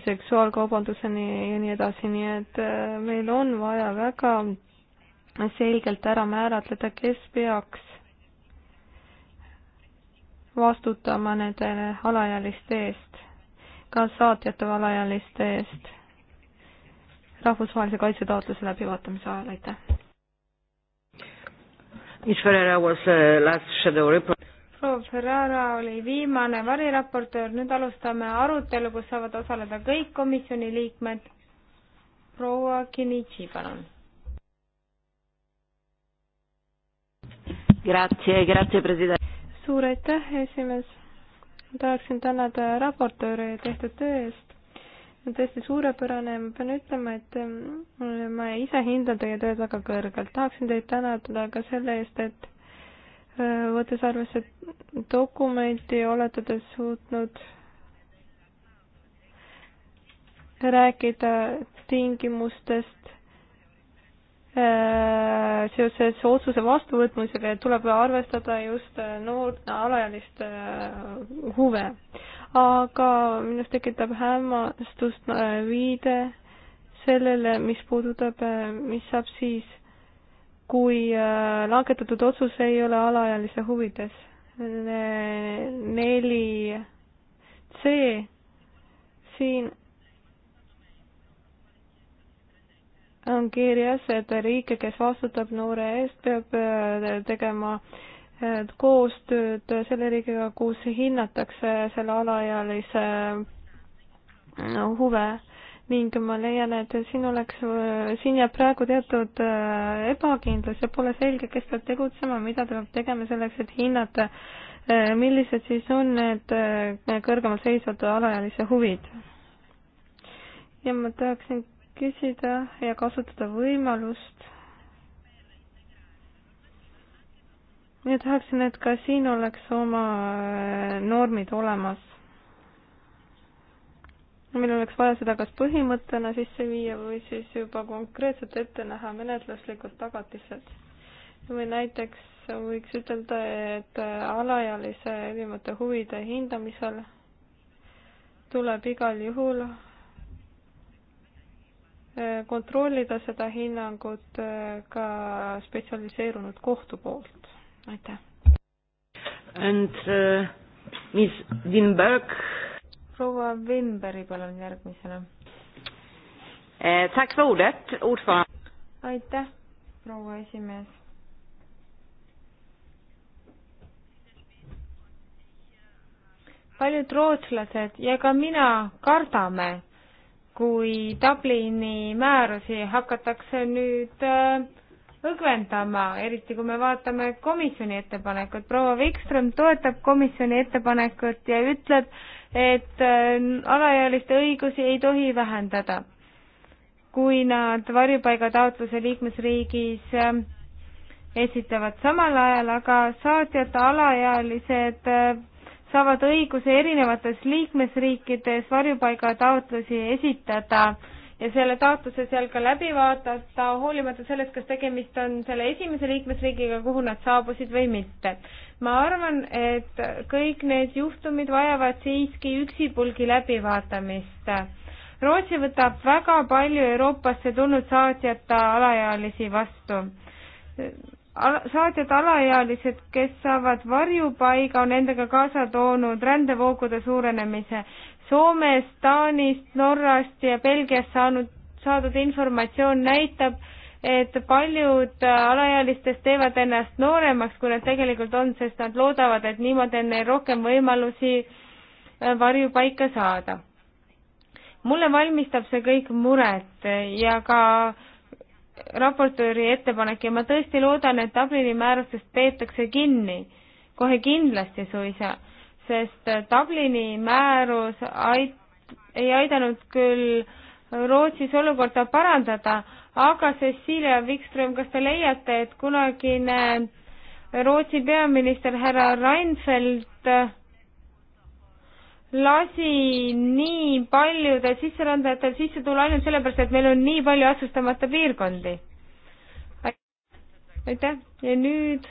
seksuaalkaubanduseni ja nii edasi, nii et äh, meil on vaja väga selgelt ära määratleda, kes peaks vastutama nende alaealiste eest, ka saatjate alaealiste eest rahvusvahelise kaitse taotluse läbivaatamise ajal, aitäh. Uh, proua Ferrara oli viimane variraportöör, nüüd alustame arutelu, kus saavad osaleda kõik komisjoni liikmed. proua Kinitši, palun Grazie, grazie Presidente suur aitäh, esimees. tahaksin tänada raportööri tehtud töö eest. tõesti suurepärane, ma pean ütlema, et mm, ma ise hindan teie tööd väga kõrgelt. tahaksin teid tänada ka selle eest, et äh, võttes arvesse dokumenti, olete te suutnud rääkida tingimustest Äh, seoses otsuse vastuvõtmisega, et tuleb arvestada just äh, noor, äh, alaealiste huve. aga minus tekitab hämmastust viide sellele, mis puudutab, mis saab siis, kui langetatud otsus ei ole alaealise huvides. neli C siin on kirjas, et riik, kes vastutab noore eest, peab äh, tegema äh, koostööd selle riigiga, kus hinnatakse selle alaealise äh, huve ning ma leian, et siin oleks, siin jääb praegu teatud ebakindlus ja pole selge, kes peab tegutsema, mida ta peab tegema selleks, et hinnata, millised siis on need kõrgemal seisvad alaealise huvid ja ma tahaksin küsida ja kasutada võimalust. mina tahaksin, et ka siin oleks oma äh, normid olemas. meil oleks vaja seda kas põhimõttena sisse viia või siis juba konkreetselt ette näha menetluslikud tagatised. või näiteks võiks ütelda, et äh, alaealise erinevate huvide hindamisel tuleb igal juhul Äh, kontrollida seda hinnangut äh, ka spetsialiseerunud kohtu poolt. aitäh. And uh, Miss Winberg. proua Winbergi, palun järgmisena eh,. Tack för ordet, ordförande. aitäh, proua esimees. paljud rootslased ja ka mina kardame kui Dublini määrusi hakatakse nüüd äh, õgvendama, eriti kui me vaatame komisjoni ettepanekut. proua Vikström toetab komisjoni ettepanekut ja ütleb, et äh, alaealiste õigusi ei tohi vähendada, kui nad varjupaigataotluse liikmesriigis äh, esitavad. samal ajal aga saatjata alaealised saavad õiguse erinevates liikmesriikides varjupaigataotlusi esitada ja selle taotluse seal ka läbi vaadata, hoolimata sellest, kas tegemist on selle esimese liikmesriigiga, kuhu nad saabusid või mitte. ma arvan, et kõik need juhtumid vajavad siiski üksipulgi läbivaatamist. Rootsi võtab väga palju Euroopasse tulnud saatjata alaealisi vastu saatjad alaealised, kes saavad varjupaiga, on endaga kaasa toonud rändevoogude suurenemise. Soomest, Taanist, Norrast ja Belgiast saanud, saadud informatsioon näitab, et paljud äh, alaealistest teevad ennast nooremaks, kui nad tegelikult on, sest nad loodavad, et niimoodi on neil rohkem võimalusi äh, varjupaika saada. mulle valmistab see kõik muret ja ka äh, raportööri ettepanek ja ma tõesti loodan, et Dublini määrustest peetakse kinni, kohe kindlasti suisa, sest Dublini määrus ait-, ei aidanud küll Rootsis olukorda parandada, aga Cecilia Wikström, kas te leiate, et kunagine Rootsi peaminister härra Reinfeldt lasi nii paljudel sisserändajatel sisse tulla ainult sellepärast, et meil on nii palju asustamata piirkondi. aitäh ja nüüd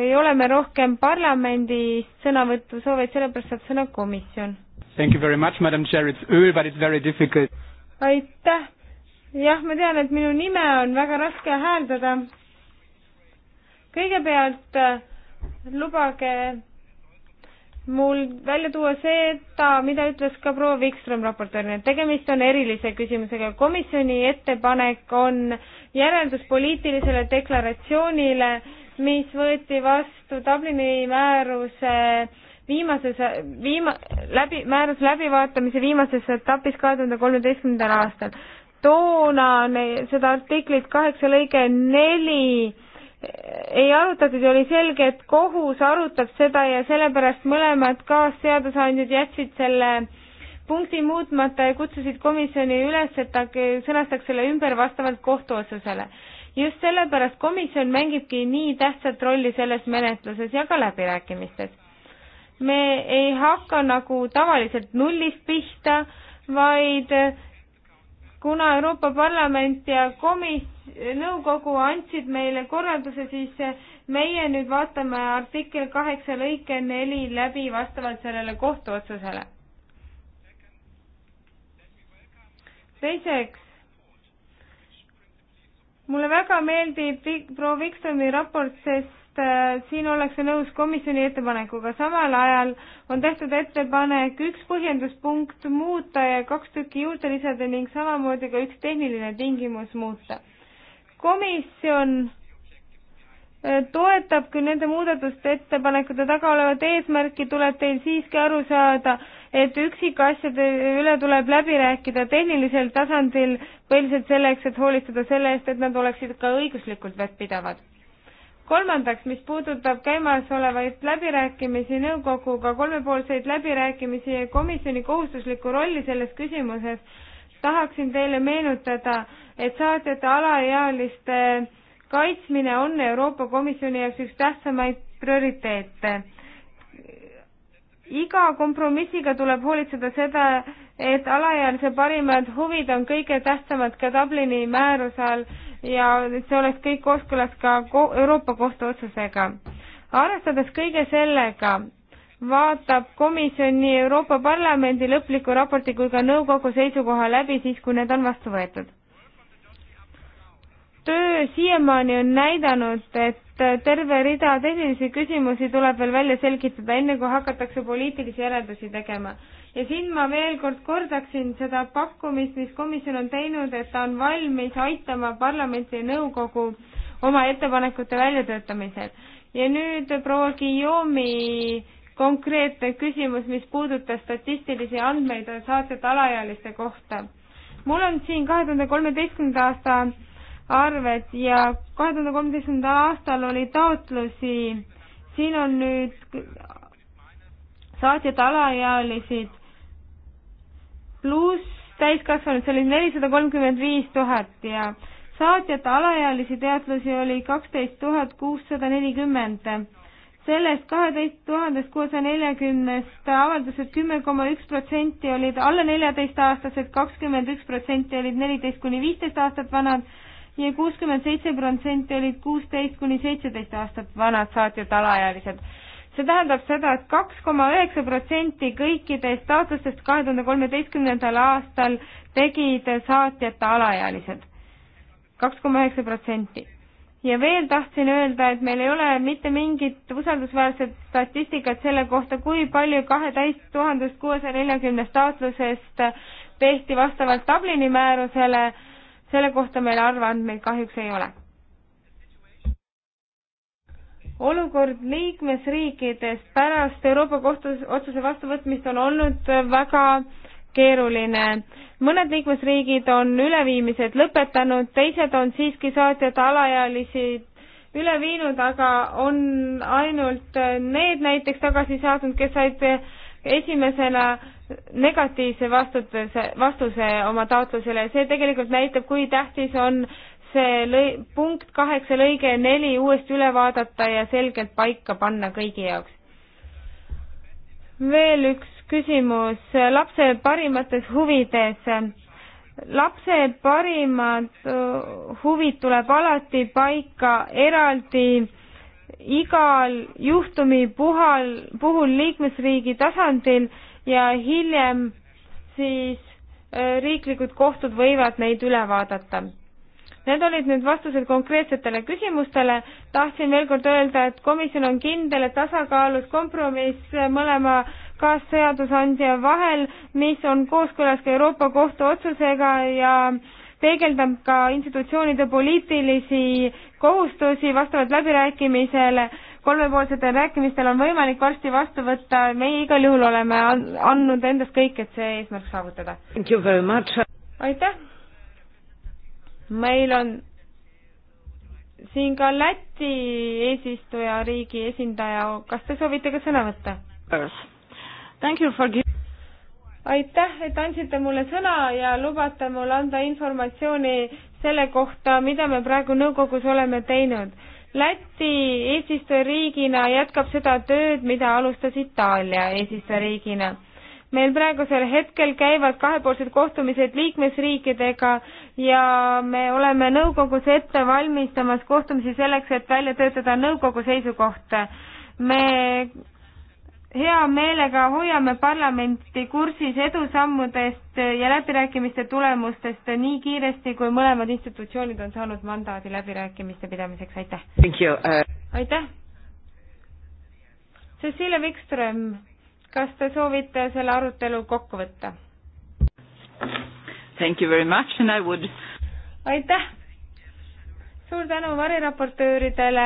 ei ole me rohkem parlamendi sõnavõttu soovid, sellepärast saab sõna komisjon. Thank you very much, madam chair, it's öö, but it's very difficult. aitäh, jah, ma tean, et minu nime on väga raske hääldada. kõigepealt äh, lubage mul välja tuua seda, mida ütles ka proua Vikström raportöörina, et tegemist on erilise küsimusega. komisjoni ettepanek on järeldus poliitilisele deklaratsioonile, mis võeti vastu Dublini määruse viimases, viima-, läbi, määruse läbivaatamise viimases etapis kahe tuhande kolmeteistkümnendal aastal. toona me seda artiklit kaheksa lõige neli ei arutatud ja oli selge, et kohus arutab seda ja sellepärast mõlemad kaasseadusandjad jätsid selle punkti muutmata ja kutsusid komisjoni üles, et ta sõnastaks selle ümber vastavalt kohtuotsusele. just sellepärast komisjon mängibki nii tähtsat rolli selles menetluses ja ka läbirääkimistes. me ei hakka nagu tavaliselt nullist pihta, vaid kuna Euroopa Parlament ja komis-, nõukogu andsid meile korralduse, siis meie nüüd vaatame artikkel kaheksa lõike neli läbi vastavalt sellele kohtuotsusele. teiseks, mulle väga meeldib proua Vikströmi raport, sest äh, siin ollakse nõus komisjoni ettepanekuga, samal ajal on tehtud ettepanek üks põhjenduspunkt muuta ja kaks tükki juurde lisada ning samamoodi ka üks tehniline tingimus muuta komisjon eh, toetab küll nende muudatuste ettepanekute taga olevat eesmärki, tuleb teil siiski aru saada, et üksikasjade üle tuleb läbi rääkida tehnilisel tasandil, põhiliselt selleks, et hoolitseda selle eest, et nad oleksid ka õiguslikult vettpidavad. kolmandaks, mis puudutab käimasolevaid läbirääkimisi nõukoguga, kolmepoolseid läbirääkimisi ja komisjoni kohustuslikku rolli selles küsimuses, tahaksin teile meenutada, et saatjate alaealiste kaitsmine on Euroopa Komisjoni jaoks üks tähtsamaid prioriteete. iga kompromissiga tuleb hoolitseda seda, et alaealise parimad huvid on kõige tähtsamad ka Dublini määruse all ja et see oleks kõik kooskõlas ka Euroopa Kohtu otsusega. arvestades kõige sellega, vaatab komisjon nii Euroopa Parlamendi lõpliku raporti kui ka nõukogu seisukoha läbi siis, kui need on vastu võetud. töö siiamaani on näidanud, et terve rida tehnilisi küsimusi tuleb veel välja selgitada, enne kui hakatakse poliitilisi järeldusi tegema. ja siin ma veel kord kordaksin seda pakkumist, mis komisjon on teinud, et ta on valmis aitama parlamenti ja nõukogu oma ettepanekute väljatöötamisel. ja nüüd proua Guillaume'i konkreetne küsimus, mis puudutas statistilisi andmeid saatjate alaealiste kohta. mul on siin kahe tuhande kolmeteistkümnenda aasta arved ja kahe tuhande kolmeteistkümnendal aastal oli taotlusi, siin on nüüd saatjate alaealisid pluss täiskasvanud, see oli nelisada kolmkümmend viis tuhat ja saatjate alaealisi teadlasi oli kaksteist tuhat kuussada nelikümmend sellest kaheteist tuhandest kuuesaja neljakümnest avaldusest kümme koma üks protsenti olid alla neljateistaastased, kakskümmend üks protsenti olid neliteist kuni viisteist aastat vanad ja kuuskümmend seitse protsenti olid kuusteist kuni seitseteist aastat vanad saatjad alaealised. see tähendab seda et, et kaks koma üheksa protsenti kõikidest taotlustest kahe tuhande kolmeteistkümnendal aastal tegid saatjate alaealised. kaks koma üheksa protsenti ja veel tahtsin öelda, et meil ei ole mitte mingit usaldusväärset statistikat selle kohta, kui palju kaheteist tuhandest kuuesaja neljakümnest taotlusest tehti vastavalt Dublini määrusele. selle kohta meil arvandmeid kahjuks ei ole. olukord liikmesriikides pärast Euroopa Kohtu otsuse vastuvõtmist on olnud väga äh, keeruline. mõned liikmesriigid on üleviimised lõpetanud, teised on siiski saatjad alaealisi üle viinud, aga on ainult need näiteks tagasi saatnud, kes said esimesena negatiivse vastutuse, vastuse oma taotlusele ja see tegelikult näitab, kui tähtis on see lõi-, punkt kaheksa lõige neli uuesti üle vaadata ja selgelt paika panna kõigi jaoks. veel üks küsimus lapse parimates huvides. lapse parimad huvid tuleb alati paika eraldi igal juhtumi puhal, puhul liikmesriigi tasandil ja hiljem siis riiklikud kohtud võivad neid üle vaadata. Need olid nüüd vastused konkreetsetele küsimustele. tahtsin veel kord öelda, et komisjon on kindel, et tasakaalus kompromiss mõlema kaasseadusandja vahel, mis on kooskõlas ka Euroopa Kohtu otsusega ja peegeldab ka institutsioonide poliitilisi kohustusi vastavalt läbirääkimisele. kolmepoolsetel rääkimistel on võimalik varsti vastu võtta, meie igal juhul oleme andnud endast kõik, et see eesmärk saavutada. aitäh! meil on siin ka Läti eesistujariigi esindaja, kas te soovite ka sõna võtta? aitäh, et andsite mulle sõna ja lubate mul anda informatsiooni selle kohta, mida me praegu nõukogus oleme teinud. Läti eesistujariigina jätkab seda tööd, mida alustas Itaalia eesistujariigina. meil praegusel hetkel käivad kahepoolsed kohtumised liikmesriikidega ja me oleme nõukogus ette valmistamas kohtumisi selleks, et välja töötada nõukogu seisukoht. me hea meelega hoiame parlamenti kursis edusammudest ja läbirääkimiste tulemustest nii kiiresti, kui mõlemad institutsioonid on saanud mandaadi läbirääkimiste pidamiseks, aitäh! Uh, aitäh! Cecilia Wikström, kas te soovite selle arutelu kokku võtta? Thank you very much and I would aitäh! suur tänu variraportööridele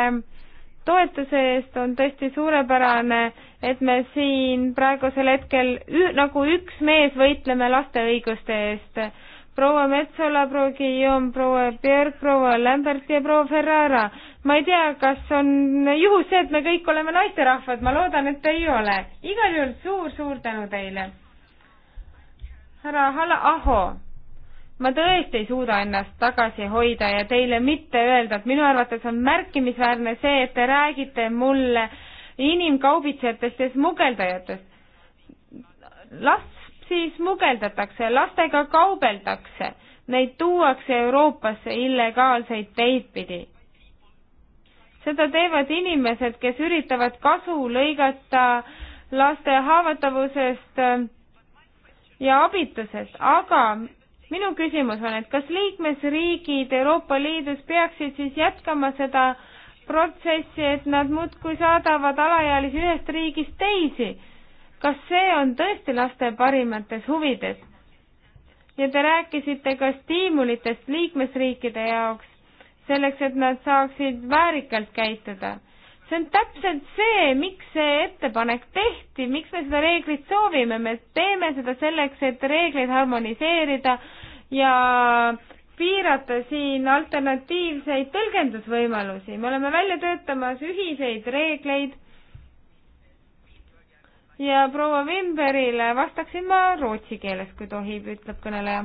toetuse eest, on tõesti suurepärane, et me siin praegusel hetkel ü, nagu üks mees võitleme laste õiguste eest. proua Metsola, proua Guillaume, proua Björk, proua Lambert ja proua Ferrara. ma ei tea, kas on juhus see, et me kõik oleme naisterahvad, ma loodan, et ei ole. igal juhul suur-suur tänu teile. härra Hala-Aho ma tõesti ei suuda ennast tagasi hoida ja teile mitte öelda, et minu arvates on märkimisväärne see, et te räägite mulle inimkaubitsejatest ja smugeldajatest. lapsi smugeldatakse, lastega kaubeldakse, neid tuuakse Euroopasse illegaalseid teid pidi. seda teevad inimesed, kes üritavad kasu lõigata laste haavatavusest äh, ja abitusest, aga minu küsimus on, et kas liikmesriigid Euroopa Liidus peaksid siis jätkama seda protsessi, et nad muudkui saadavad alaealisi ühest riigist teisi? kas see on tõesti laste parimates huvides? ja te rääkisite ka stiimulitest liikmesriikide jaoks, selleks et nad saaksid väärikalt käituda see on täpselt see, miks see ettepanek tehti, miks me seda reeglit soovime, me teeme seda selleks, et reegleid harmoniseerida ja piirata siin alternatiivseid tõlgendusvõimalusi, me oleme välja töötamas ühiseid reegleid ja proua Wimberile vastaksin ma rootsi keeles, kui tohib, ütleb kõneleja.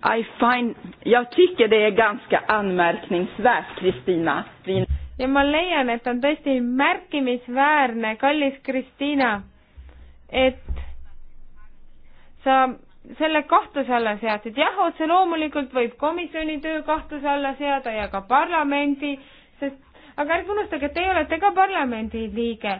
I find, jag tycker det är ganska anmärkningsvärt, Kristina ja ma leian, et on tõesti märkimisväärne, kallis Kristiina, et sa selle kahtluse alla seatud, jah, otse loomulikult võib komisjoni töö kahtluse alla seada ja ka parlamendi, sest aga ärge unustage, teie olete ka parlamendi liige,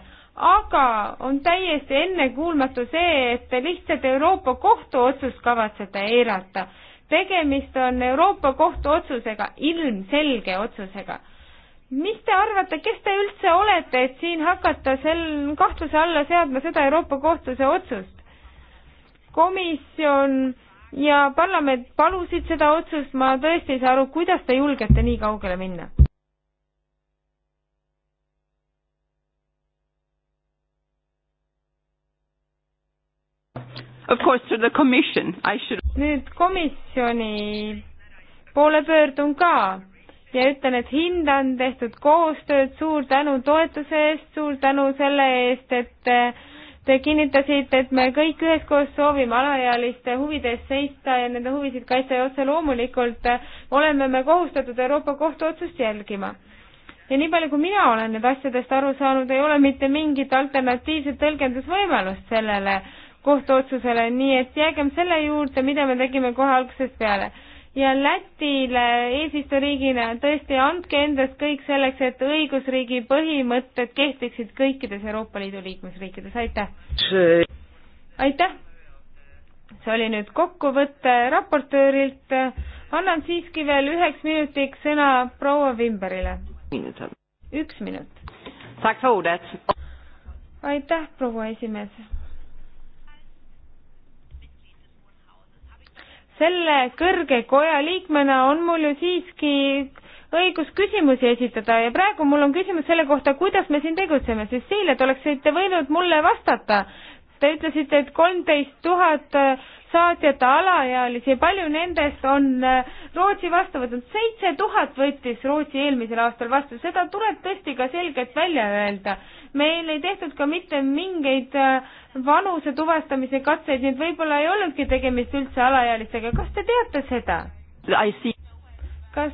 aga on täiesti ennekuulmatu see, et te lihtsalt Euroopa Kohtu otsust kavatsete eirata. tegemist on Euroopa Kohtu otsusega, ilmselge otsusega mis te arvate, kes te üldse olete, et siin hakata sel kahtluse alla seadma seda Euroopa Kohtuse otsust? komisjon ja parlament palusid seda otsust, ma tõesti ei saa aru, kuidas te julgete nii kaugele minna? Of course to the commission, I should. nüüd komisjoni poole pöördun ka ja ütlen, et hindan tehtud koostööd, suur tänu toetuse eest, suur tänu selle eest, et eh, te kinnitasite, et me kõik üheskoos soovime alaealiste huvide eest seista ja nende huvisid kaitsta ja otse loomulikult eh, oleme me kohustatud Euroopa Kohtu otsust jälgima. ja nii palju, kui mina olen need asjadest aru saanud, ei ole mitte mingit alternatiivset tõlgendusvõimalust sellele kohtuotsusele, nii et jäägem selle juurde, mida me tegime kohe algusest peale ja Lätile eesistujariigina tõesti andke endast kõik selleks, et õigusriigi põhimõtted kehtiksid kõikides Euroopa Liidu liikmesriikides, aitäh! aitäh! see oli nüüd kokkuvõte raportöörilt, annan siiski veel üheks minutiks sõna proua Vimberile. üks minut. aitäh, proua esimees! selle kõrge koja liikmena on mul ju siiski õigus küsimusi esitada ja praegu mul on küsimus selle kohta, kuidas me siin tegutseme, sest eile te oleksite võinud mulle vastata. Te ütlesite, et kolmteist tuhat saatjata alaealisi, palju nendest on äh, Rootsi vastu võtnud? seitse tuhat võttis Rootsi eelmisel aastal vastu, seda tuleb tõesti ka selgelt välja öelda. meil ei tehtud ka mitte mingeid äh, vanuse tuvastamise katseid, nii et võib-olla ei olnudki tegemist üldse alaealistega, kas te teate seda? kas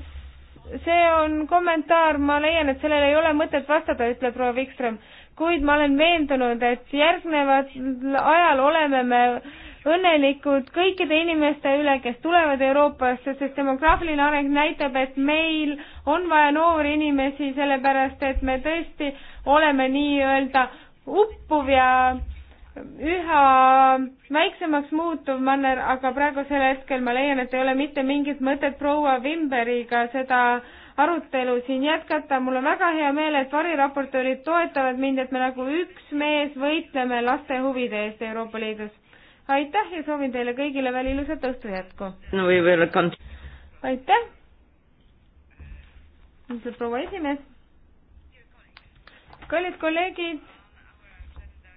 see on kommentaar, ma leian, et sellele ei ole mõtet vastata, ütleb proua Vikström, kuid ma olen veendunud, et järgneval ajal oleme me äh, õnnelikud kõikide inimeste üle, kes tulevad Euroopasse, sest demograafiline areng näitab, et meil on vaja noori inimesi, sellepärast et me tõesti oleme nii-öelda uppuv ja üha väiksemaks muutuv manner, aga praegusel hetkel ma leian, et ei ole mitte mingit mõtet proua Wimberiga seda arutelu siin jätkata. mul on väga hea meel, et variraportöörid toetavad mind, et me nagu üks mees võitleme laste huvide eest Euroopa Liidus aitäh ja soovin teile kõigile veel ilusat õhtu jätku. no võib-olla kand-. aitäh. ilmselt proua esimees. kallid kolleegid,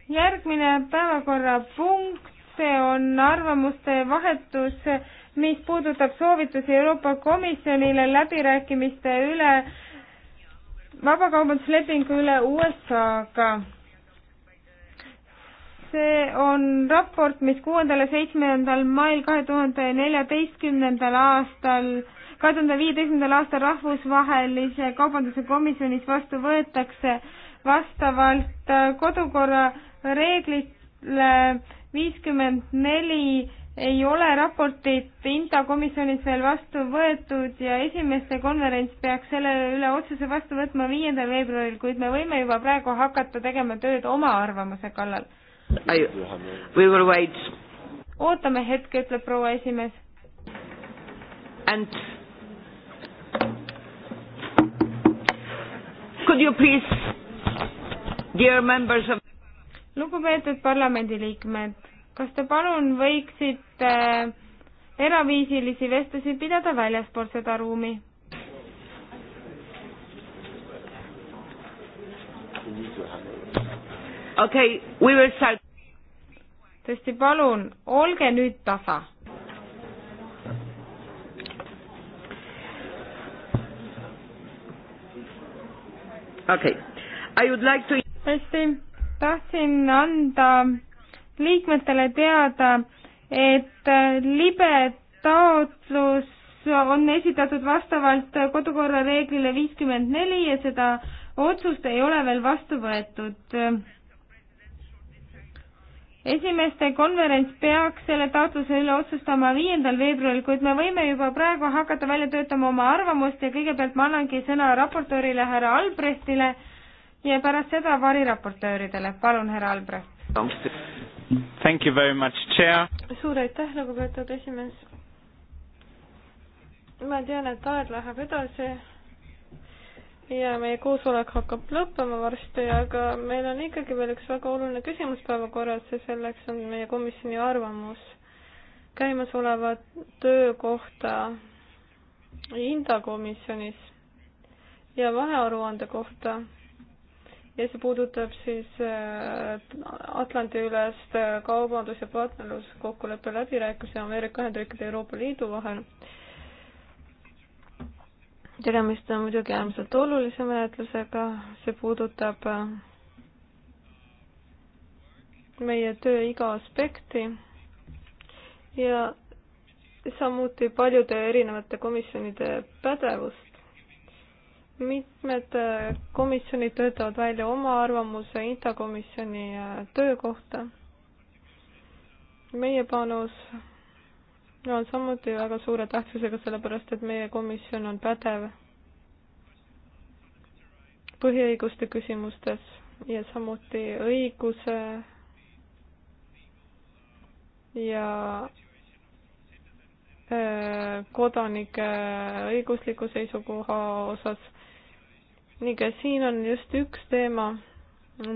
järgmine päevakorrapunkt, see on arvamuste vahetus, mis puudutab soovitusi Euroopa Komisjonile läbirääkimiste üle vabakaubanduslepingu üle USA-ga see on raport, mis kuuendal ja seitsmendal mail kahe tuhande neljateistkümnendal aastal, kahe tuhande viieteistkümnendal aastal Rahvusvahelise Kaubanduse Komisjonis vastu võetakse vastavalt äh, kodukorra reeglitele viiskümmend neli ei ole raportit INTA komisjonis veel vastu võetud ja esimeste konverents peaks selle üle otsuse vastu võtma viiendal veebruaril, kuid me võime juba praegu hakata tegema tööd oma arvamuse kallal. We will wait. ootame hetke, ütleb proua esimees. And could you please, dear members of lugupeetud parlamendiliikmed, kas te palun võiksite äh, eraviisilisi vestlusi pidada väljaspool seda ruumi? Thank you okay, we will start. tõesti, palun, olge nüüd tasa. okei okay., I would like to. hästi, tahtsin anda liikmetele teada, et äh, libe taotlus on esitatud vastavalt kodukorra reeglile viiskümmend neli ja seda otsust ei ole veel vastu võetud esimeste konverents peaks selle taotluse üle otsustama viiendal veebruaril, kuid me võime juba praegu hakata välja töötama oma arvamust ja kõigepealt ma annangi sõna raportöörile härra Albrechtile ja pärast seda variraportööridele. palun, härra Albrecht. Thank you very much, chair. suur aitäh, lugupeetud esimees. ma tean, et aeg läheb edasi ja meie koosolek hakkab lõppema varsti, aga meil on ikkagi veel üks väga oluline küsimus päevakorras ja selleks on meie komisjoni arvamus käimasoleva töö kohta Inda komisjonis ja vahearuande kohta. ja see puudutab siis äh, Atlandi-ülest äh, kaubandus- ja partnerluskokkuleppe läbirääkimisi Ameerika Ühendriikide ja Euroopa Liidu vahel tegemist on muidugi äärmiselt olulise menetlusega, see puudutab äh, meie töö iga aspekti ja samuti paljude erinevate komisjonide pädevust. mitmed äh, komisjonid töötavad välja oma arvamuse intakomisjoni äh, töö kohta. meie panus on samuti väga suure tähtsusega, sellepärast et meie komisjon on pädev põhiõiguste küsimustes ja samuti õiguse ja äh, kodanike õigusliku seisukoha osas ning siin on just üks teema,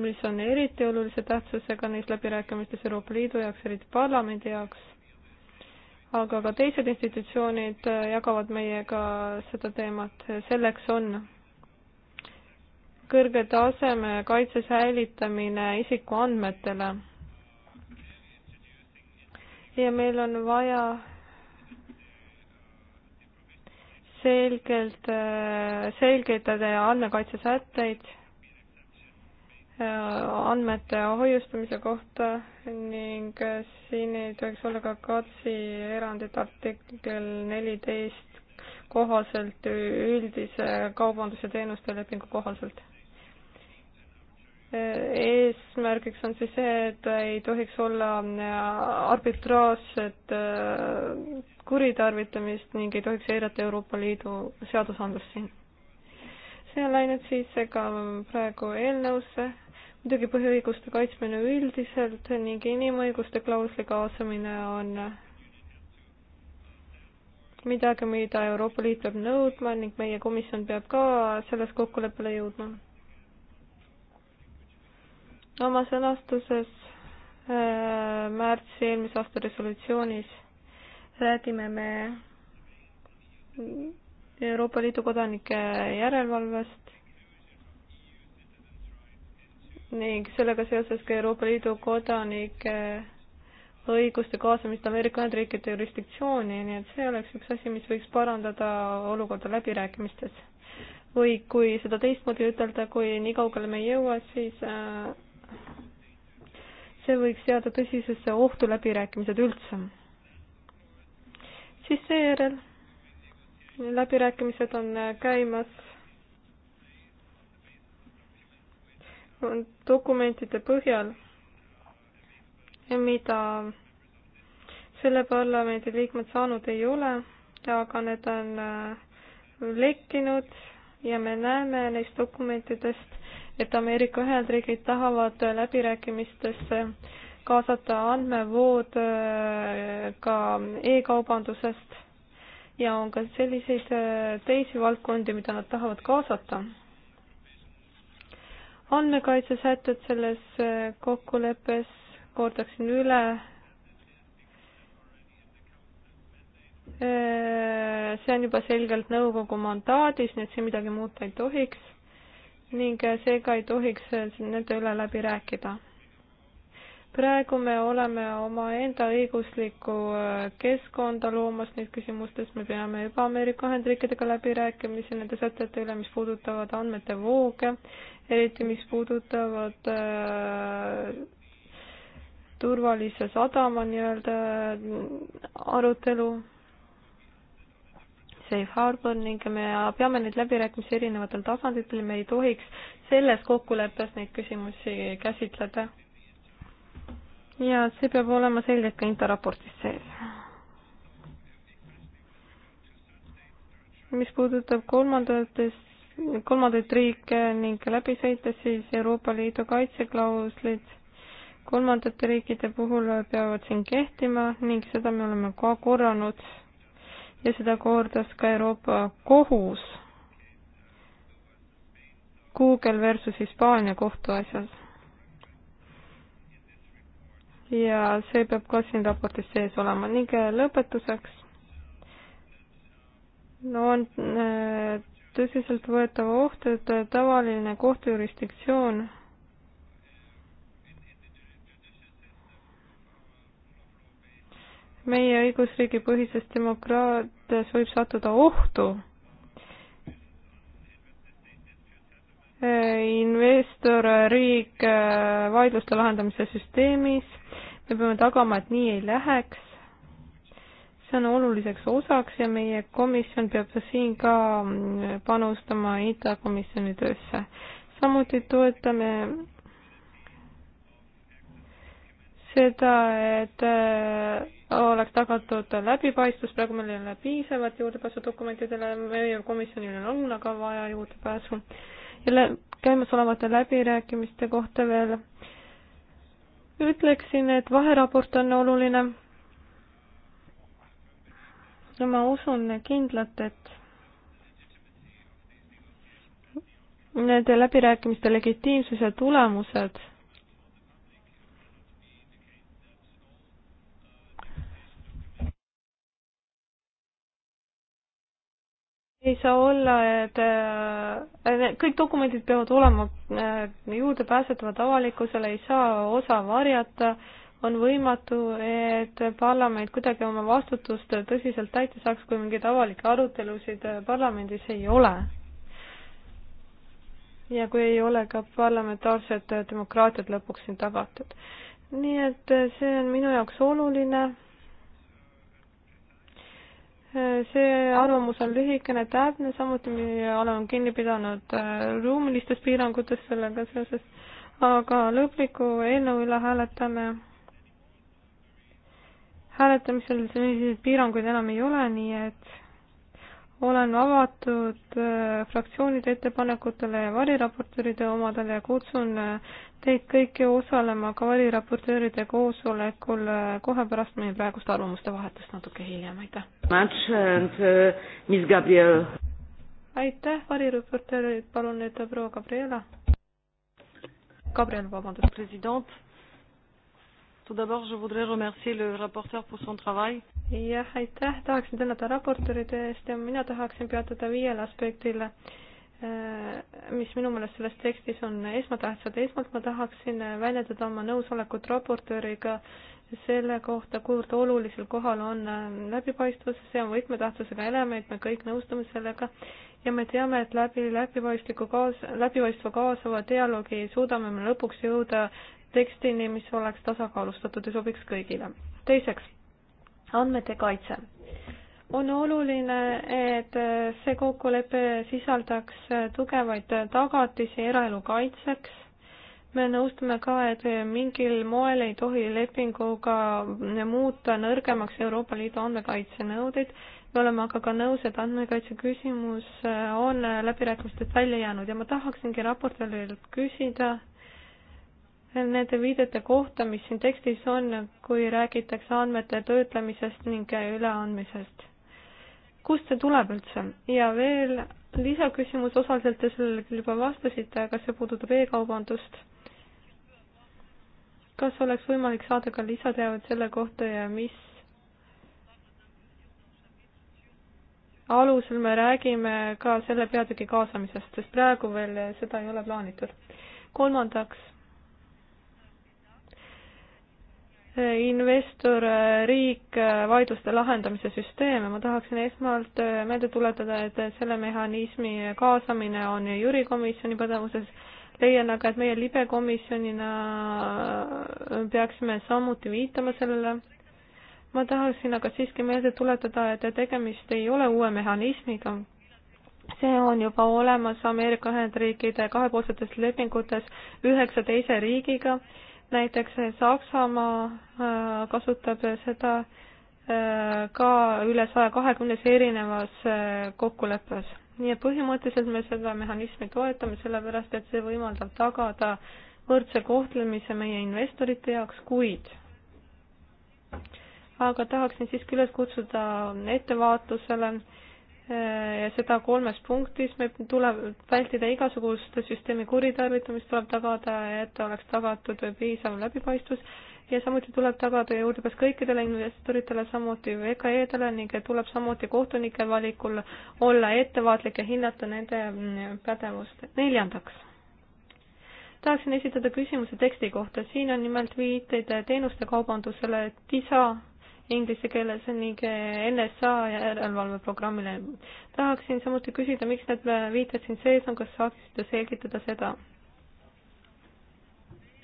mis on eriti olulise tähtsusega neis läbirääkimistes Euroopa Liidu jaoks, eriti parlamendi jaoks aga ka teised institutsioonid äh, jagavad meiega seda teemat, selleks on kõrge taseme kaitse säilitamine isikuandmetele. ja meil on vaja selgelt, äh, selgeid andmekaitsesätteid Äh, andmete hoiustamise kohta ning äh, siin ei tohiks olla ka KATS-i erandit artikkel neliteist kohaselt üldise kaubandus- ja teenuste lepingu kohaselt. Äh, eesmärgiks on siis see, et ei tohiks olla arbitraarset kuritarvitamist ning ei tohiks eirata Euroopa Liidu seadusandlust siin. see on läinud siis ka praegu eelnõusse muidugi põhiõiguste kaitsmine üldiselt ning inimõiguste klausli kaasamine on midagi, mida Euroopa Liit peab nõudma ning meie komisjon peab ka selles kokkuleppele jõudma. oma sõnastuses äh, märtsi eelmise aasta resolutsioonis räägime me Euroopa Liidu kodanike järelevalvest ning sellega seoses ka Euroopa Liidu kodanike õiguste kaasamist Ameerika Ühendriikide jurisdiktsiooni, nii et see oleks üks asi, mis võiks parandada olukorda läbirääkimistes. või kui seda teistmoodi ütelda, kui nii kaugele me ei jõua, siis äh, see võiks seada tõsisesse ohtu läbirääkimised üldse. siis seejärel läbirääkimised on käimas dokumentide põhjal, mida selle parlamendi liikmed saanud ei ole, aga need on äh, lekkinud ja me näeme neist dokumentidest, et Ameerika Ühendriigid tahavad läbirääkimistesse kaasata andmevood äh, ka e-kaubandusest ja on ka selliseid äh, teisi valdkondi, mida nad tahavad kaasata andmekaitsesätted selles äh, kokkuleppes, kordaksin üle. Äh, see on juba selgelt nõukogu mandaadis, nii et siin midagi muuta ei tohiks ning äh, seega ei tohiks nende üle läbi rääkida praegu me oleme omaenda õiguslikku äh, keskkonda loomas neis küsimustes, me peame juba Ameerika Ühendriikidega läbirääkimisi nende sätete üle, mis puudutavad andmete vooge, eriti mis puudutavad äh, turvalise sadama nii-öelda äh, arutelu, safe harbor ning me peame neid läbirääkimisi erinevatel tasanditel, me ei tohiks selles kokkuleppes neid küsimusi käsitleda ja see peab olema selgelt ka interraportis sees. mis puudutab kolmandates, kolmandaid riike ning läbisõite, siis Euroopa Liidu kaitseklauslid kolmandate riikide puhul peavad siin kehtima ning seda me oleme ka korranud ja seda kordas ka Euroopa Kohus Google versus Hispaania kohtuasjas ja see peab ka siin raportis sees olema ning äh, lõpetuseks no on äh, tõsiseltvõetav oht, et äh, tavaline kohtujurisdiktsioon meie õigusriigi põhises demokraatias võib sattuda ohtu. investor, riik vaidluste lahendamise süsteemis me peame tagama, et nii ei läheks. see on oluliseks osaks ja meie komisjon peab siin ka mm, panustama ITA komisjoni töösse. samuti toetame seda, et äh, oleks tagatud läbipaistvus, praegu meil ei ole piisavat juurdepääsu dokumentidele, meie komisjonil on aga vaja juurdepääsu. ja käimasolevate läbirääkimiste kohta veel äh, ütleksin, et vaheraport on oluline. ja ma usun kindlalt, et nende läbirääkimiste legitiimsuse tulemused ei saa olla, et äh, kõik dokumendid peavad olema äh, juurdepääsetavad avalikkusele, ei saa osa varjata, on võimatu, et parlament kuidagi oma vastutust tõsiselt täita saaks, kui mingeid avalikke arutelusid parlamendis ei ole. ja kui ei ole ka parlamentaarset demokraatiat lõpuks siin tagatud. nii et see on minu jaoks oluline see arvamus on lühikene, täpne, samuti me oleme kinni pidanud äh, ruumilistest piirangutest sellega seoses, aga lõpliku eelnõu üle hääletame. hääletamisel selliseid piiranguid enam ei ole, nii et olen avatud äh, fraktsioonide ettepanekutele ja variraportööride omadele ja kutsun äh, teid kõiki osalema ka variraportööride koosolekul äh, kohe pärast meie praegust arvamuste vahetust natuke hiljem, aitäh! aitäh, variraportöörid, palun nüüd proua Gabriela. Gabriel, vabandust. president Tout d'abord, je voudrais remercier le rapporteur pour son travail. jah, aitäh, tahaksin tänada raportööride eest ja mina tahaksin peatuda viiel aspektil, äh, mis minu meelest selles tekstis on esmatähtsad. esmalt ma tahaksin väljendada oma nõusolekut raportööriga selle kohta, kuivõrd olulisel kohal on äh, läbipaistvus, see on võtmetähtsusega element, me kõik nõustume sellega ja me teame, et läbi läbipaistliku kaas-, läbipaistva kaasava dialoogi suudame me lõpuks jõuda tekstini, mis oleks tasakaalustatud ja sobiks kõigile. teiseks, andmete kaitse. on oluline, et see kokkulepe sisaldaks tugevaid tagatisi eraelu kaitseks. me nõustume ka, et mingil moel ei tohi lepinguga muuta nõrgemaks Euroopa Liidu andmekaitsenõudeid, me oleme aga ka nõus, et andmekaitse küsimus on läbirääkimistest välja jäänud ja ma tahaksingi raportöörilt küsida, nende viidete kohta, mis siin tekstis on, kui räägitakse andmete töötlemisest ning üleandmisest. kust see tuleb üldse? ja veel lisaküsimus, osaliselt te sellele küll juba vastasite, aga see puudutab e-kaubandust. kas oleks võimalik saada ka lisateavet selle kohta ja mis alusel me räägime ka selle peatüki kaasamisest, sest praegu veel seda ei ole plaanitud. kolmandaks investor, riik, vaidluste lahendamise süsteeme, ma tahaksin esmalt äh, meelde tuletada, et selle mehhanismi kaasamine on jüri komisjoni pädevuses, leian aga, et meie libekomisjonina äh, peaksime samuti viitama sellele. ma tahaksin aga siiski meelde tuletada, et tegemist ei ole uue mehhanismiga. see on juba olemas Ameerika Ühendriikide kahepoolsetes lepingutes üheksa teise riigiga näiteks eh, Saksamaa eh, kasutab eh, seda ka üle saja kahekümnes erinevas kokkuleppes. nii et põhimõtteliselt me seda mehhanismi toetame, sellepärast et see võimaldab tagada võrdse kohtlemise meie investorite jaoks, kuid aga tahaksin siiski üles kutsuda ettevaatusele äh, ja seda kolmes punktis, meil tuleb vältida igasugust süsteemi kuritarvitamist, tuleb tagada, et oleks tagatud piisav läbipaistvus ja samuti tuleb tagada juurdepääs kõikidele investoritele, samuti VKE-dele ning tuleb samuti kohtunike valikul olla ettevaatlik ja hinnata nende pädevust. neljandaks, tahaksin esitada küsimuse teksti kohta, siin on nimelt viiteid teenuste kaubandusele, TISA inglise keeles ning NSA järelevalveprogrammile. tahaksin samuti küsida, miks need viited siin sees on, kas saaksite selgitada seda?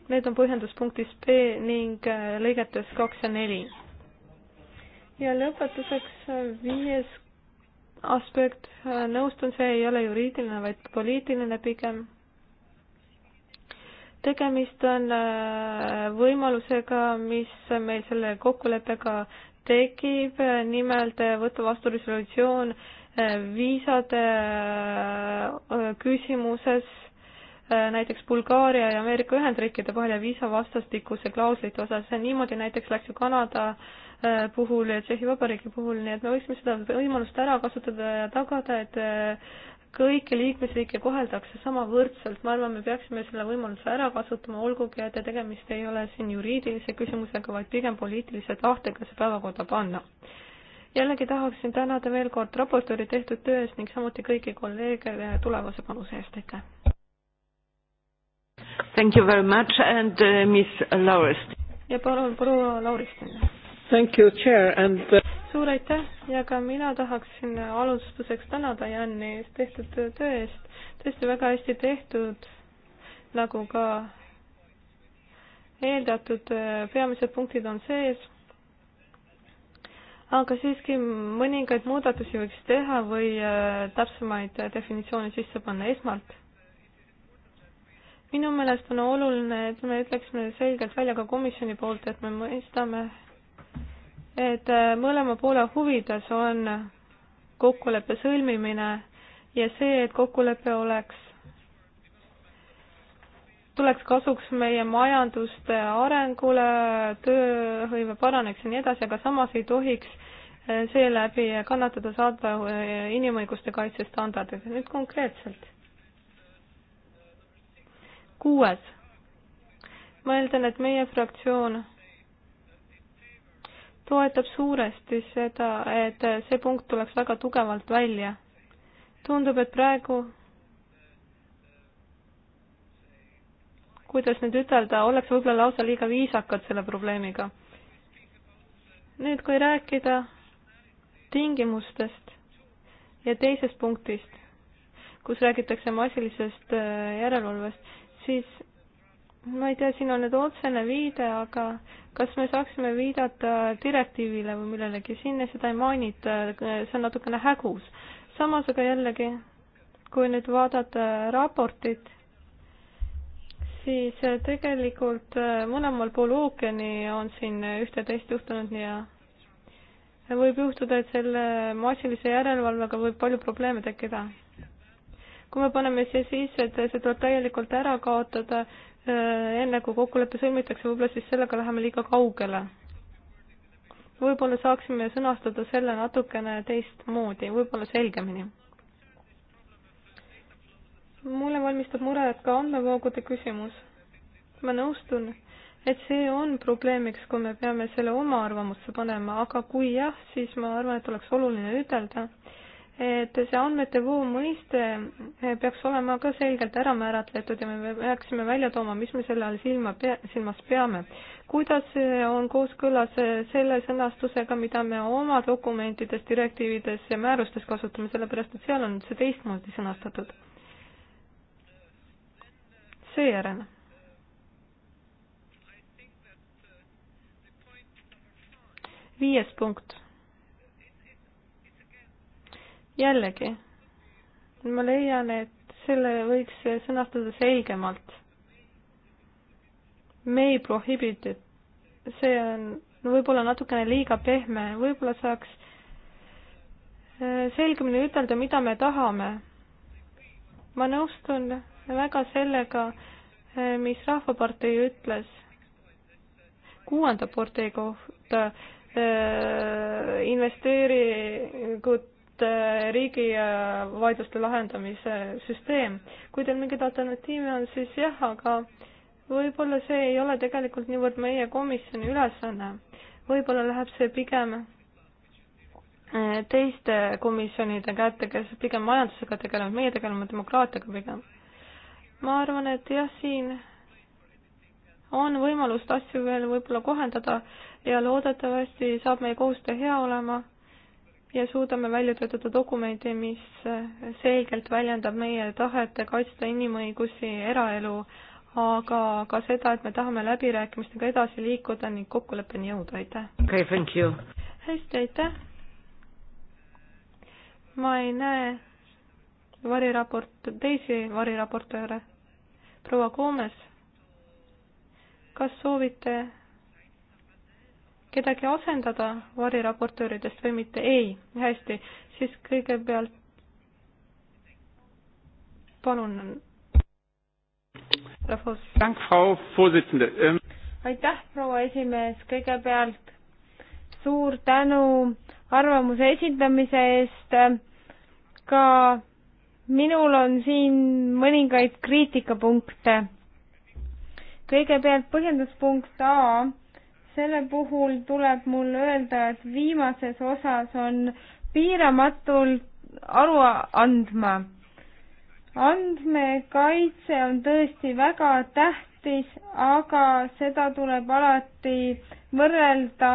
Need on põhjenduspunktis B ning äh, lõigetes kaks ja neli. ja lõpetuseks äh, viies aspekt, äh, nõustun, see ei ole juriidiline, vaid poliitiline pigem tegemist on äh, võimalusega, mis meil selle kokkuleppega tekib, nimelt äh, võtta vastu resolutsioon äh, viisade küsimuses näiteks Bulgaaria ja Ameerika Ühendriikide vahel ja viisa vastastikuse klauslite osas, niimoodi näiteks läks ju Kanada puhul ja Tšehhi Vabariigi puhul, nii et me võiksime seda võimalust ära kasutada ja tagada, et kõiki liikmesriike koheldakse sama võrdselt, ma arvan, me peaksime selle võimaluse ära kasutama, olgugi et tegemist ei ole siin juriidilise küsimusega, vaid pigem poliitilise tahtega see päevakorda panna. jällegi tahaksin tänada veel kord raportööri tehtud töö eest ning samuti kõiki kolleege tulevase panuse eest, aitäh! Thank you very much and uh, Miss Laurist. ja palun proua Lauristin. Thank you, chair and uh suur aitäh ja ka mina tahaksin alustuseks tänada Janni tehtud töö eest. tõesti väga hästi tehtud, nagu ka eeldatud äh, peamised punktid on sees. aga siiski mõningaid muudatusi võiks teha või äh, täpsemaid äh, definitsioone sisse panna esmalt. minu meelest on oluline, et me ütleksime selgelt välja ka komisjoni poolt, et me mõistame et äh, mõlema poole huvides on kokkuleppe sõlmimine ja see, et kokkulepe oleks, tuleks kasuks meie majanduste arengule, tööhõive paraneks ja nii edasi, aga samas ei tohiks äh, seeläbi kannatada saada äh, inimõiguste kaitse standardid. nüüd konkreetselt. kuues. ma eeldan, et meie fraktsioon toetab suuresti seda, et see punkt tuleks väga tugevalt välja. tundub, et praegu kuidas nüüd ütelda, ollakse võib-olla lausa liiga viisakad selle probleemiga. nüüd, kui rääkida tingimustest ja teisest punktist, kus räägitakse massilisest äh, järelevalvest, siis ma ei tea, siin on nüüd otsene viide, aga kas me saaksime viidata direktiivile või millelegi, siin seda ei mainita, see on natukene hägus. samas aga jällegi, kui nüüd vaadata raportit, siis tegelikult mõlemal pool ookeani on siin üht-teist juhtunud ja võib juhtuda, et selle massilise järelevalvega võib palju probleeme tekkida. kui me paneme siia sisse, et see tuleb täielikult ära kaotada, Äh, enne kui kokkulepe sõlmitakse, võib-olla siis sellega läheme liiga kaugele. võib-olla saaksime sõnastada selle natukene teistmoodi, võib-olla selgemini. mulle valmistab muret ka andmevoogude küsimus. ma nõustun, et see on probleemiks, kui me peame selle oma arvamusse panema, aga kui jah, siis ma arvan, et oleks oluline ütelda et see andmete voo mõiste eh, peaks olema ka selgelt ära määratletud ja me peaksime välja tooma, mis me selle all silma pea, silmas peame. kuidas see eh, on kooskõlas eh, selle sõnastusega, mida me oma dokumentides, direktiivides ja määrustes kasutame, sellepärast et seal on see teistmoodi sõnastatud. seejärel viies punkt jällegi, ma leian, et selle võiks sõnastada selgemalt. May prohibited, see on võib-olla natukene liiga pehme, võib-olla saaks äh, selgemini ütelda, mida me tahame. ma nõustun väga sellega, äh, mis Rahvapartei ütles kuuenda partei kohta äh, investeeringud Äh, riigivaidluste äh, lahendamise süsteem. kui teil mingeid alternatiive on, siis jah, aga võib-olla see ei ole tegelikult niivõrd meie komisjoni ülesanne. võib-olla läheb see pigem äh, teiste komisjonide kätte, kes pigem majandusega tegelevad, meie tegeleme demokraatiaga pigem. ma arvan, et jah, siin on võimalust asju veel võib-olla kohendada ja loodetavasti saab meie koostöö hea olema ja suudame välja töötada dokumendi, mis selgelt väljendab meie tahet kaitsta inimõigusi, eraelu, aga ka seda, et me tahame läbirääkimistega edasi liikuda ning kokkuleppeni jõuda, aitäh! okei okay,, thank you! hästi, aitäh! ma ei näe variraport, teisi variraportööre. proua Koomes, kas soovite kedagi asendada variraportööridest või mitte? ei, hästi, siis kõigepealt palun. Ähm, aitäh, proua esimees, kõigepealt suur tänu arvamuse esindamise eest. ka minul on siin mõningaid kriitikapunkte. kõigepealt põhjenduspunkt A selle puhul tuleb mul öelda, et viimases osas on piiramatult aru andma. andmekaitse on tõesti väga tähtis, aga seda tuleb alati võrrelda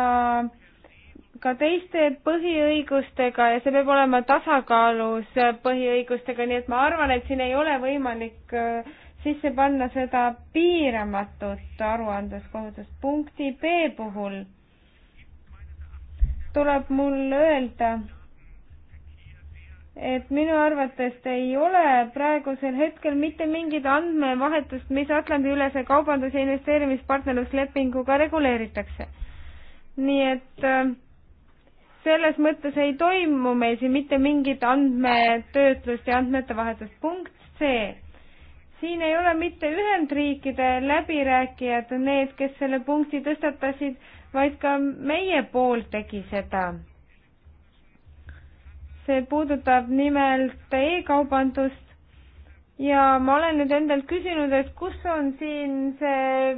ka teiste põhiõigustega ja see peab olema tasakaalus põhiõigustega, nii et ma arvan, et siin ei ole võimalik äh, sisse panna seda piiramatut aruandluskohustust. punkti B puhul tuleb mul öelda, et minu arvates ei ole praegusel hetkel mitte mingit andmevahetust, mis Atlandi-ülese kaubandus- ja investeerimispartnerluslepinguga reguleeritakse. nii et äh, selles mõttes ei toimu meil siin mitte mingit andmetöötlust ja andmete vahetust. punkt C siin ei ole mitte Ühendriikide läbirääkijad need, kes selle punkti tõstatasid, vaid ka meie pool tegi seda. see puudutab nimelt e-kaubandust ja ma olen nüüd endalt küsinud, et kus on siin see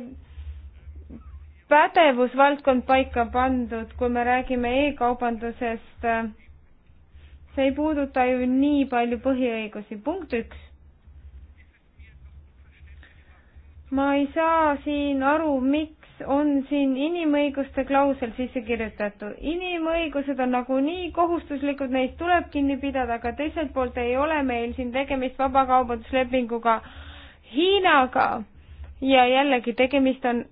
pädevusvaldkond paika pandud, kui me räägime e-kaubandusest. see ei puuduta ju nii palju põhiõigusi, punkt üks ma ei saa siin aru, miks on siin inimõiguste klausel sisse kirjutatud. inimõigused on nagunii kohustuslikud, neist tuleb kinni pidada, aga teiselt poolt ei ole meil siin tegemist vabakaubanduslepinguga Hiinaga ja jällegi tegemist on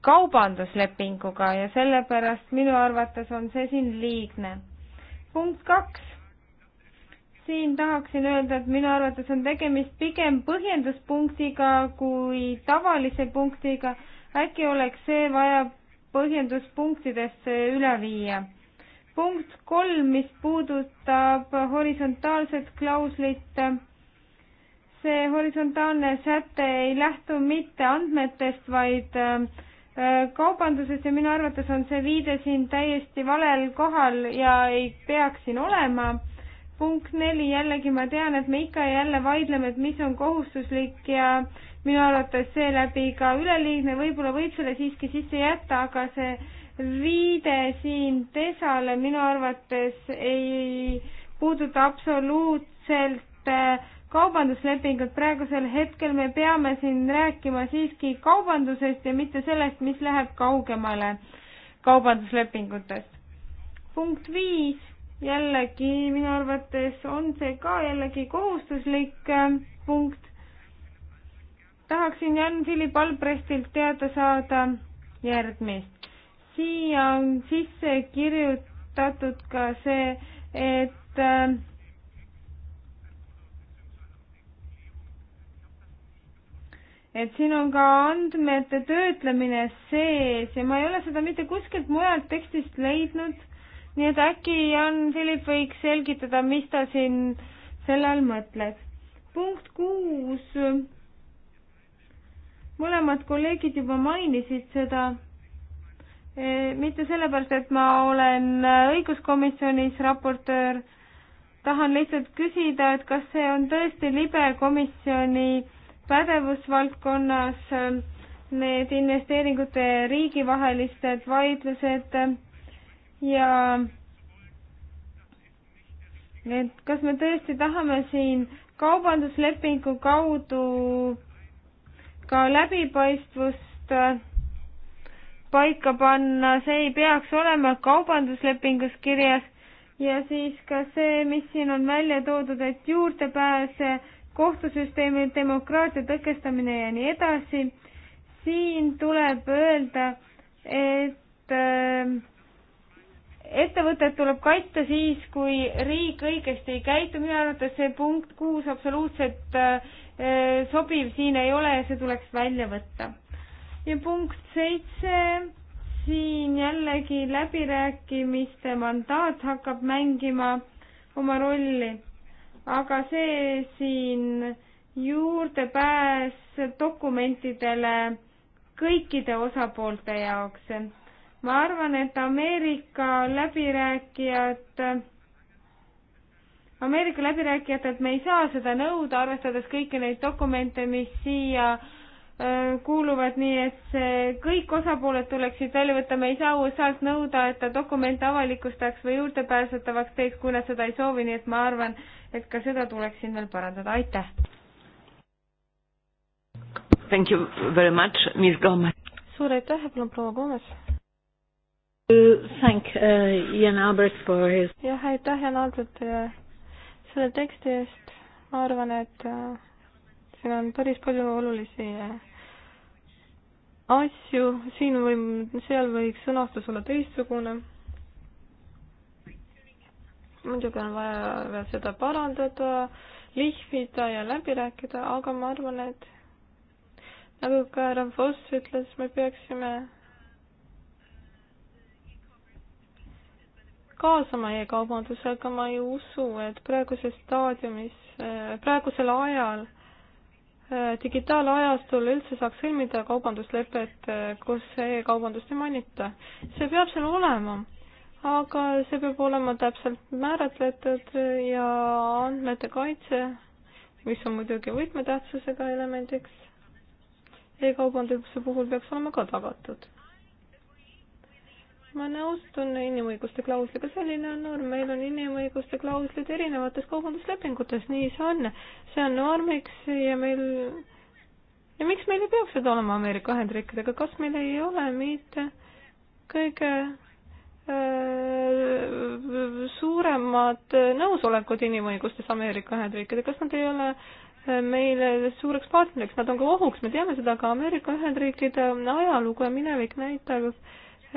kaubanduslepinguga ja sellepärast minu arvates on see siin liigne. punkt kaks, siin tahaksin öelda, et minu arvates on tegemist pigem põhjenduspunktiga kui tavalise punktiga. äkki oleks see vaja põhjenduspunktidesse üle viia. punkt kolm, mis puudutab horisontaalset klauslit. see horisontaalne säte ei lähtu mitte andmetest, vaid äh, kaubanduses ja minu arvates on see viide siin täiesti valel kohal ja ei peaks siin olema punkt neli, jällegi ma tean, et me ikka ja jälle vaidleme, et mis on kohustuslik ja minu arvates seeläbi ka üleliigne, võib-olla võib selle siiski sisse jätta, aga see viide siin Tesale minu arvates ei puuduta absoluutselt äh, kaubanduslepingut, praegusel hetkel me peame siin rääkima siiski kaubandusest ja mitte sellest, mis läheb kaugemale kaubanduslepingutest. punkt viis jällegi minu arvates on see ka jällegi kohustuslik äh, punkt. tahaksin Jan-Philipp Albrechtilt teada saada järgmist. siia on sisse kirjutatud ka see, et äh, et siin on ka andmete töötlemine sees ja ma ei ole seda mitte kuskilt mujalt tekstist leidnud nii et äkki Jan Philip võiks selgitada, mis ta siin selle all mõtles. punkt kuus. mõlemad kolleegid juba mainisid seda. E, mitte sellepärast, et ma olen õiguskomisjonis raportöör. tahan lihtsalt küsida, et kas see on tõesti libe komisjoni pädevusvaldkonnas need investeeringute riigivahelised vaidlused ja et kas me tõesti tahame siin kaubanduslepingu kaudu ka läbipaistvust äh, paika panna, see ei peaks olema kaubanduslepingus kirjas ja siis ka see, mis siin on välja toodud, et juurdepääs kohtusüsteemi demokraatia tõkestamine ja nii edasi, siin tuleb öelda, et äh, ettevõtet tuleb kaitsta siis, kui riik õigesti ei käitu, minu arvates see punkt kuus absoluutselt äh, äh, sobiv siin ei ole ja see tuleks välja võtta. ja punkt seitse, siin jällegi läbirääkimiste mandaat hakkab mängima oma rolli, aga see siin juurdepääs dokumentidele kõikide osapoolte jaoks ma arvan, et Ameerika läbirääkijad, Ameerika läbirääkijatelt me ei saa seda nõuda, arvestades kõiki neid dokumente, mis siia äh, kuuluvad, nii et see, kõik osapooled tuleksid välja võtta, me ei saa USA-lt nõuda, et ta dokumente avalikustaks või juurdepääsetavaks teeks, kui nad seda ei soovi, nii et ma arvan, et ka seda tuleks siin veel parandada, aitäh. Thank you very much, Miss Gomes. suur aitäh, proua Gomes. Thank uh, Ian Albert for his. jah, aitäh Ian Albertile äh, selle teksti eest. ma arvan, et äh, siin on päris palju olulisi äh, asju, siin või seal võiks sõnastus olla teistsugune. muidugi on vaja veel seda parandada, lihvida ja läbi rääkida, aga ma arvan, et nagu ka härra Voss ütles, me peaksime kaasama e-kaubandusega, ma ei usu, et praeguses staadiumis, praegusel ajal, äh, digitaalajastul üldse saaks sõlmida kaubanduslepet, äh, kus e-kaubandust ei mainita. see peab seal olema, aga see peab olema täpselt määratletud ja andmete kaitse, mis on muidugi võtmetähtsusega elemendiks e, e-kaubanduse puhul peaks olema ka tagatud ma nõustun inimõiguste klausliga, selline on norm, meil on inimõiguste klauslid erinevates kaubanduslepingutes, nii see on. see on normiks ja meil, ja miks meil ei peaks seda olema Ameerika Ühendriikidega, kas meil ei ole mitte kõige äh, suuremad nõusolekud inimõigustes Ameerika Ühendriikidega, kas nad ei ole äh, meile suureks partneriks, nad on ka ohuks, me teame seda, aga Ameerika Ühendriikide ajalugu ja minevik näitavad,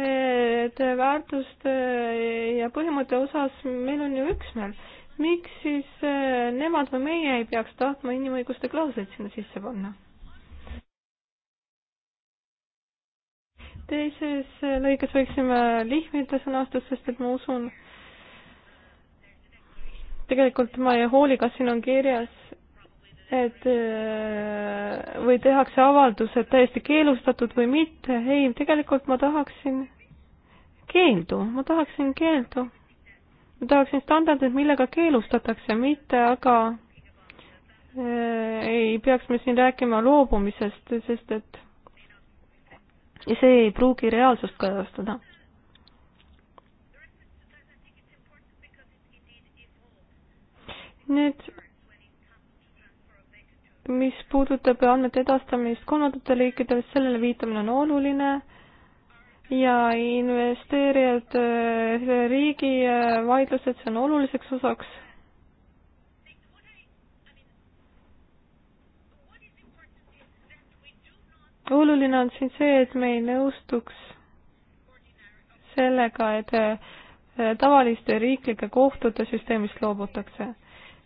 et väärtuste ja põhimõtte osas meil on ju üksmeel. miks siis eh, nemad või meie ei peaks tahtma inimõiguste klausleid sinna sisse panna? teises eh, lõiges võiksime lihvida sõnastust, sest et ma usun, tegelikult ma ei hooli, kas siin on kirjas et äh, või tehakse avaldused täiesti keelustatud või mitte, ei, tegelikult ma tahaksin keeldu, ma tahaksin keeldu. ma tahaksin standardeid, millega keelustatakse, mitte aga äh, ei peaks me siin rääkima loobumisest, sest et see ei pruugi reaalsust kajastada nüüd mis puudutab andmete edastamist kolmandatele riikidele, sellele viitamine on oluline ja investeerijad, äh, riigi äh, vaidlused, see on oluliseks osaks. oluline on siin see, et me ei nõustuks sellega, et äh, tavaliste riiklike kohtute süsteemist loobutakse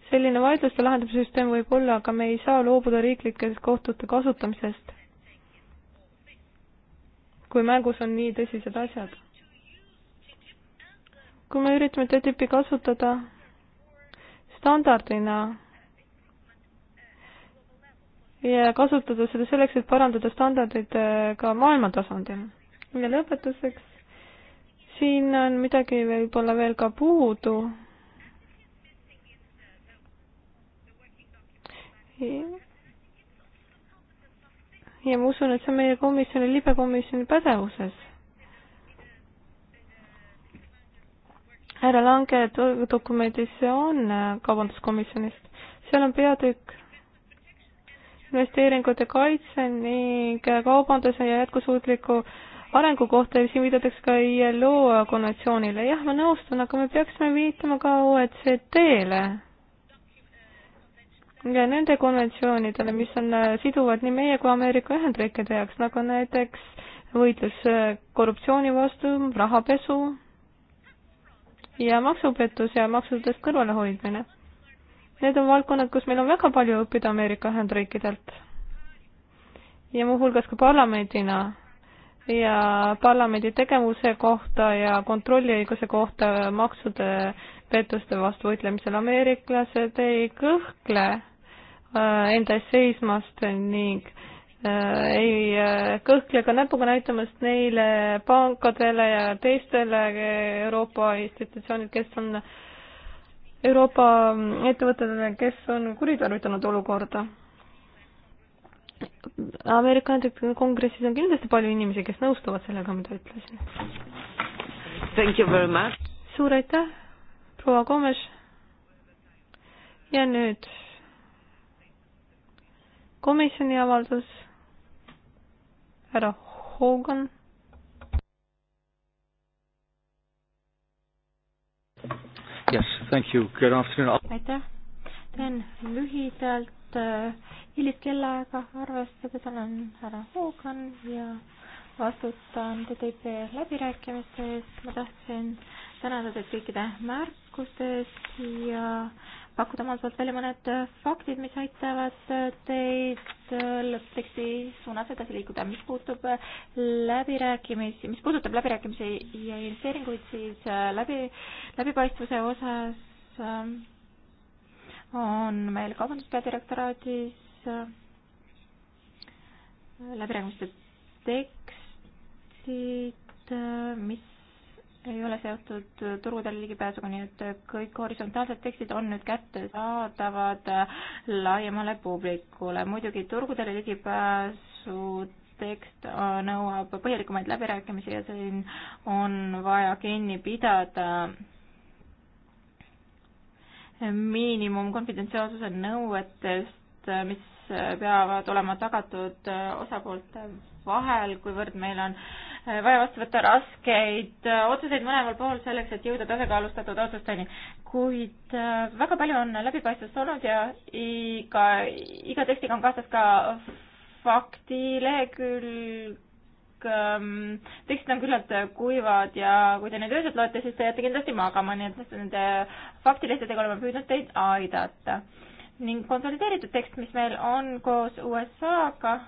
selline vaidluste lahendamise süsteem võib olla, aga me ei saa loobuda riiklikest kohtute kasutamisest, kui mängus on nii tõsised asjad. kui me üritame TTIP-i kasutada standardina ja kasutada seda selleks, et parandada standardeid äh, ka maailma tasandil. ja lõpetuseks, siin on midagi võib-olla veel ka puudu ja ma usun, et see on meie komisjoni, libekomisjoni pädevuses. härra Lange dokumendis see on äh, Kaubanduskomisjonist, seal on peatükk investeeringute kaitse ning äh, kaubanduse ja jätkusuutliku arengu kohta ja siin viidatakse ka ILO konventsioonile, jah, ma nõustun, aga me peaksime viitama ka OECD-le nende konventsioonidele, mis on äh, siduvad nii meie kui Ameerika Ühendriikide jaoks, nagu näiteks võitlus äh, korruptsiooni vastu, rahapesu ja maksupettus ja maksudest kõrvalehoidmine. Need on valdkonnad, kus meil on väga palju õppida Ameerika Ühendriikidelt ja muuhulgas ka parlamendina ja parlamendi tegevuse kohta ja kontrolliõiguse kohta maksude pettuste vastu võitlemisel ameeriklased ei kõhkle Äh, enda ees seismast ning äh, ei äh, kõhkle ka näpuga näitamast neile pankadele ja teistele Euroopa institutsioonid, kes on Euroopa ettevõtetele, kes on kuritarvitanud olukorda. Ameerika Ühendriikide Kongressis on kindlasti palju inimesi, kes nõustuvad sellega, mida ütlesin. suur aitäh, proua Komes. ja nüüd komisjoni avaldus, härra Hogan. Yes, thank you, good afternoon. aitäh, teen lühidalt äh, hilist kellaaega, arvestades olen härra Hogan ja vastutan TTIP läbirääkimiste eest, ma tahtsin tänada teid kõikide märkuste eest ja pakkuda omalt poolt välja mõned äh, faktid, mis aitavad äh, teid äh, lõppteksti suunas edasi liikuda. mis puutub läbirääkimisi, mis puudutab läbirääkimisi ja investeeringuid, siis läbi, läbipaistvuse osas on meil kaubanduspeadirektoraadis läbirääkimiste tekstid, mis ei ole seotud turgudele ligipääsuga, nii et kõik horisontaalsed tekstid on nüüd kättesaadavad laiemale publikule. muidugi turgudele ligipääsu tekst äh, nõuab põhjalikumaid läbirääkimisi ja siin on vaja kinni pidada miinimum konfidentsiaalsuse nõuetest, mis peavad olema tagatud äh, osapoolte vahel, kuivõrd meil on äh, Äh, vaja vastu võtta raskeid äh, otsuseid mõlemal pool selleks, et jõuda tasakaalustatud otsusteni. kuid äh, väga palju on läbipaistvust olnud ja iga, iga tekstiga on kaasas ka faktilehekülg, ähm, tekstid on küllalt kuivad ja kui te neid öösel loete, siis te jääte kindlasti magama, nii et nende faktilehtedega oleme püüdnud teid aidata. ning konsolideeritud tekst, mis meil on koos USA-ga,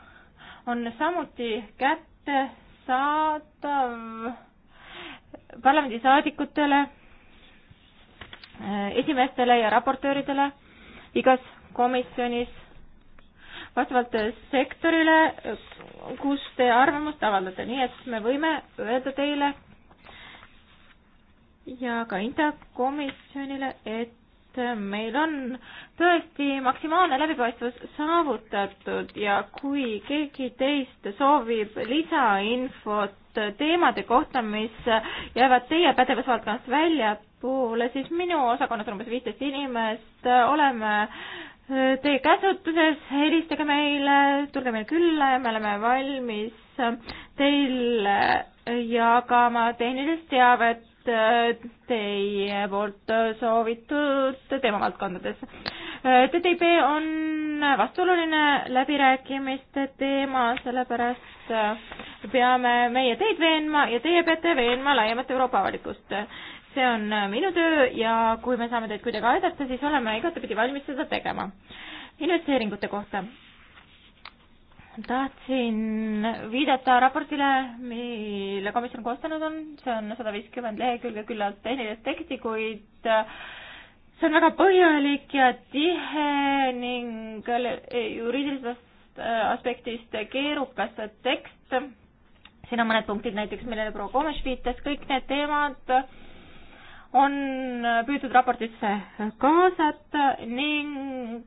on samuti kätte kättesaadav parlamendisaadikutele, äh, esimeestele ja raportööridele igas komisjonis vastavalt sektorile, kus te arvamust avaldate, nii et me võime öelda teile ja ka Inta komisjonile, et et meil on tõesti maksimaalne läbipaistvus saavutatud ja kui keegi teist soovib lisainfot teemade kohta, mis jäävad teie pädevusvaldkonnast väljapoole, siis minu osakonnas on umbes viisteist inimest, oleme äh, teie käsutuses, helistage meile, tulge meile külla ja me oleme valmis teil jagama tehnilist teavet Äh, teie poolt soovitud teemavaldkondades. Äh, TTIP on vastuoluline läbirääkimiste teema, sellepärast äh, peame meie teid veenma ja teie peate veenma laiemat Euroopa avalikkust. see on minu töö ja kui me saame teid kuidagi aidata, siis oleme igatepidi valmis seda tegema. investeeringute kohta tahtsin viidata raportile, mille komisjon koostanud on, see on sada viiskümmend lehekülge küllalt tehnilist teksti, kuid äh, see on väga põhjalik ja tihe ning juriidilisest äh, aspektist keerukas tekst. siin on mõned punktid näiteks, millele proua Komes viitas, kõik need teemad on püütud raportisse kaasata ning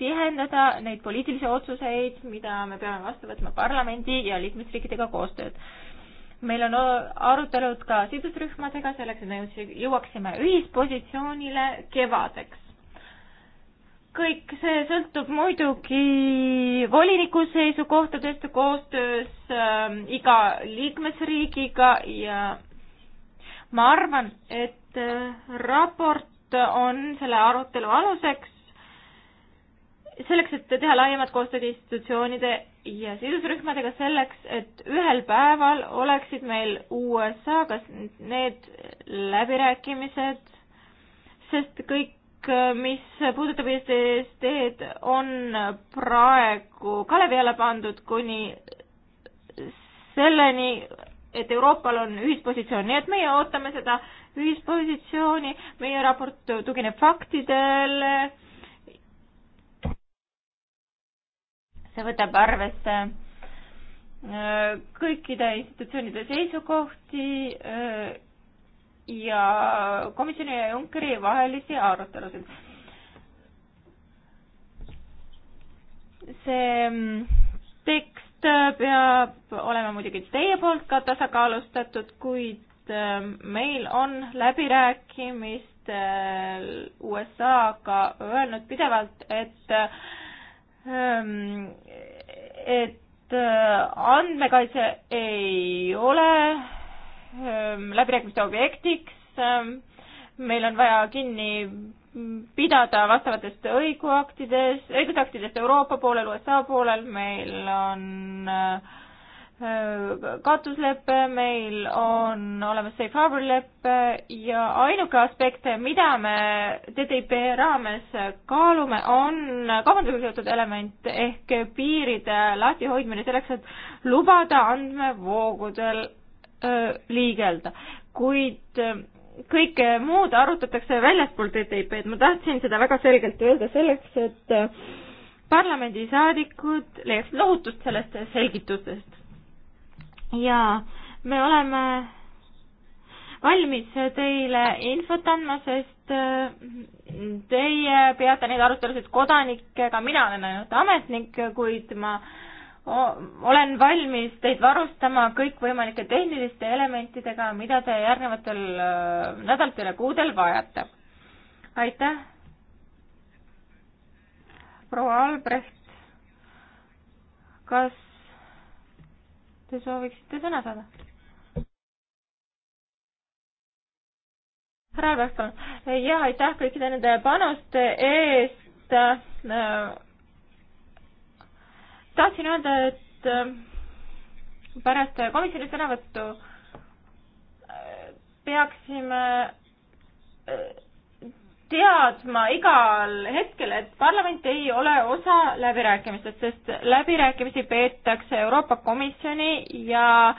tihendada neid poliitilisi otsuseid, mida me peame vastu võtma parlamendi ja liikmesriikidega koostööd. meil on arutelud ka sidusrühmadega selleks, et me jõuaksime ühispositsioonile kevadeks. kõik see sõltub muidugi voliniku seisukohtadest koostöös äh, iga liikmesriigiga ja ma arvan, et Äh, raport on selle arutelu aluseks, selleks, et teha laiemat koostööd institutsioonide ja sidusrühmadega, selleks, et ühel päeval oleksid meil USA-ga need läbirääkimised, sest kõik, äh, mis puudutab ISD-d, on praegu kalevi alla pandud kuni selleni, et Euroopal on ühispositsioon, nii et meie ootame seda äh, ühispositsiooni, meie raport tugineb faktidele. see võtab arvesse äh, kõikide institutsioonide seisukohti äh, ja komisjoni ja Junckeri vahelisi arutelusid. see mm, tekst peab olema muidugi teie poolt ka tasakaalustatud, kuid et äh, meil on läbirääkimistel USA-ga öelnud pidevalt, et ähm, et äh, andmekaitse ei ole ähm, läbirääkimiste objektiks, ähm, meil on vaja kinni pidada vastavatest õiguaktides, õigusaktidest Euroopa poolel, USA poolel, meil on äh, Äh, katuslepe, meil on olemas safe harbor lepe ja ainuke aspekt, mida me TTIP raames kaalume, on kaubandusega seotud element ehk piiride lahtihoidmine selleks, et lubada andmevoogudel äh, liigelda. kuid äh, kõike muud arutatakse väljaspool TTIP-d, ma tahtsin seda väga selgelt öelda selleks, et parlamendisaadikud leiaksid lohutust sellest selgitusest ja me oleme valmis teile infot andma, sest äh, teie peate neid arutelusid kodanikega, mina olen ainult ametnik, kuid ma olen valmis teid varustama kõikvõimalike tehniliste elementidega, mida te järgnevatel äh, nädalatel ja kuudel vajate. aitäh, proua Albrecht. kas te sooviksite sõna saada? härra Alves, palun. ja aitäh kõikide nende panuste eest. tahtsin öelda, et äh, pärast komisjoni sõnavõttu äh, peaksime äh, teadma igal hetkel, et parlament ei ole osa läbirääkimistest, sest läbirääkimisi peetakse Euroopa Komisjoni ja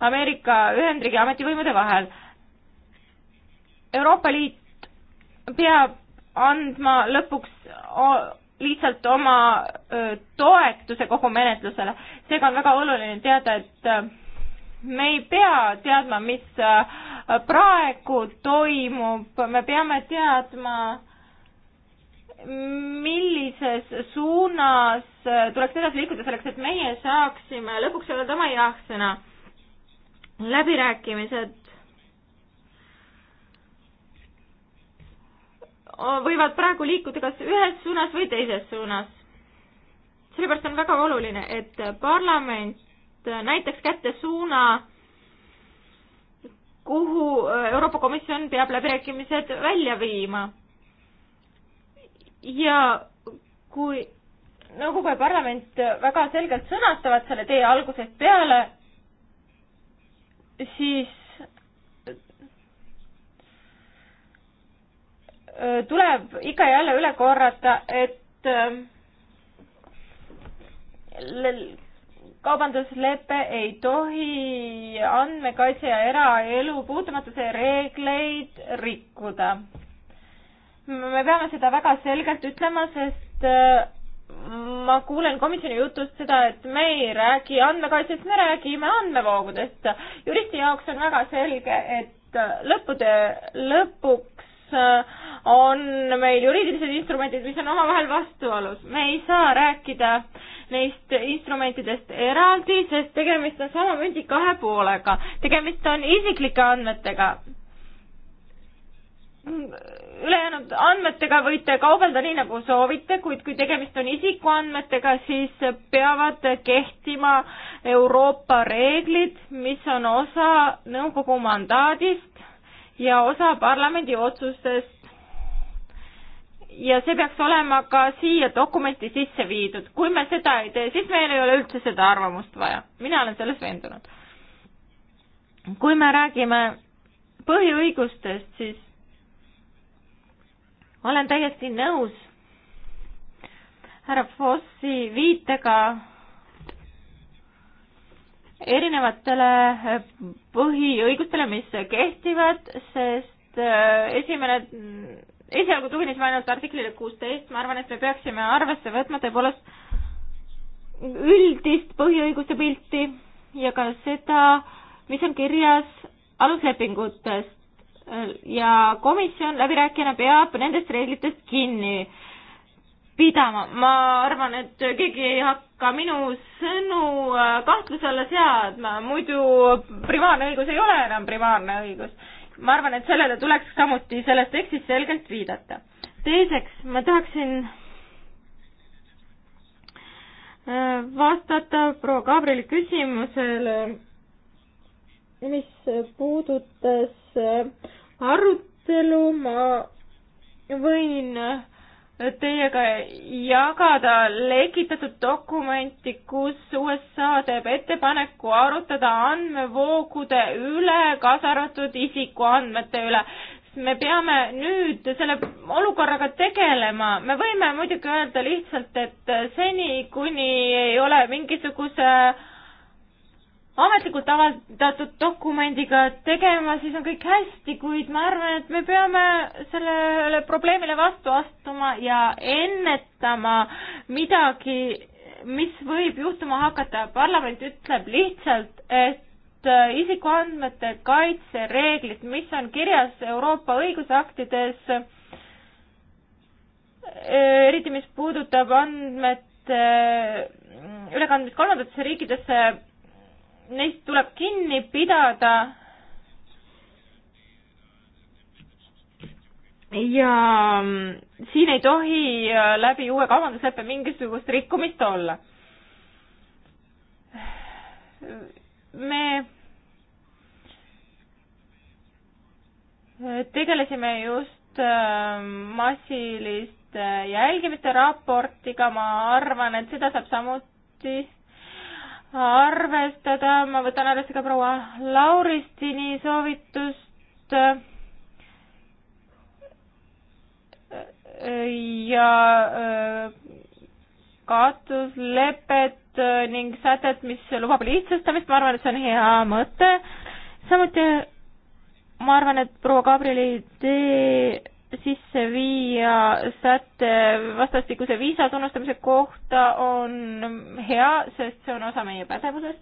Ameerika Ühendriigi ametivõimude vahel. Euroopa Liit peab andma lõpuks lihtsalt oma toetuse kogu menetlusele, seega on väga oluline teada, et me ei pea teadma, mis äh, praegu toimub, me peame teadma, millises suunas äh, tuleks edasi liikuda selleks, et meie saaksime lõpuks öelda oma jah-sõna. läbirääkimised võivad praegu liikuda kas ühes suunas või teises suunas. sellepärast on väga oluline, et parlament Äh, näiteks kätte suuna, kuhu äh, Euroopa Komisjon peab läbirääkimised välja viima. ja kui nõukogu ja parlament väga selgelt sõnastavad selle tee algusest peale, siis äh, tuleb ikka ja jälle üle korrata, et kaubanduslepe ei tohi andmekaitse ja eraelu puutumatuse reegleid rikkuda. me peame seda väga selgelt ütlema, sest äh, ma kuulen komisjoni jutust seda, et me ei räägi andmekaitsest, me räägime andmevoogudest. juristi jaoks on väga selge, et äh, lõppude lõpuks äh, on meil juriidilised instrumendid, mis on omavahel vastuolus. me ei saa rääkida äh, neist instrumentidest eraldi, sest tegemist on sama mündi kahe poolega. tegemist on isiklike andmetega. ülejäänud andmetega võite kaubelda nii, nagu soovite, kuid kui tegemist on isikuandmetega, siis peavad kehtima Euroopa reeglid, mis on osa nõukogu mandaadist ja osa parlamendi otsusest ja see peaks olema ka siia dokumenti sisse viidud. kui me seda ei tee, siis meil ei ole üldse seda arvamust vaja. mina olen selles veendunud. kui me räägime põhiõigustest, siis olen täiesti nõus härra Fossi viitega erinevatele põhiõigustele, mis kehtivad, sest äh, esimene esialgu tuginesime ainult artiklile kuusteist, ma arvan, et me peaksime arvesse võtma tõepoolest üldist põhiõiguste pilti ja ka seda, mis on kirjas aluslepingutest ja komisjon läbirääkijana peab nendest reeglitest kinni pidama. ma arvan, et keegi ei hakka minu sõnu äh, kahtluse alla seadma, muidu primaarne õigus ei ole enam primaarne õigus ma arvan, et sellele tuleks samuti selles tekstis selgelt viidata. teiseks, ma tahaksin äh, vastata proua Gabrieli küsimusele, mis puudutas äh, arutelu, ma võin äh, teiega jagada lekitatud dokumenti, kus USA teeb ettepaneku arutada andmevoogude üle, kaasa arvatud isikuandmete üle me peame nüüd selle olukorraga tegelema, me võime muidugi öelda lihtsalt, et seni, kuni ei ole mingisuguse äh, ametlikult avaldatud dokumendiga tegema, siis on kõik hästi, kuid ma arvan, et me peame sellele probleemile vastu astuma ja ennetama midagi, mis võib juhtuma hakata. parlament ütleb lihtsalt, et isikuandmete kaitse reeglid, mis on kirjas Euroopa õigusaktides, eriti mis puudutab andmete ülekandmist kolmandatesse riikidesse, neist tuleb kinni pidada. ja mm, siin ei tohi äh, läbi uue kaubandusleppe mingisugust rikkumist olla. me tegelesime just äh, massiliste jälgimiste raportiga, ma arvan, et seda saab samuti arvestada, ma võtan arvesse ka proua Lauristini soovitust ja äh, katuslepet ning sätet, mis lubab lihtsustamist, ma arvan, et see on hea mõte. samuti ma arvan, et proua Gabrieli idee sisse viia säte vastastikuse viisa tunnustamise kohta on hea, sest see on osa meie pädevusest.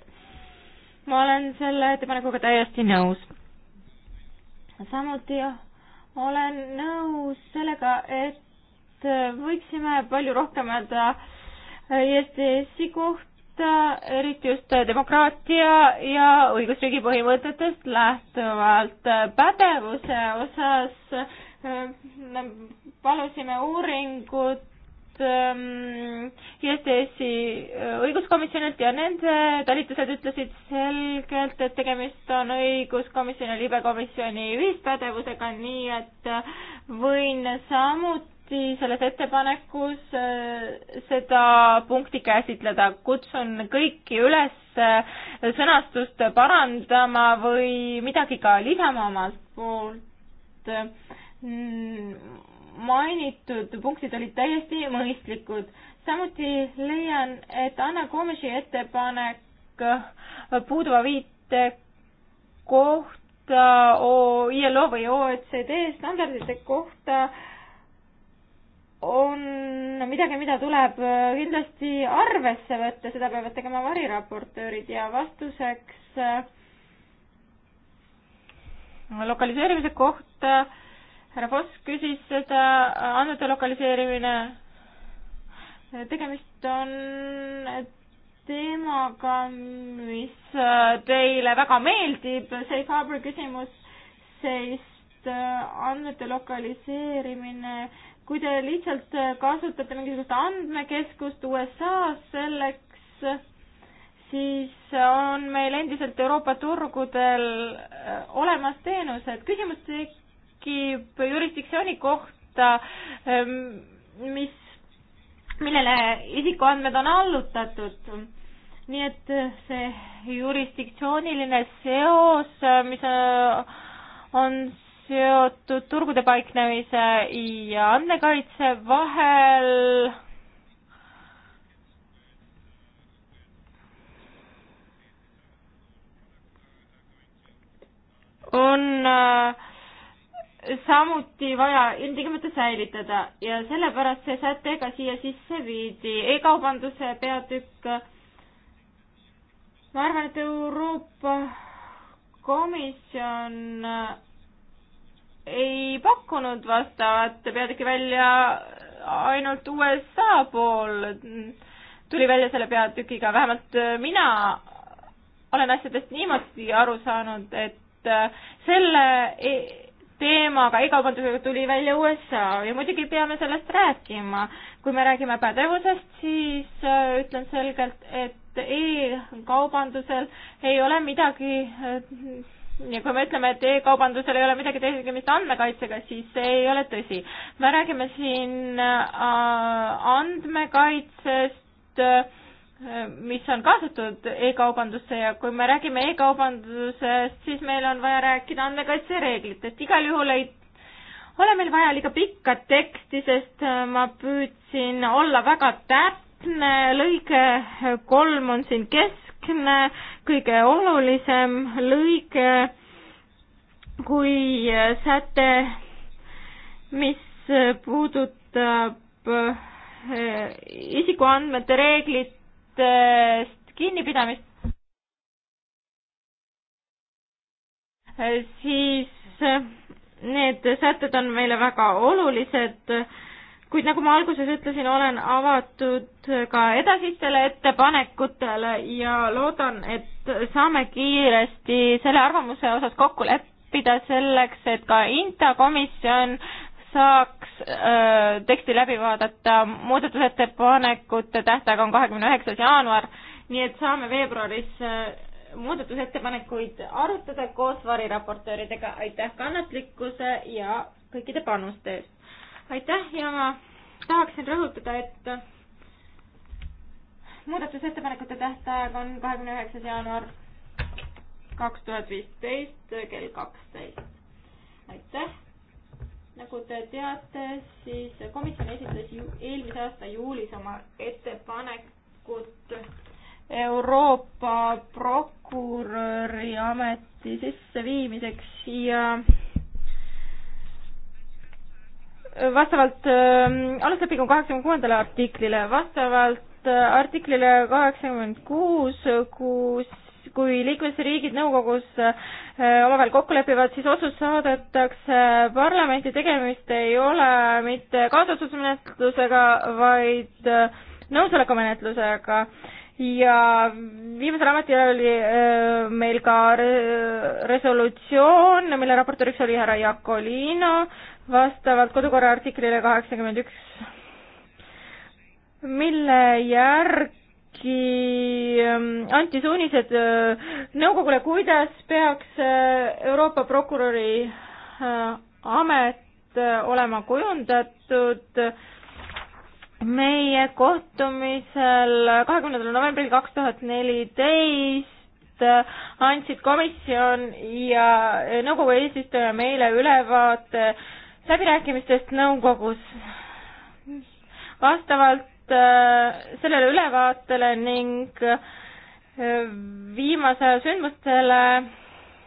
ma olen selle ettepanekuga täiesti nõus. samuti olen nõus sellega, et võiksime palju rohkem öelda ISDS-i kohta, eriti just demokraatia ja õigusriigi põhimõtetest lähtuvalt pädevuse osas palusime uuringut ähm, ISTS-i äh, õiguskomisjonilt ja nende talitused ütlesid selgelt, et tegemist on õiguskomisjoni ja libekomisjoni ühispädevusega, nii et äh, võin samuti selles ettepanekus äh, seda punkti käsitleda. kutsun kõiki üles sõnastust parandama või midagi ka lisama omalt poolt Mm, mainitud punktid olid täiesti mõistlikud. samuti leian, et Anna Komeši ettepanek puuduva viite kohta ILO või OECD standardite kohta on midagi, mida tuleb kindlasti arvesse võtta, seda peavad tegema variraportöörid ja vastuseks äh, lokaliseerimise kohta äh, härra Voss küsis seda äh, andmete lokaliseerimine. Äh, tegemist on teemaga, mis äh, teile väga meeldib, safe harbor küsimus, sest andmete lokaliseerimine, kui te lihtsalt kasutate mingisugust andmekeskust USA-s selleks, siis on meil endiselt Euroopa turgudel olemas teenused. küsimus tekib jurisdiktsiooni kohta, ehm, mis, millele isikuandmed on allutatud. nii et see jurisdiktsiooniline seos, mis äh, on seotud turgude paiknemise ja andmekaitse vahel, on äh, samuti vaja ilmtingimata säilitada ja sellepärast see säte ka siia sisse viidi e. e-kaubanduse peatükk, ma arvan, et Euroopa Komisjon ei pakkunud vastavat peatükki välja ainult USA pool tuli välja selle peatükiga, vähemalt mina olen asjadest niimoodi aru saanud, et selle e teemaga, e-kaubandusega tuli välja USA ja muidugi peame sellest rääkima. kui me räägime pädevusest, siis äh, ütlen selgelt, et e-kaubandusel ei ole midagi äh, ja kui me ütleme, et e-kaubandusel ei ole midagi tegemist andmekaitsega, siis see ei ole tõsi. me räägime siin äh, andmekaitsest mis on kaasatud e-kaubandusse ja kui me räägime e-kaubandusest, siis meil on vaja rääkida andmekaitsereeglitest, igal juhul ei ole meil vaja liiga pikka teksti, sest äh, ma püüdsin olla väga täpne, lõige kolm on siin keskne, kõige olulisem lõige kui äh, säte, mis äh, puudutab isikuandmete reeglit nõuetest kinnipidamist, siis eh, need sätted on meile väga olulised, kuid nagu ma alguses ütlesin, olen avatud ka edasistele ettepanekutele ja loodan, et saame kiiresti selle arvamuse osas kokku leppida selleks, et ka INTA komisjon saaks äh, teksti läbi vaadata, muudatusettepanekute tähtaeg on kahekümne üheksas jaanuar, nii et saame veebruaris äh, muudatusettepanekuid arutada koos variraportööridega, aitäh kannatlikkuse ja kõikide panuste eest. aitäh ja ma tahaksin rõhutada, et muudatusettepanekute tähtaeg on kahekümne üheksas jaanuar kaks tuhat viisteist kell kaksteist. aitäh! nagu te teate, siis komisjon esitas ju eelmise aasta juulis oma ettepanekut Euroopa prokuröri ameti sisseviimiseks ja vastavalt äh, aluslepingu kaheksakümne kuuendale artiklile, vastavalt äh, artiklile kaheksakümmend kuus, kus kui liikmesriigid nõukogus äh, omavahel kokku lepivad, siis otsus saadetakse parlamenti, tegemist ei ole mitte kaasotsusmenetlusega, vaid äh, nõusolekumenetlusega ja viimasel ametiajal oli öö, äh, meil ka re resolutsioon, mille raportööriks oli härra Jakolino vastavalt kodukorra artiklile kaheksakümmend üks, mille järg siiski ähm, anti suunised äh, nõukogule, kuidas peaks äh, Euroopa prokuröri äh, amet olema kujundatud. meie kohtumisel kahekümnendal novembril kaks tuhat neliteist andsid komisjon ja nõukogu eesistuja meile ülevaate läbirääkimistest nõukogus. vastavalt Äh, sellele ülevaatele ning äh, viimase sündmustele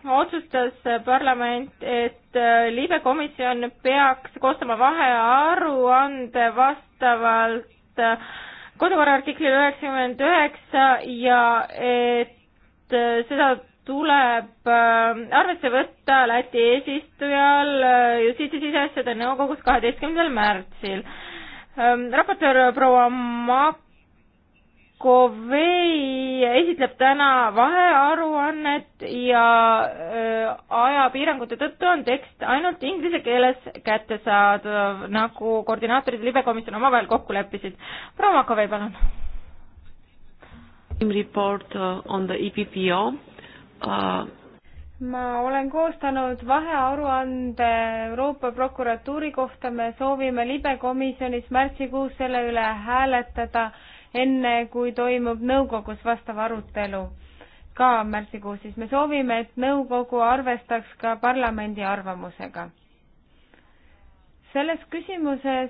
otsustas parlament, et äh, liibe komisjon peaks koostama vahearuande vastavalt kodukorra artiklile üheksakümmend üheksa ja et seda tuleb arvesse võtta Läti eesistujal justiits- ja siseasjade nõukogus kaheteistkümnendal märtsil Ähm, raportöör proua Makovei esitleb täna vahearuannet ja äh, ajapiirangute tõttu on tekst ainult inglise keeles kättesaadav, nagu koordinaatorid ja libekomisjon omavahel kokku leppisid. proua Makovei, palun. Report äh, on the EPPO uh, äh, ma olen koostanud vahearuande Euroopa prokuratuuri kohta, me soovime libekomisjonis märtsikuus selle üle hääletada, enne kui toimub nõukogus vastav arutelu ka märtsikuus, siis me soovime, et nõukogu arvestaks ka parlamendi arvamusega. selles küsimuses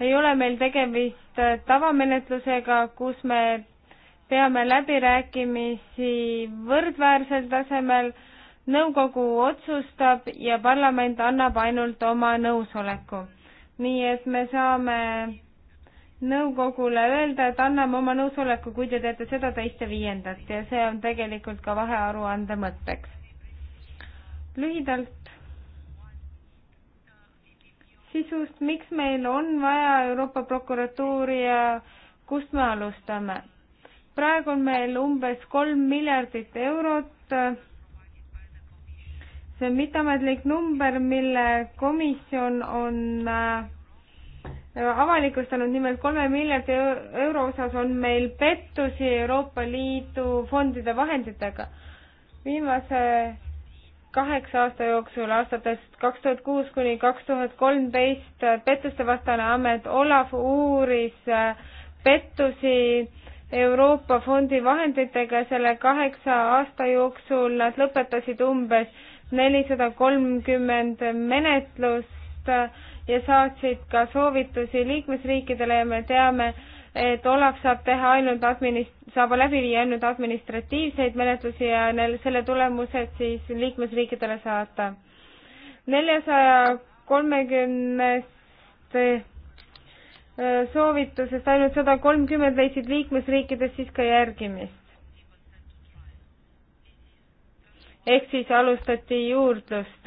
ei ole meil tegemist tavamenetlusega, kus me peame läbirääkimisi võrdväärsel tasemel, nõukogu otsustab ja parlament annab ainult oma nõusoleku. nii et me saame nõukogule öelda, et anname oma nõusoleku, kui te teete seda, teist ja viiendat ja see on tegelikult ka vahearuande mõtteks. lühidalt sisust, miks meil on vaja Euroopa prokuratuuri ja kust me alustame praegu on meil umbes kolm miljardit eurot. see on mitteametlik number, mille komisjon on äh, avalikustanud, nimelt kolme miljardi euro osas on meil pettusi Euroopa Liidu fondide vahenditega. viimase kaheksa aasta jooksul, aastatest kaks tuhat kuus kuni kaks tuhat kolmteist, äh, pettustevastane amet Olav uuris äh, pettusi Euroopa Fondi vahenditega selle kaheksa aasta jooksul nad lõpetasid umbes nelisada kolmkümmend menetlust ja saatsid ka soovitusi liikmesriikidele ja me teame, et Olav saab teha ainult administ-, saab läbi viia ainult administratiivseid menetlusi ja neil selle tulemused siis liikmesriikidele saata. neljasaja kolmekümnest Äh, soovitusest ainult sada kolmkümmend leidsid liikmesriikides siis ka järgimist. ehk siis alustati juurdlust.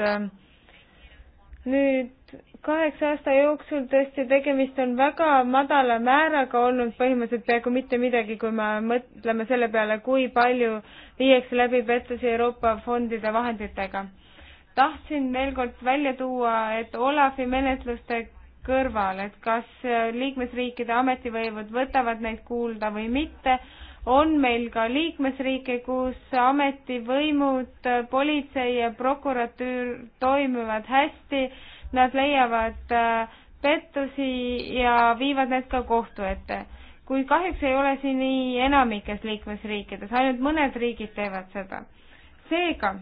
nüüd kaheksa aasta jooksul tõesti tegemist on väga madala määraga olnud põhimõtteliselt peaaegu mitte midagi, kui me mõtleme selle peale, kui palju viiakse läbi pettusi Euroopa fondide vahenditega. tahtsin veel kord välja tuua, et Olavi menetluste kõrval, et kas äh, liikmesriikide ametivõimud võtavad neid kuulda või mitte, on meil ka liikmesriike, kus ametivõimud, äh, politsei ja prokuratuur toimivad hästi, nad leiavad äh, pettusi ja viivad need ka kohtu ette. kuid kahjuks ei ole see nii enamikes liikmesriikides, ainult mõned riigid teevad seda. seega,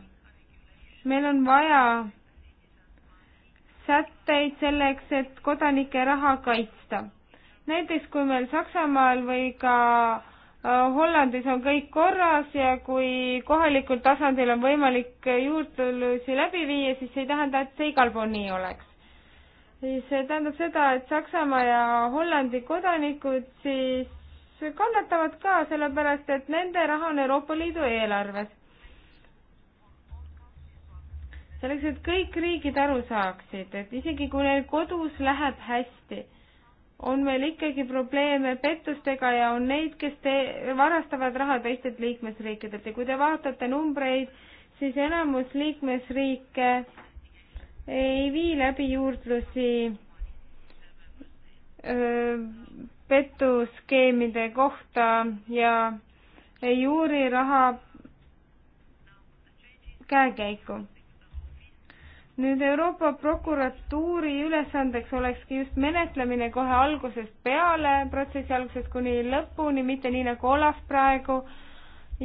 meil on vaja sätteid selleks, et kodanike raha kaitsta. näiteks kui meil Saksamaal või ka äh, Hollandis on kõik korras ja kui kohalikul tasandil on võimalik juurdlusi läbi viia, siis see ei tähenda, et see igal pool nii oleks. see tähendab seda, et Saksamaa ja Hollandi kodanikud siis kannatavad ka sellepärast, et nende raha on Euroopa Liidu eelarves selleks, et kõik riigid aru saaksid, et isegi kui neil kodus läheb hästi, on meil ikkagi probleeme pettustega ja on neid, kes te-, varastavad raha teistelt liikmesriikidelt ja kui te vaatate numbreid, siis enamus liikmesriike ei vii läbi juurdlusi petuskeemide kohta ja ei uuri raha käekäiku nüüd Euroopa prokuratuuri ülesandeks olekski just menetlemine kohe algusest peale, protsessi algusest kuni lõpuni, mitte nii nagu Olav praegu,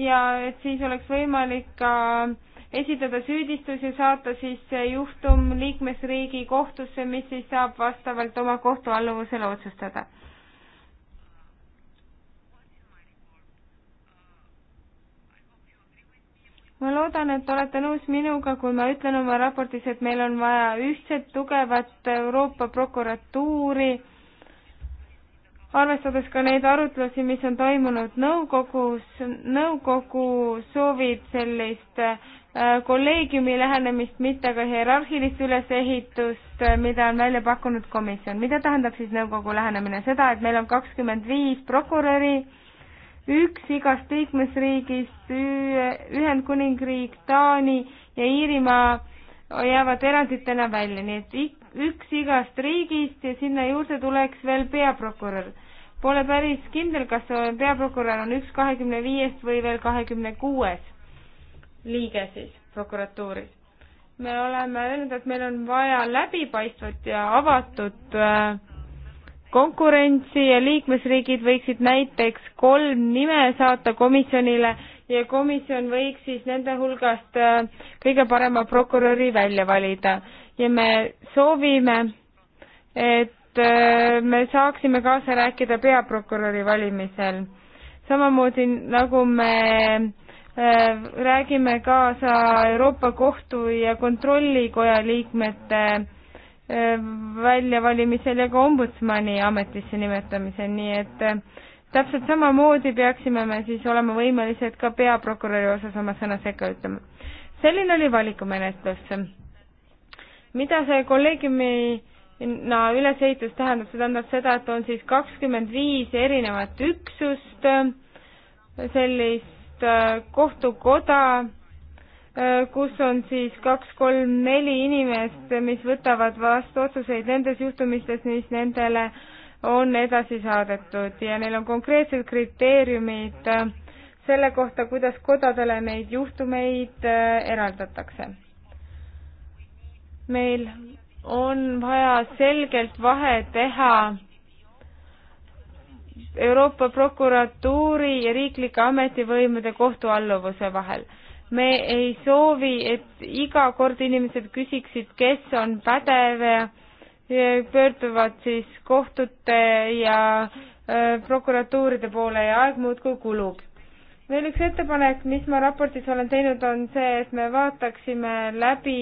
ja et siis oleks võimalik ka esitada süüdistus ja saata siis see juhtum liikmesriigi kohtusse, mis siis saab vastavalt oma kohtualluvusele otsustada ma loodan, et olete nõus minuga, kui ma ütlen oma raportis, et meil on vaja ühtset tugevat Euroopa prokuratuuri, arvestades ka neid arutlusi, mis on toimunud nõukogus, nõukogu soovib sellist äh, kolleegiumi lähenemist, mitte aga hierarhilist ülesehitust, äh, mida on välja pakkunud komisjon. mida tähendab siis nõukogu lähenemine? seda, et meil on kakskümmend viis prokuröri, üks igast liikmesriigist, Ühendkuningriik, Taani ja Iirimaa jäävad eranditena välja, nii et üks igast riigist ja sinna juurde tuleks veel peaprokurör. Pole päris kindel, kas peaprokurör on üks kahekümne viiest või veel kahekümne kuues liige siis prokuratuuris. me oleme öelnud, et meil on vaja läbipaistvat ja avatud äh, konkurentsi ja liikmesriigid võiksid näiteks kolm nime saata komisjonile ja komisjon võiks siis nende hulgast äh, kõige parema prokuröri välja valida. ja me soovime, et äh, me saaksime kaasa rääkida peaprokuröri valimisel. samamoodi nagu me äh, räägime kaasa Euroopa Kohtu ja Kontrollikoja liikmete Eh, väljavalimisel ja ka ombudsmani ametisse nimetamisel, nii et eh, täpselt samamoodi peaksime me siis olema võimelised ka peaprokuröri osas oma sõna sekka ütlema. selline oli valikumenetlus. mida see kolleegiumina ülesehitus tähendab, see tähendab seda, et on siis kakskümmend viis erinevat üksust, sellist eh, kohtukoda, Äh, kus on siis kaks-kolm-neli inimest, mis võtavad vastu otsuseid nendes juhtumistes, mis nendele on edasi saadetud ja neil on konkreetsed kriteeriumid äh, selle kohta, kuidas kodadele neid juhtumeid äh, eraldatakse. meil on vaja selgelt vahe teha Euroopa prokuratuuri ja riiklike ametivõimude kohtualluvuse vahel me ei soovi, et iga kord inimesed küsiksid, kes on pädev, pöörduvad siis kohtute ja prokuratuuride poole ja aeg muudkui kulub. veel üks ettepanek, mis ma raportis olen teinud, on see, et me vaataksime läbi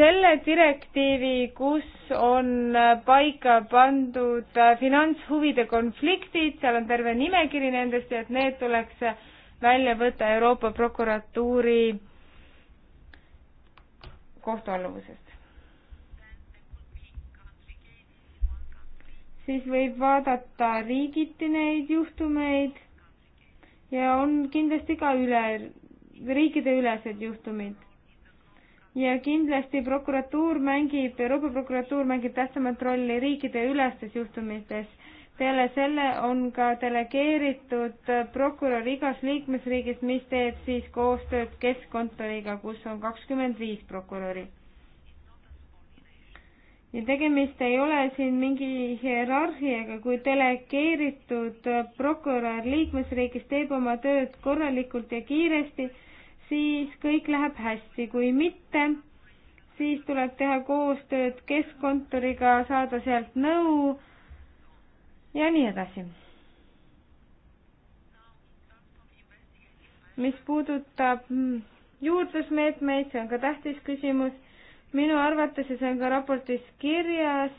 selle direktiivi, kus on paika pandud finantshuvide konfliktid, seal on terve nimekiri nendest ja et need tuleks välja võtta Euroopa prokuratuuri kohtualluvusest. siis võib vaadata riigiti neid juhtumeid ja on kindlasti ka üle, riikide ülesed juhtumid ja kindlasti prokuratuur mängib, Euroopa prokuratuur mängib tähtsamat rolli riikideülestes juhtumites. peale selle on ka delegeeritud prokurör igas liikmesriigis, mis teeb siis koostööd keskkontoriga, kus on kakskümmend viis prokuröri. ja tegemist ei ole siin mingi hierarhiaga, kui delegeeritud prokurör liikmesriigis teeb oma tööd korralikult ja kiiresti siis kõik läheb hästi, kui mitte, siis tuleb teha koostööd keskkontoriga, saada sealt nõu ja nii edasi. mis puudutab juurdlusmeetmeid, see on ka tähtis küsimus. minu arvates ja see on ka raportis kirjas,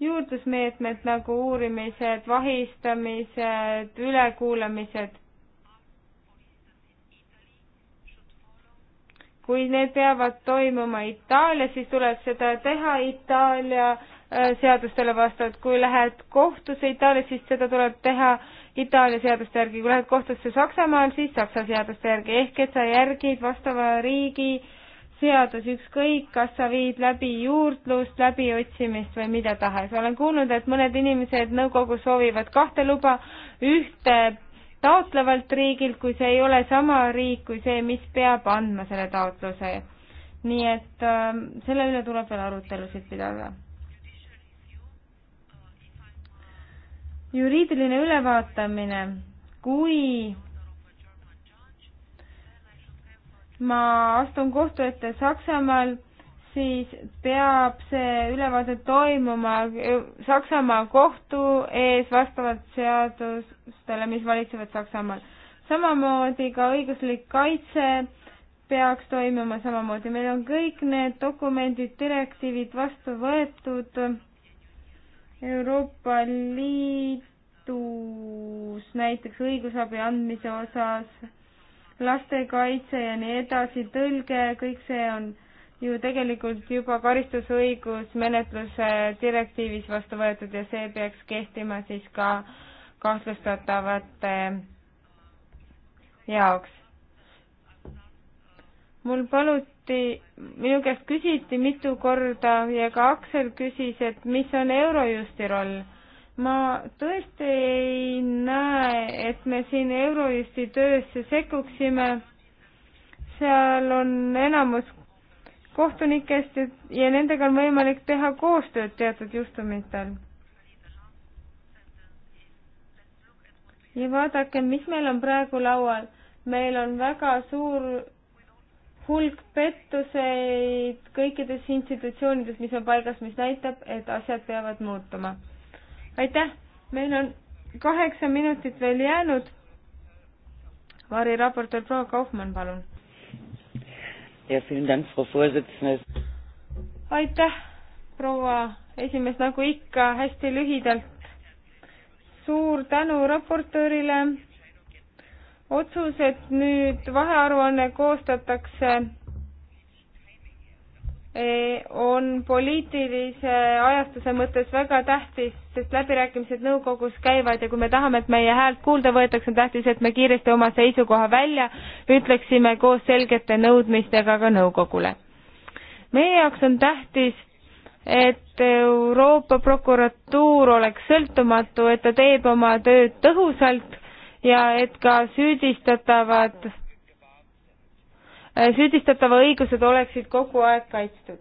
juurdlusmeetmed nagu uurimised, vahistamised, ülekuulamised, kui need peavad toimuma Itaalias, siis tuleb seda teha Itaalia äh, seadustele vastavalt, kui lähed kohtusse Itaalias, siis seda tuleb teha Itaalia seaduste järgi, kui lähed kohtusse Saksamaal, siis Saksa seaduste järgi, ehk et sa järgid vastava riigi seadus, ükskõik, kas sa viid läbi juurdlust, läbiotsimist või mida tahes. olen kuulnud, et mõned inimesed nõukogus soovivad kahte luba, ühte taotlevalt riigilt, kui see ei ole sama riik kui see, mis peab andma selle taotluse. nii et äh, selle üle tuleb veel arutelusid pidada. juriidiline ülevaatamine, kui ma astun kohtu ette Saksamaal siis peab see ülevaade toimuma Saksamaa kohtu ees vastavalt seadustele, mis valitsevad Saksamaal. samamoodi ka õiguslik kaitse peaks toimuma samamoodi, meil on kõik need dokumendid, direktiivid vastu võetud Euroopa Liidus näiteks õigusabi andmise osas, lastekaitse ja nii edasi, tõlge, kõik see on ju tegelikult juba karistusõigusmenetluse direktiivis vastu võetud ja see peaks kehtima siis ka kahtlustatavate jaoks. mul paluti, minu käest küsiti mitu korda ja ka Aksel küsis, et mis on Eurojusti roll. ma tõesti ei näe, et me siin Eurojusti töösse sekkuksime seal on enamus kohtunikest ja, ja nendega on võimalik teha koostööd teatud juhtumitel. ja vaadake, mis meil on praegu laual. meil on väga suur hulk pettuseid kõikides institutsioonides, mis on paigas, mis näitab, et asjad peavad muutuma. aitäh, meil on kaheksa minutit veel jäänud. variraportöör proua Kaufmann, palun aitäh, proua esimees, nagu ikka, hästi lühidalt. suur tänu raportöörile. otsus, et nüüd vahearuanne koostatakse Eh, on poliitilise ajastuse mõttes väga tähtis, sest läbirääkimised nõukogus käivad ja kui me tahame, et meie häält kuulda võetakse, on tähtis, et me kiiresti oma seisukoha välja ütleksime koos selgete nõudmistega ka nõukogule. meie jaoks on tähtis, et Euroopa prokuratuur oleks sõltumatu, et ta teeb oma tööd tõhusalt ja et ka süüdistatavad Äh, süüdistatava õigused oleksid kogu aeg kaitstud.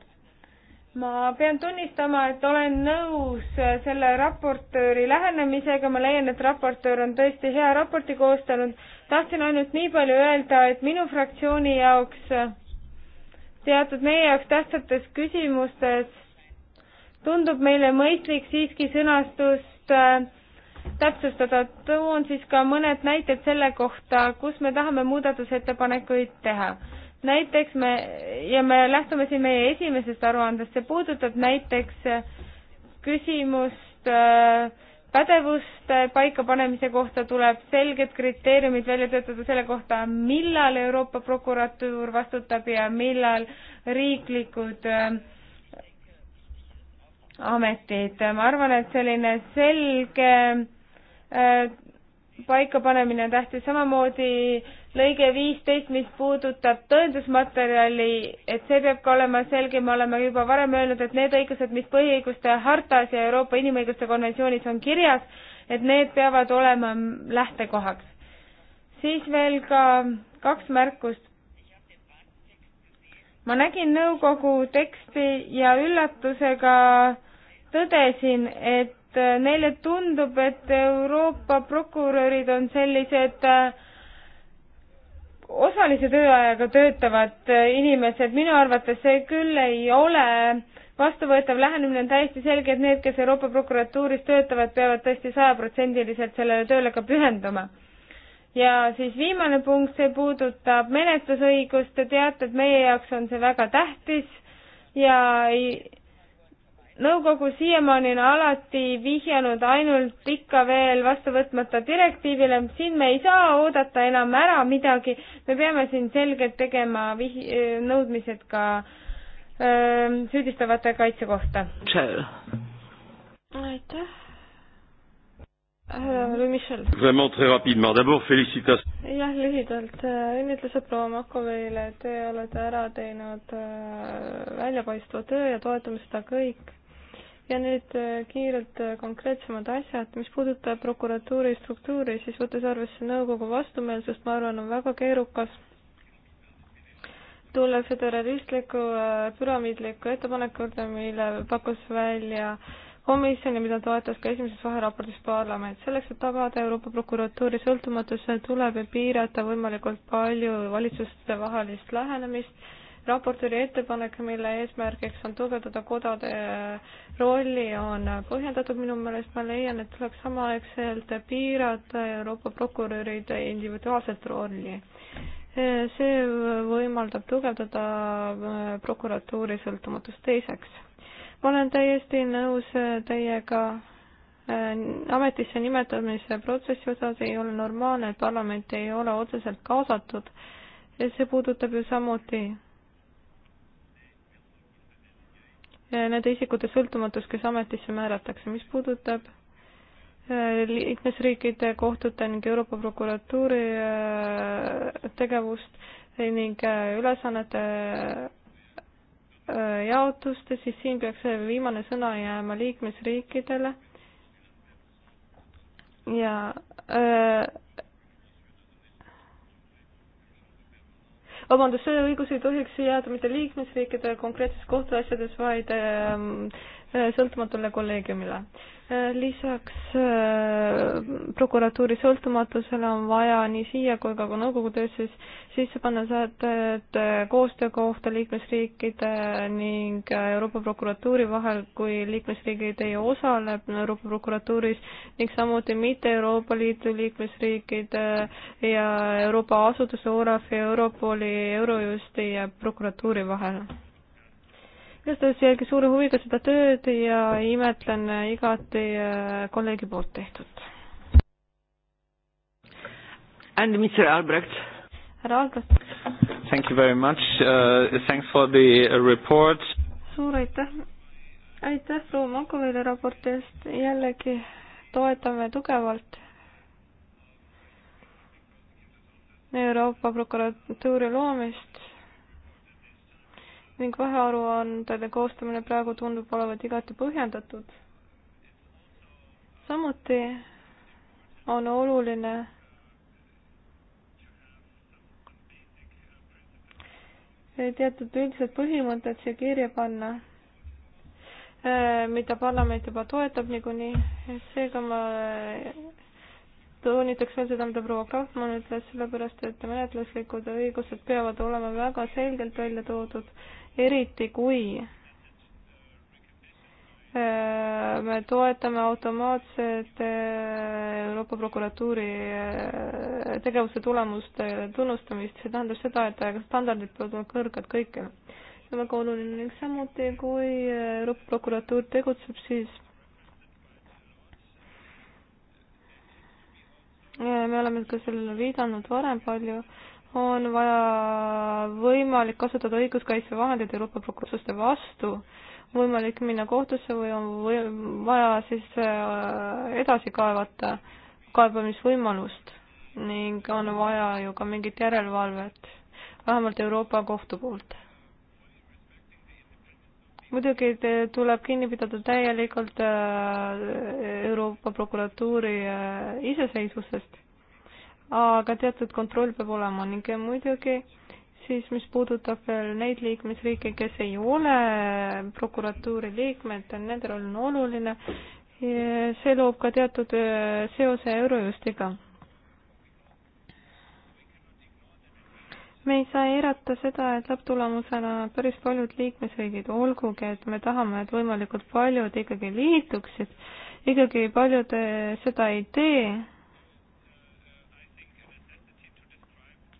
ma pean tunnistama, et olen nõus äh, selle raportööri lähenemisega, ma leian, et raportöör on tõesti hea raporti koostanud. tahtsin ainult nii palju öelda, et minu fraktsiooni jaoks äh, teatud meie jaoks tähtsates küsimustes tundub meile mõistlik siiski sõnastust äh, täpsustada, toon siis ka mõned näited selle kohta, kus me tahame muudatusettepanekuid teha näiteks me, ja me lähtume siin meie esimesest aruandest, see puudutab näiteks äh, küsimust äh, pädevuste paikapanemise kohta tuleb selged kriteeriumid välja töötada selle kohta, millal Euroopa prokuratuur vastutab ja millal riiklikud äh, ametid. ma arvan, et selline selge äh, paikapanemine on tähtis, samamoodi lõige viisteist, mis puudutab tõendusmaterjali, et see peab ka olema selge, me oleme juba varem öelnud, et need õigused, mis põhiõiguste hartas ja Euroopa Inimõiguste konventsioonis on kirjas, et need peavad olema lähtekohaks. siis veel ka kaks märkust. ma nägin nõukogu teksti ja üllatusega tõdesin, et neile tundub, et Euroopa prokurörid on sellised äh, osalise tööajaga töötavad inimesed, minu arvates see küll ei ole vastuvõetav lähenemine, on täiesti selge, et need, kes Euroopa prokuratuuris töötavad, peavad tõesti sajaprotsendiliselt sellele tööle ka pühenduma. ja siis viimane punkt, see puudutab menetlusõigust, te teate, et meie jaoks on see väga tähtis ja ei nõukogu siiamaani on alati vihjanud ainult ikka veel vastu võtmata direktiivile, siin me ei saa oodata enam ära midagi, me peame siin selgelt tegema vih-, äh, nõudmised ka öö, ähm, süüdistavate kaitse kohta. aitäh. Louis Michel. Vraiment très rapidement. D'abord, félicitations. jah, lühidalt äh, õnnitlused proua Makoveile, te olete ära teinud äh, väljapaistva töö ja toetame seda kõik ja nüüd äh, kiirelt äh, konkreetsemad asjad, mis puudutab prokuratuuri struktuuri, siis võttes arvesse nõukogu vastumeelsust, ma arvan, on väga keerukas tulla föderalistliku äh, püramiidliku ettepaneku juurde, mille pakkus välja komisjon ja mida toetas ka esimeses vaheraportis parlament. selleks, et tagada Euroopa prokuratuuri sõltumatus, tuleb piirata võimalikult palju valitsuste vahelist lähenemist raportööri ettepanek, mille eesmärgiks on tugevdada kodade äh, rolli, on põhjendatud minu meelest, ma leian, et tuleks samaaegselt piirata Euroopa prokuröride individuaalset rolli. Äh, see võimaldab tugevdada äh, prokuratuuri sõltumatust teiseks. ma olen täiesti nõus teiega ametisse nimetamise protsessi osas ei ole normaalne, et parlament ei ole otseselt kaasatud. see puudutab ju samuti nende isikute sõltumatus, kes ametisse määratakse. mis puudutab äh, liikmesriikide kohtute ning Euroopa prokuratuuri äh, tegevust ning äh, ülesannete jaotust, siis siin peaks viimane sõna jääma liikmesriikidele ja vabandust, see õigus ei tohiks jääda mitte liikmesriikide konkreetses kohtuasjades, vaid ähm, Äh, sõltumatule kolleegiumile. Äh, lisaks äh, prokuratuuri sõltumatusele on vaja nii siia kui ka nõukogu töösses sisse panna sätted koostöö kohta liikmesriikide ning Euroopa prokuratuuri vahel, kui liikmesriigid ei osale Euroopa prokuratuuris ning samuti mitte Euroopa Liidu liikmesriikide ja Euroopa asutuse, Olafi, Europoli, Eurojusti ja prokuratuuri vahel igatahes jälgin suure huviga seda tööd ja imetlen igati äh, kolleegi poolt tehtut. And Mr Albrecht. härra Albrecht. Thank you very much uh,, thanks for the uh, report. suur aitäh, aitäh proua Makovile raporti eest, jällegi toetame tugevalt Euroopa prokuratuuri loomist ning vahearuandede koostamine praegu tundub olevat igati põhjendatud. samuti on oluline teatud üldised põhimõtted siia kirja panna, eh, mida parlament juba toetab niikuinii, seega ma toonitaks veel seda, mida proua Kaufmann ütles, sellepärast et menetluslikud õigused peavad olema väga selgelt välja toodud eriti kui äh, me toetame automaatset äh, Euroopa prokuratuuri äh, tegevuse tulemuste tunnustamist, see tähendab seda, et standardid peavad olema kõrged kõikjal. see on väga oluline ning samuti, kui Euroopa prokuratuur tegutseb, siis me oleme ka sellele viidanud varem palju, on vaja võimalik kasutada õiguskaitsevahendeid Euroopa prokuratuursuste vastu, võimalik minna kohtusse või on või vaja siis äh, edasi kaevata kaebamisvõimalust ning on vaja ju ka mingit järelevalvet, vähemalt Euroopa Kohtu poolt. muidugi tuleb kinni pidada täielikult äh, Euroopa prokuratuuri äh, iseseisvusest aga teatud kontroll peab olema ning muidugi siis, mis puudutab veel neid liikmesriike, kes ei ole prokuratuuri liikmed, nendel on oluline, see loob ka teatud äh, seose Eurojustiga. me ei saa eirata seda, et lõpptulemusena päris paljud liikmesriigid, olgugi et me tahame, et võimalikult paljud ikkagi liituksid, ikkagi paljud äh, seda ei tee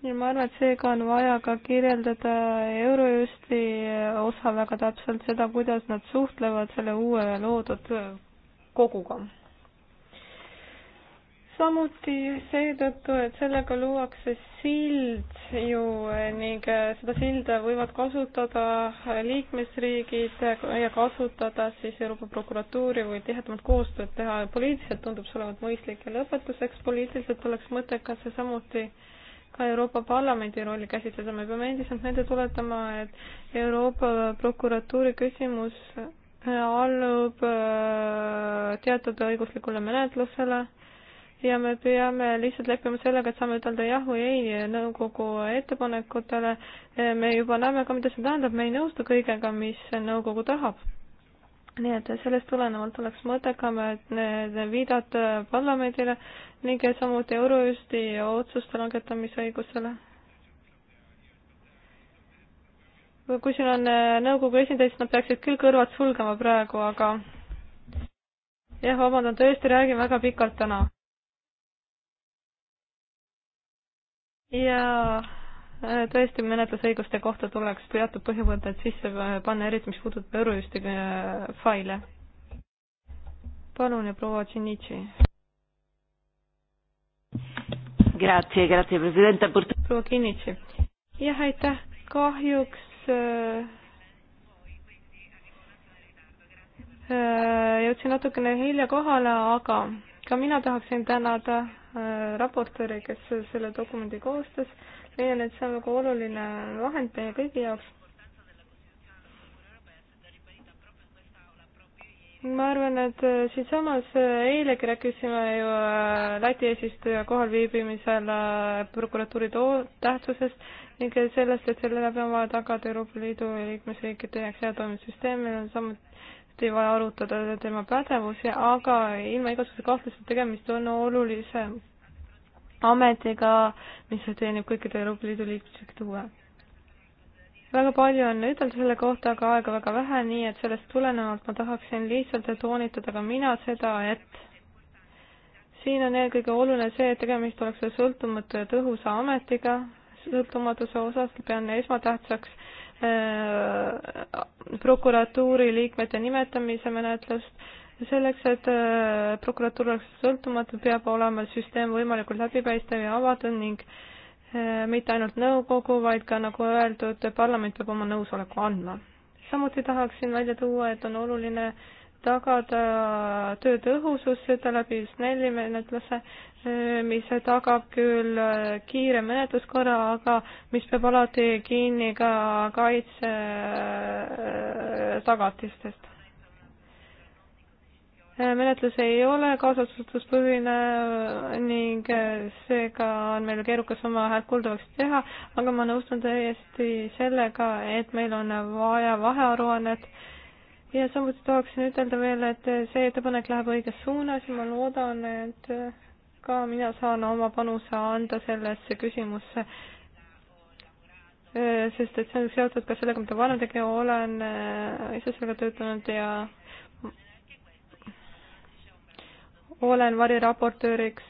ja ma arvan, et seega on vaja ka kirjeldada Eurojusti osa väga täpselt, seda, kuidas nad suhtlevad selle uue loodud koguga. samuti seetõttu, et sellega luuakse sild ju ning seda silda võivad kasutada liikmesriigid ja kasutada siis Euroopa prokuratuuri või tihedamat koostööd teha ja poliitiliselt tundub see olevat mõistlik ja lõpetuseks poliitiliselt oleks mõttekas see samuti äh, ka Euroopa Parlamendi rolli käsitleda, me peame endiselt meelde tuletama, et Euroopa prokuratuuri küsimus äh, allub äh, teatud õiguslikule menetlusele ja me peame lihtsalt leppima sellega, et saame ütelda jah või ei nõukogu ettepanekutele. Äh, me juba näeme ka, mida see tähendab, me ei nõustu kõigega, mis nõukogu tahab nii et sellest tulenevalt oleks mõttekam viidata parlamendile ning samuti Eurojusti otsuste langetamise õigusele. kui siin on äh, nõukogu esindajad, siis nad peaksid küll kõrvad sulgema praegu, aga jah, vabandan, tõesti räägin väga pikalt täna. jaa Äh, tõesti menetlusõiguste kohta tuleks teatud põhimõtted sisse äh, panna, eriti mis puudutab Eurojusti äh, faile. palun ja proua Tšinitši. proua Kinnitši. jah, aitäh, kahjuks äh, jõudsin natukene hilja kohale, aga ka mina tahaksin tänada raportööri, kes selle dokumendi koostas leian, et see on väga oluline vahend meie kõigi jaoks. ma arvan, et äh, siinsamas äh, eilegi rääkisime ju äh, Läti eesistuja kohalviibimisel prokuratuuri too tähtsusest ning sellest, et selle läbi on vaja tagada Euroopa Liidu liikmesriikide jaoks hea toimimissüsteem, meil on samuti vaja arutada tema pädevusi, aga ilma igasuguse kahtluseta tegemist on olulise ametiga, mis teenib kõikide Euroopa Liidu liikmesriikide huve. väga palju on ütelda selle kohta, aga aega väga vähe, nii et sellest tulenevalt ma tahaksin lihtsalt toonitada ka mina seda, et siin on eelkõige oluline see, et tegemist oleks sõltumatu ja tõhusa ametiga, sõltumatuse osas pean esmatähtsaks äh, prokuratuuri liikmete nimetamise menetlust selleks, et äh, prokuratuur oleks sõltumatu, peab olema süsteem võimalikult läbipaistev ja avatud ning äh, mitte ainult nõukogu, vaid ka nagu öeldud, parlament peab oma nõusoleku andma. samuti tahaksin välja tuua, et on oluline tagada äh, töö tõhusus, seda läbi Snelli menetluse, mis tagab küll kiire menetluskorra, aga mis peab alati kinni ka kaitse tagatistest. Äh, menetlus ei ole kaasasutuspõhine äh, ning äh, seega on meil keerukas oma häält kuuldavaks teha, aga ma nõustun täiesti sellega, et meil on vaja vahearuannet ja samuti tahaksin ütelda veel, et see ettepanek läheb õiges suunas ja ma loodan, et ka mina saan oma panuse anda sellesse küsimusse sest et see on seotud ka sellega, mida varem tegin, olen ise sellega töötanud ja olen variraportööriks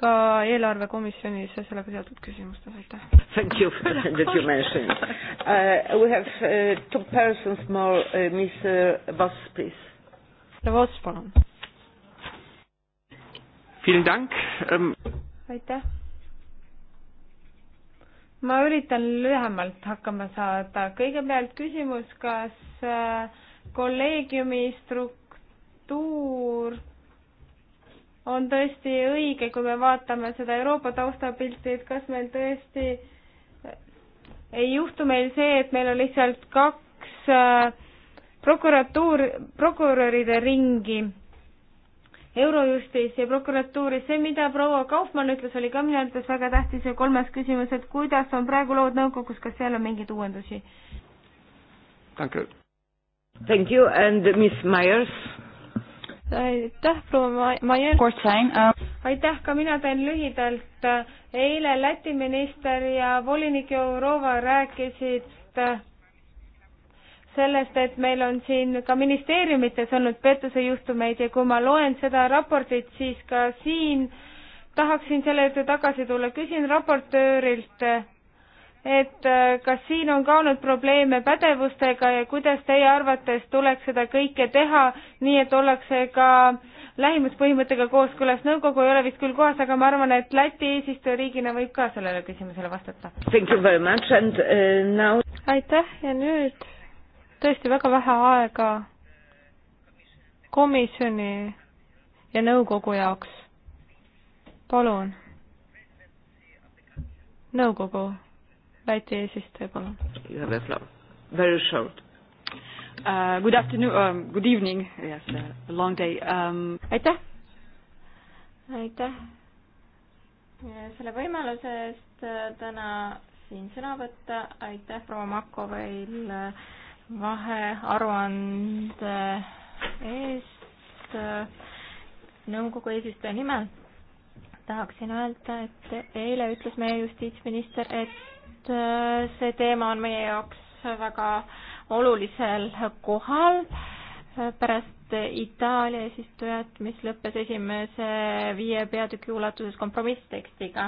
ka eelarvekomisjonis ja sellega seotud küsimustes, aitäh. Thank you for that you mentioned uh,. We have uh, two persons more uh,, Miss uh, Voss, please. Voss, palun. Vielen Dank um.... aitäh. ma üritan lühemalt hakkama saada, kõigepealt küsimus, kas äh, kolleegiumi struktuur on tõesti õige, kui me vaatame seda Euroopa taustapilti, et kas meil tõesti ei juhtu meil see, et meil on lihtsalt kaks äh, prokuratuur, prokuröride ringi, Eurojustis ja prokuratuuris, see, mida proua Kaufmann ütles, oli ka minu arvates väga tähtis ja kolmas küsimus, et kuidas on praegu lood nõukogus, kas seal on mingeid uuendusi? Thank you and Miss Myers aitäh, proua Maier. Um, aitäh, ka mina teen lühidalt. eile Läti minister ja volinik Jourova rääkisid äh, sellest, et meil on siin ka ministeeriumites olnud pettusejuhtumeid ja kui ma loen seda raportit, siis ka siin tahaksin selle juurde tagasi tulla. küsin raportöörilt et äh, kas siin on ka olnud probleeme pädevustega ja kuidas teie arvates tuleks seda kõike teha, nii et ollakse ka lähimuspõhimõttega kooskõlas, nõukogu ei ole vist küll kohas, aga ma arvan, et Läti eesistujariigina võib ka sellele küsimusele vastata. Uh, now... aitäh ja nüüd tõesti väga vähe aega komisjoni ja nõukogu jaoks. palun. nõukogu Läti eesistuja, palun. You have the floor. Very short. Uh, good afternoon um,, good evening, yes uh,, long day um.... aitäh. aitäh selle võimaluse eest uh, täna siin sõna võtta, aitäh proua Makoveil uh, vahearuande eest uh, nõukogu eesistuja nimel tahaksin öelda, et eile ütles meie justiitsminister, et et äh, see teema on meie jaoks väga olulisel kohal äh, pärast Itaalia eesistujat, mis lõppes esimese viie peatüki ulatuses kompromisstekstiga.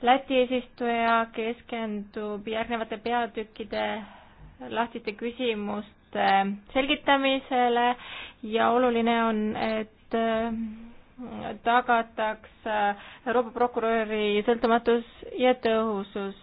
Läti eesistuja keskendub järgnevate peatükkide lahtiste küsimuste selgitamisele ja oluline on, et äh, tagataks äh, Euroopa prokuröri sõltumatus ja tõhusus.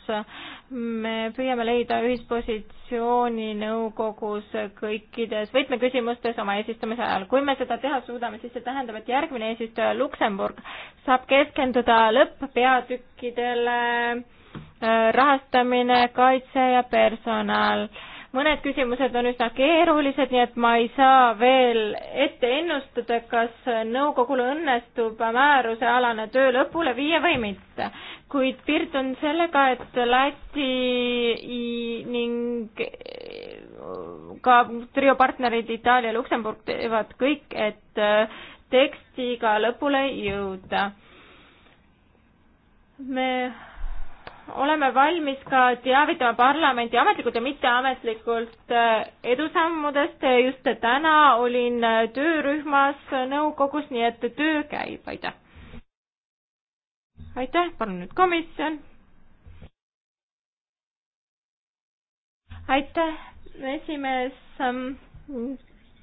me püüame leida ühispositsiooni nõukogus kõikides võtmeküsimustes oma eesistumise ajal. kui me seda teha suudame, siis see tähendab, et järgmine eesistuja Luksemburg saab keskenduda lõpp-peatükkidele äh, rahastamine, kaitse ja personal mõned küsimused on üsna keerulised, nii et ma ei saa veel ette ennustada, kas nõukogul õnnestub määruse alane töö lõpule viia või mitte. kuid piirdun sellega, et Läti ning ka trio partnerid Itaalia ja Luksemburg teevad kõik, et tekstiga lõpule jõuda. me oleme valmis ka teavitama parlamenti ametlikult ja mitteametlikult äh, edusammudest. just täna olin äh, töörühmas äh, nõukogus, nii et töö käib, aitäh. aitäh, palun nüüd komisjon. aitäh, esimees. Ähm,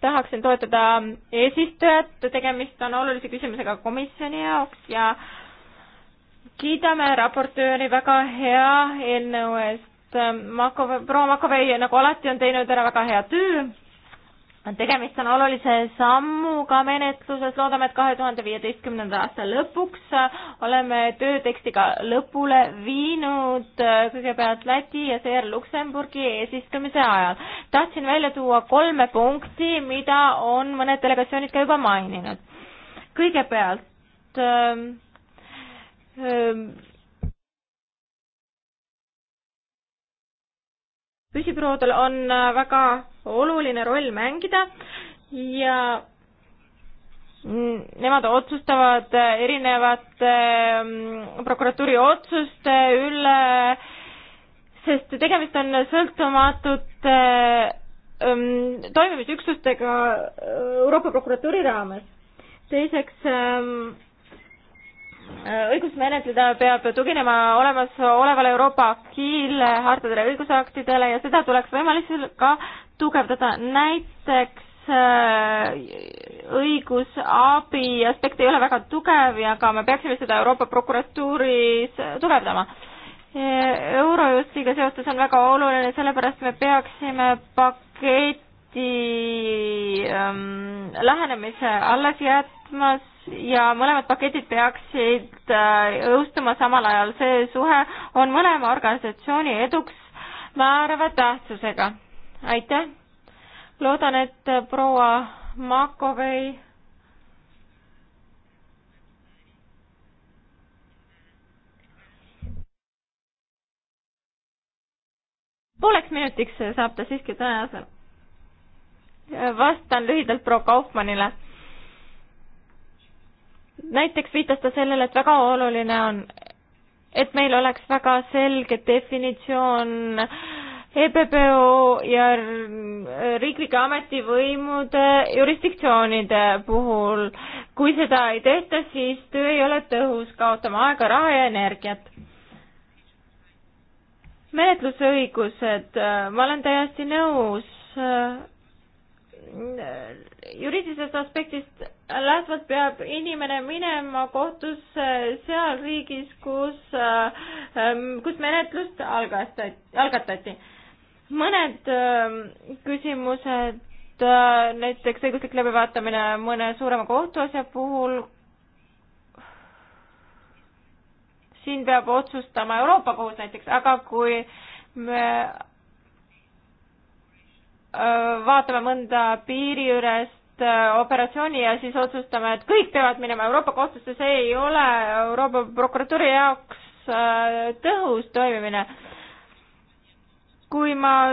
tahaksin toetada eesistujat, tegemist on olulise küsimusega komisjoni jaoks ja äh, kiidame raportööri väga hea eelnõu eest. Makove, proua Makovei, nagu alati, on teinud ära väga hea töö. tegemist on olulise sammuga menetluses, loodame, et kahe tuhande viieteistkümnenda aasta lõpuks oleme töötekstiga lõpule viinud kõigepealt Läti ja seejärel Luksemburgi eesistumise ajal. tahtsin välja tuua kolme punkti, mida on mõned delegatsioonid ka juba maininud. kõigepealt ähm, Ähm, püsibüroodel on äh, väga oluline roll mängida ja mm, nemad otsustavad äh, erinevate ähm, prokuratuuri otsuste üle, sest tegemist on sõltumatute äh, ähm, toimimisüksustega Euroopa prokuratuuri raames. teiseks õigust menetleda peab tuginema olemasolevale Euroopa akiile, hartadele, õigusaktidele ja seda tuleks võimalusel ka tugevdada. näiteks äh, õigusabi aspekt ei ole väga tugev ja ka me peaksime seda Euroopa prokuratuuris tugevdama. Eurojustiga seoses on väga oluline, sellepärast me peaksime paketi ähm, lähenemise alles jätmas ja mõlemad paketid peaksid äh, jõustuma samal ajal. see suhe on mõlema organisatsiooni eduks määrava tähtsusega. aitäh! loodan, et äh, proua Makovei pooleks minutiks saab ta siiski tänasel. vastan lühidalt proua Kaufmannile näiteks viitas ta sellele, et väga oluline on, et meil oleks väga selge definitsioon EPPO ja riiklike ametivõimude jurisdiktsioonide puhul. kui seda ei tehta, siis töö ei ole tõhus, kaotame aega, raha ja energiat menetlusõigused, ma olen täiesti nõus juriidilisest aspektist lähtuvalt peab inimene minema kohtusse seal riigis, kus, ähm, kus menetlust algatati, algatati. mõned ähm, küsimused, äh, näiteks õiguslik läbivaatamine mõne suurema kohtuasja puhul, siin peab otsustama Euroopa kohus näiteks, aga kui me vaatame mõnda piiriülest operatsiooni ja siis otsustame, et kõik peavad minema Euroopa kohtusse, see ei ole Euroopa prokuratuuri jaoks tõhus toimimine. kui ma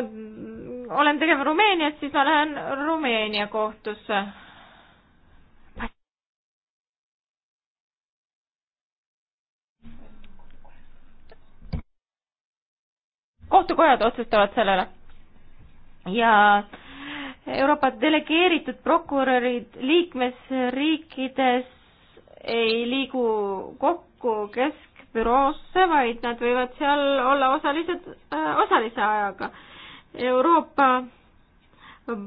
olen tegev Rumeenias, siis ma lähen Rumeenia kohtusse. kohtukojad otsustavad selle üle ja Euroopa delegeeritud prokurörid liikmesriikides ei liigu kokku keskbüroosse, vaid nad võivad seal olla osalised äh,, osalise ajaga. Euroopa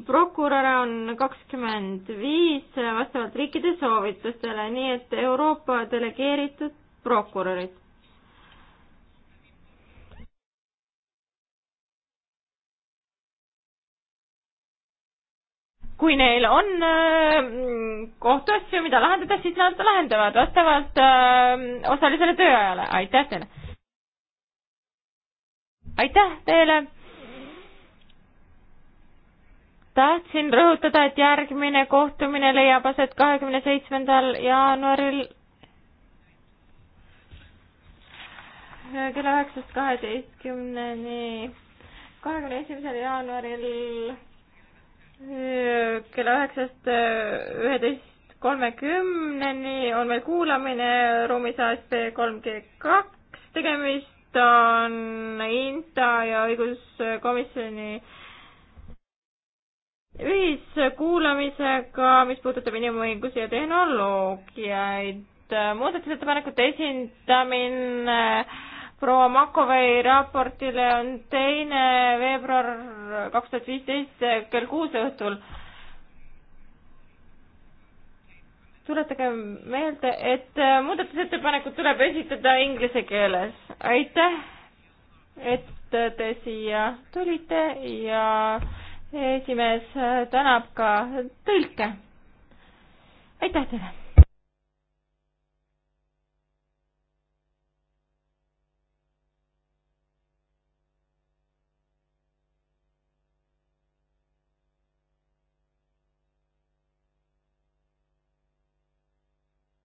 prokuröre on kakskümmend viis vastavalt riikide soovitustele, nii et Euroopa delegeeritud prokurörid. kui neil on äh, kohtuasju, mida lahendada, siis nad lahendavad vastavalt äh, osalisele tööajale. aitäh teile! aitäh teile! tahtsin rõhutada, et järgmine kohtumine leiab aset kahekümne seitsmendal jaanuaril kella üheksast kaheteistkümneni, kahekümne esimesel jaanuaril kella üheksast eh, üheteist kolmekümneni on meil kuulamine ruumis ASP kolm G kaks. tegemist on INTA ja õiguskomisjoni ühiskuulamisega, mis puudutab inimõigusi ja tehnoloogiaid. muudatusettepanekute esindamine proua Makovei raportile on teine veebruar kaks tuhat viisteist kell kuus õhtul. tuletage meelde, et muudatusettepanekud tuleb esitada inglise keeles. aitäh, et te siia tulite ja esimees tänab ka tõlke. aitäh teile!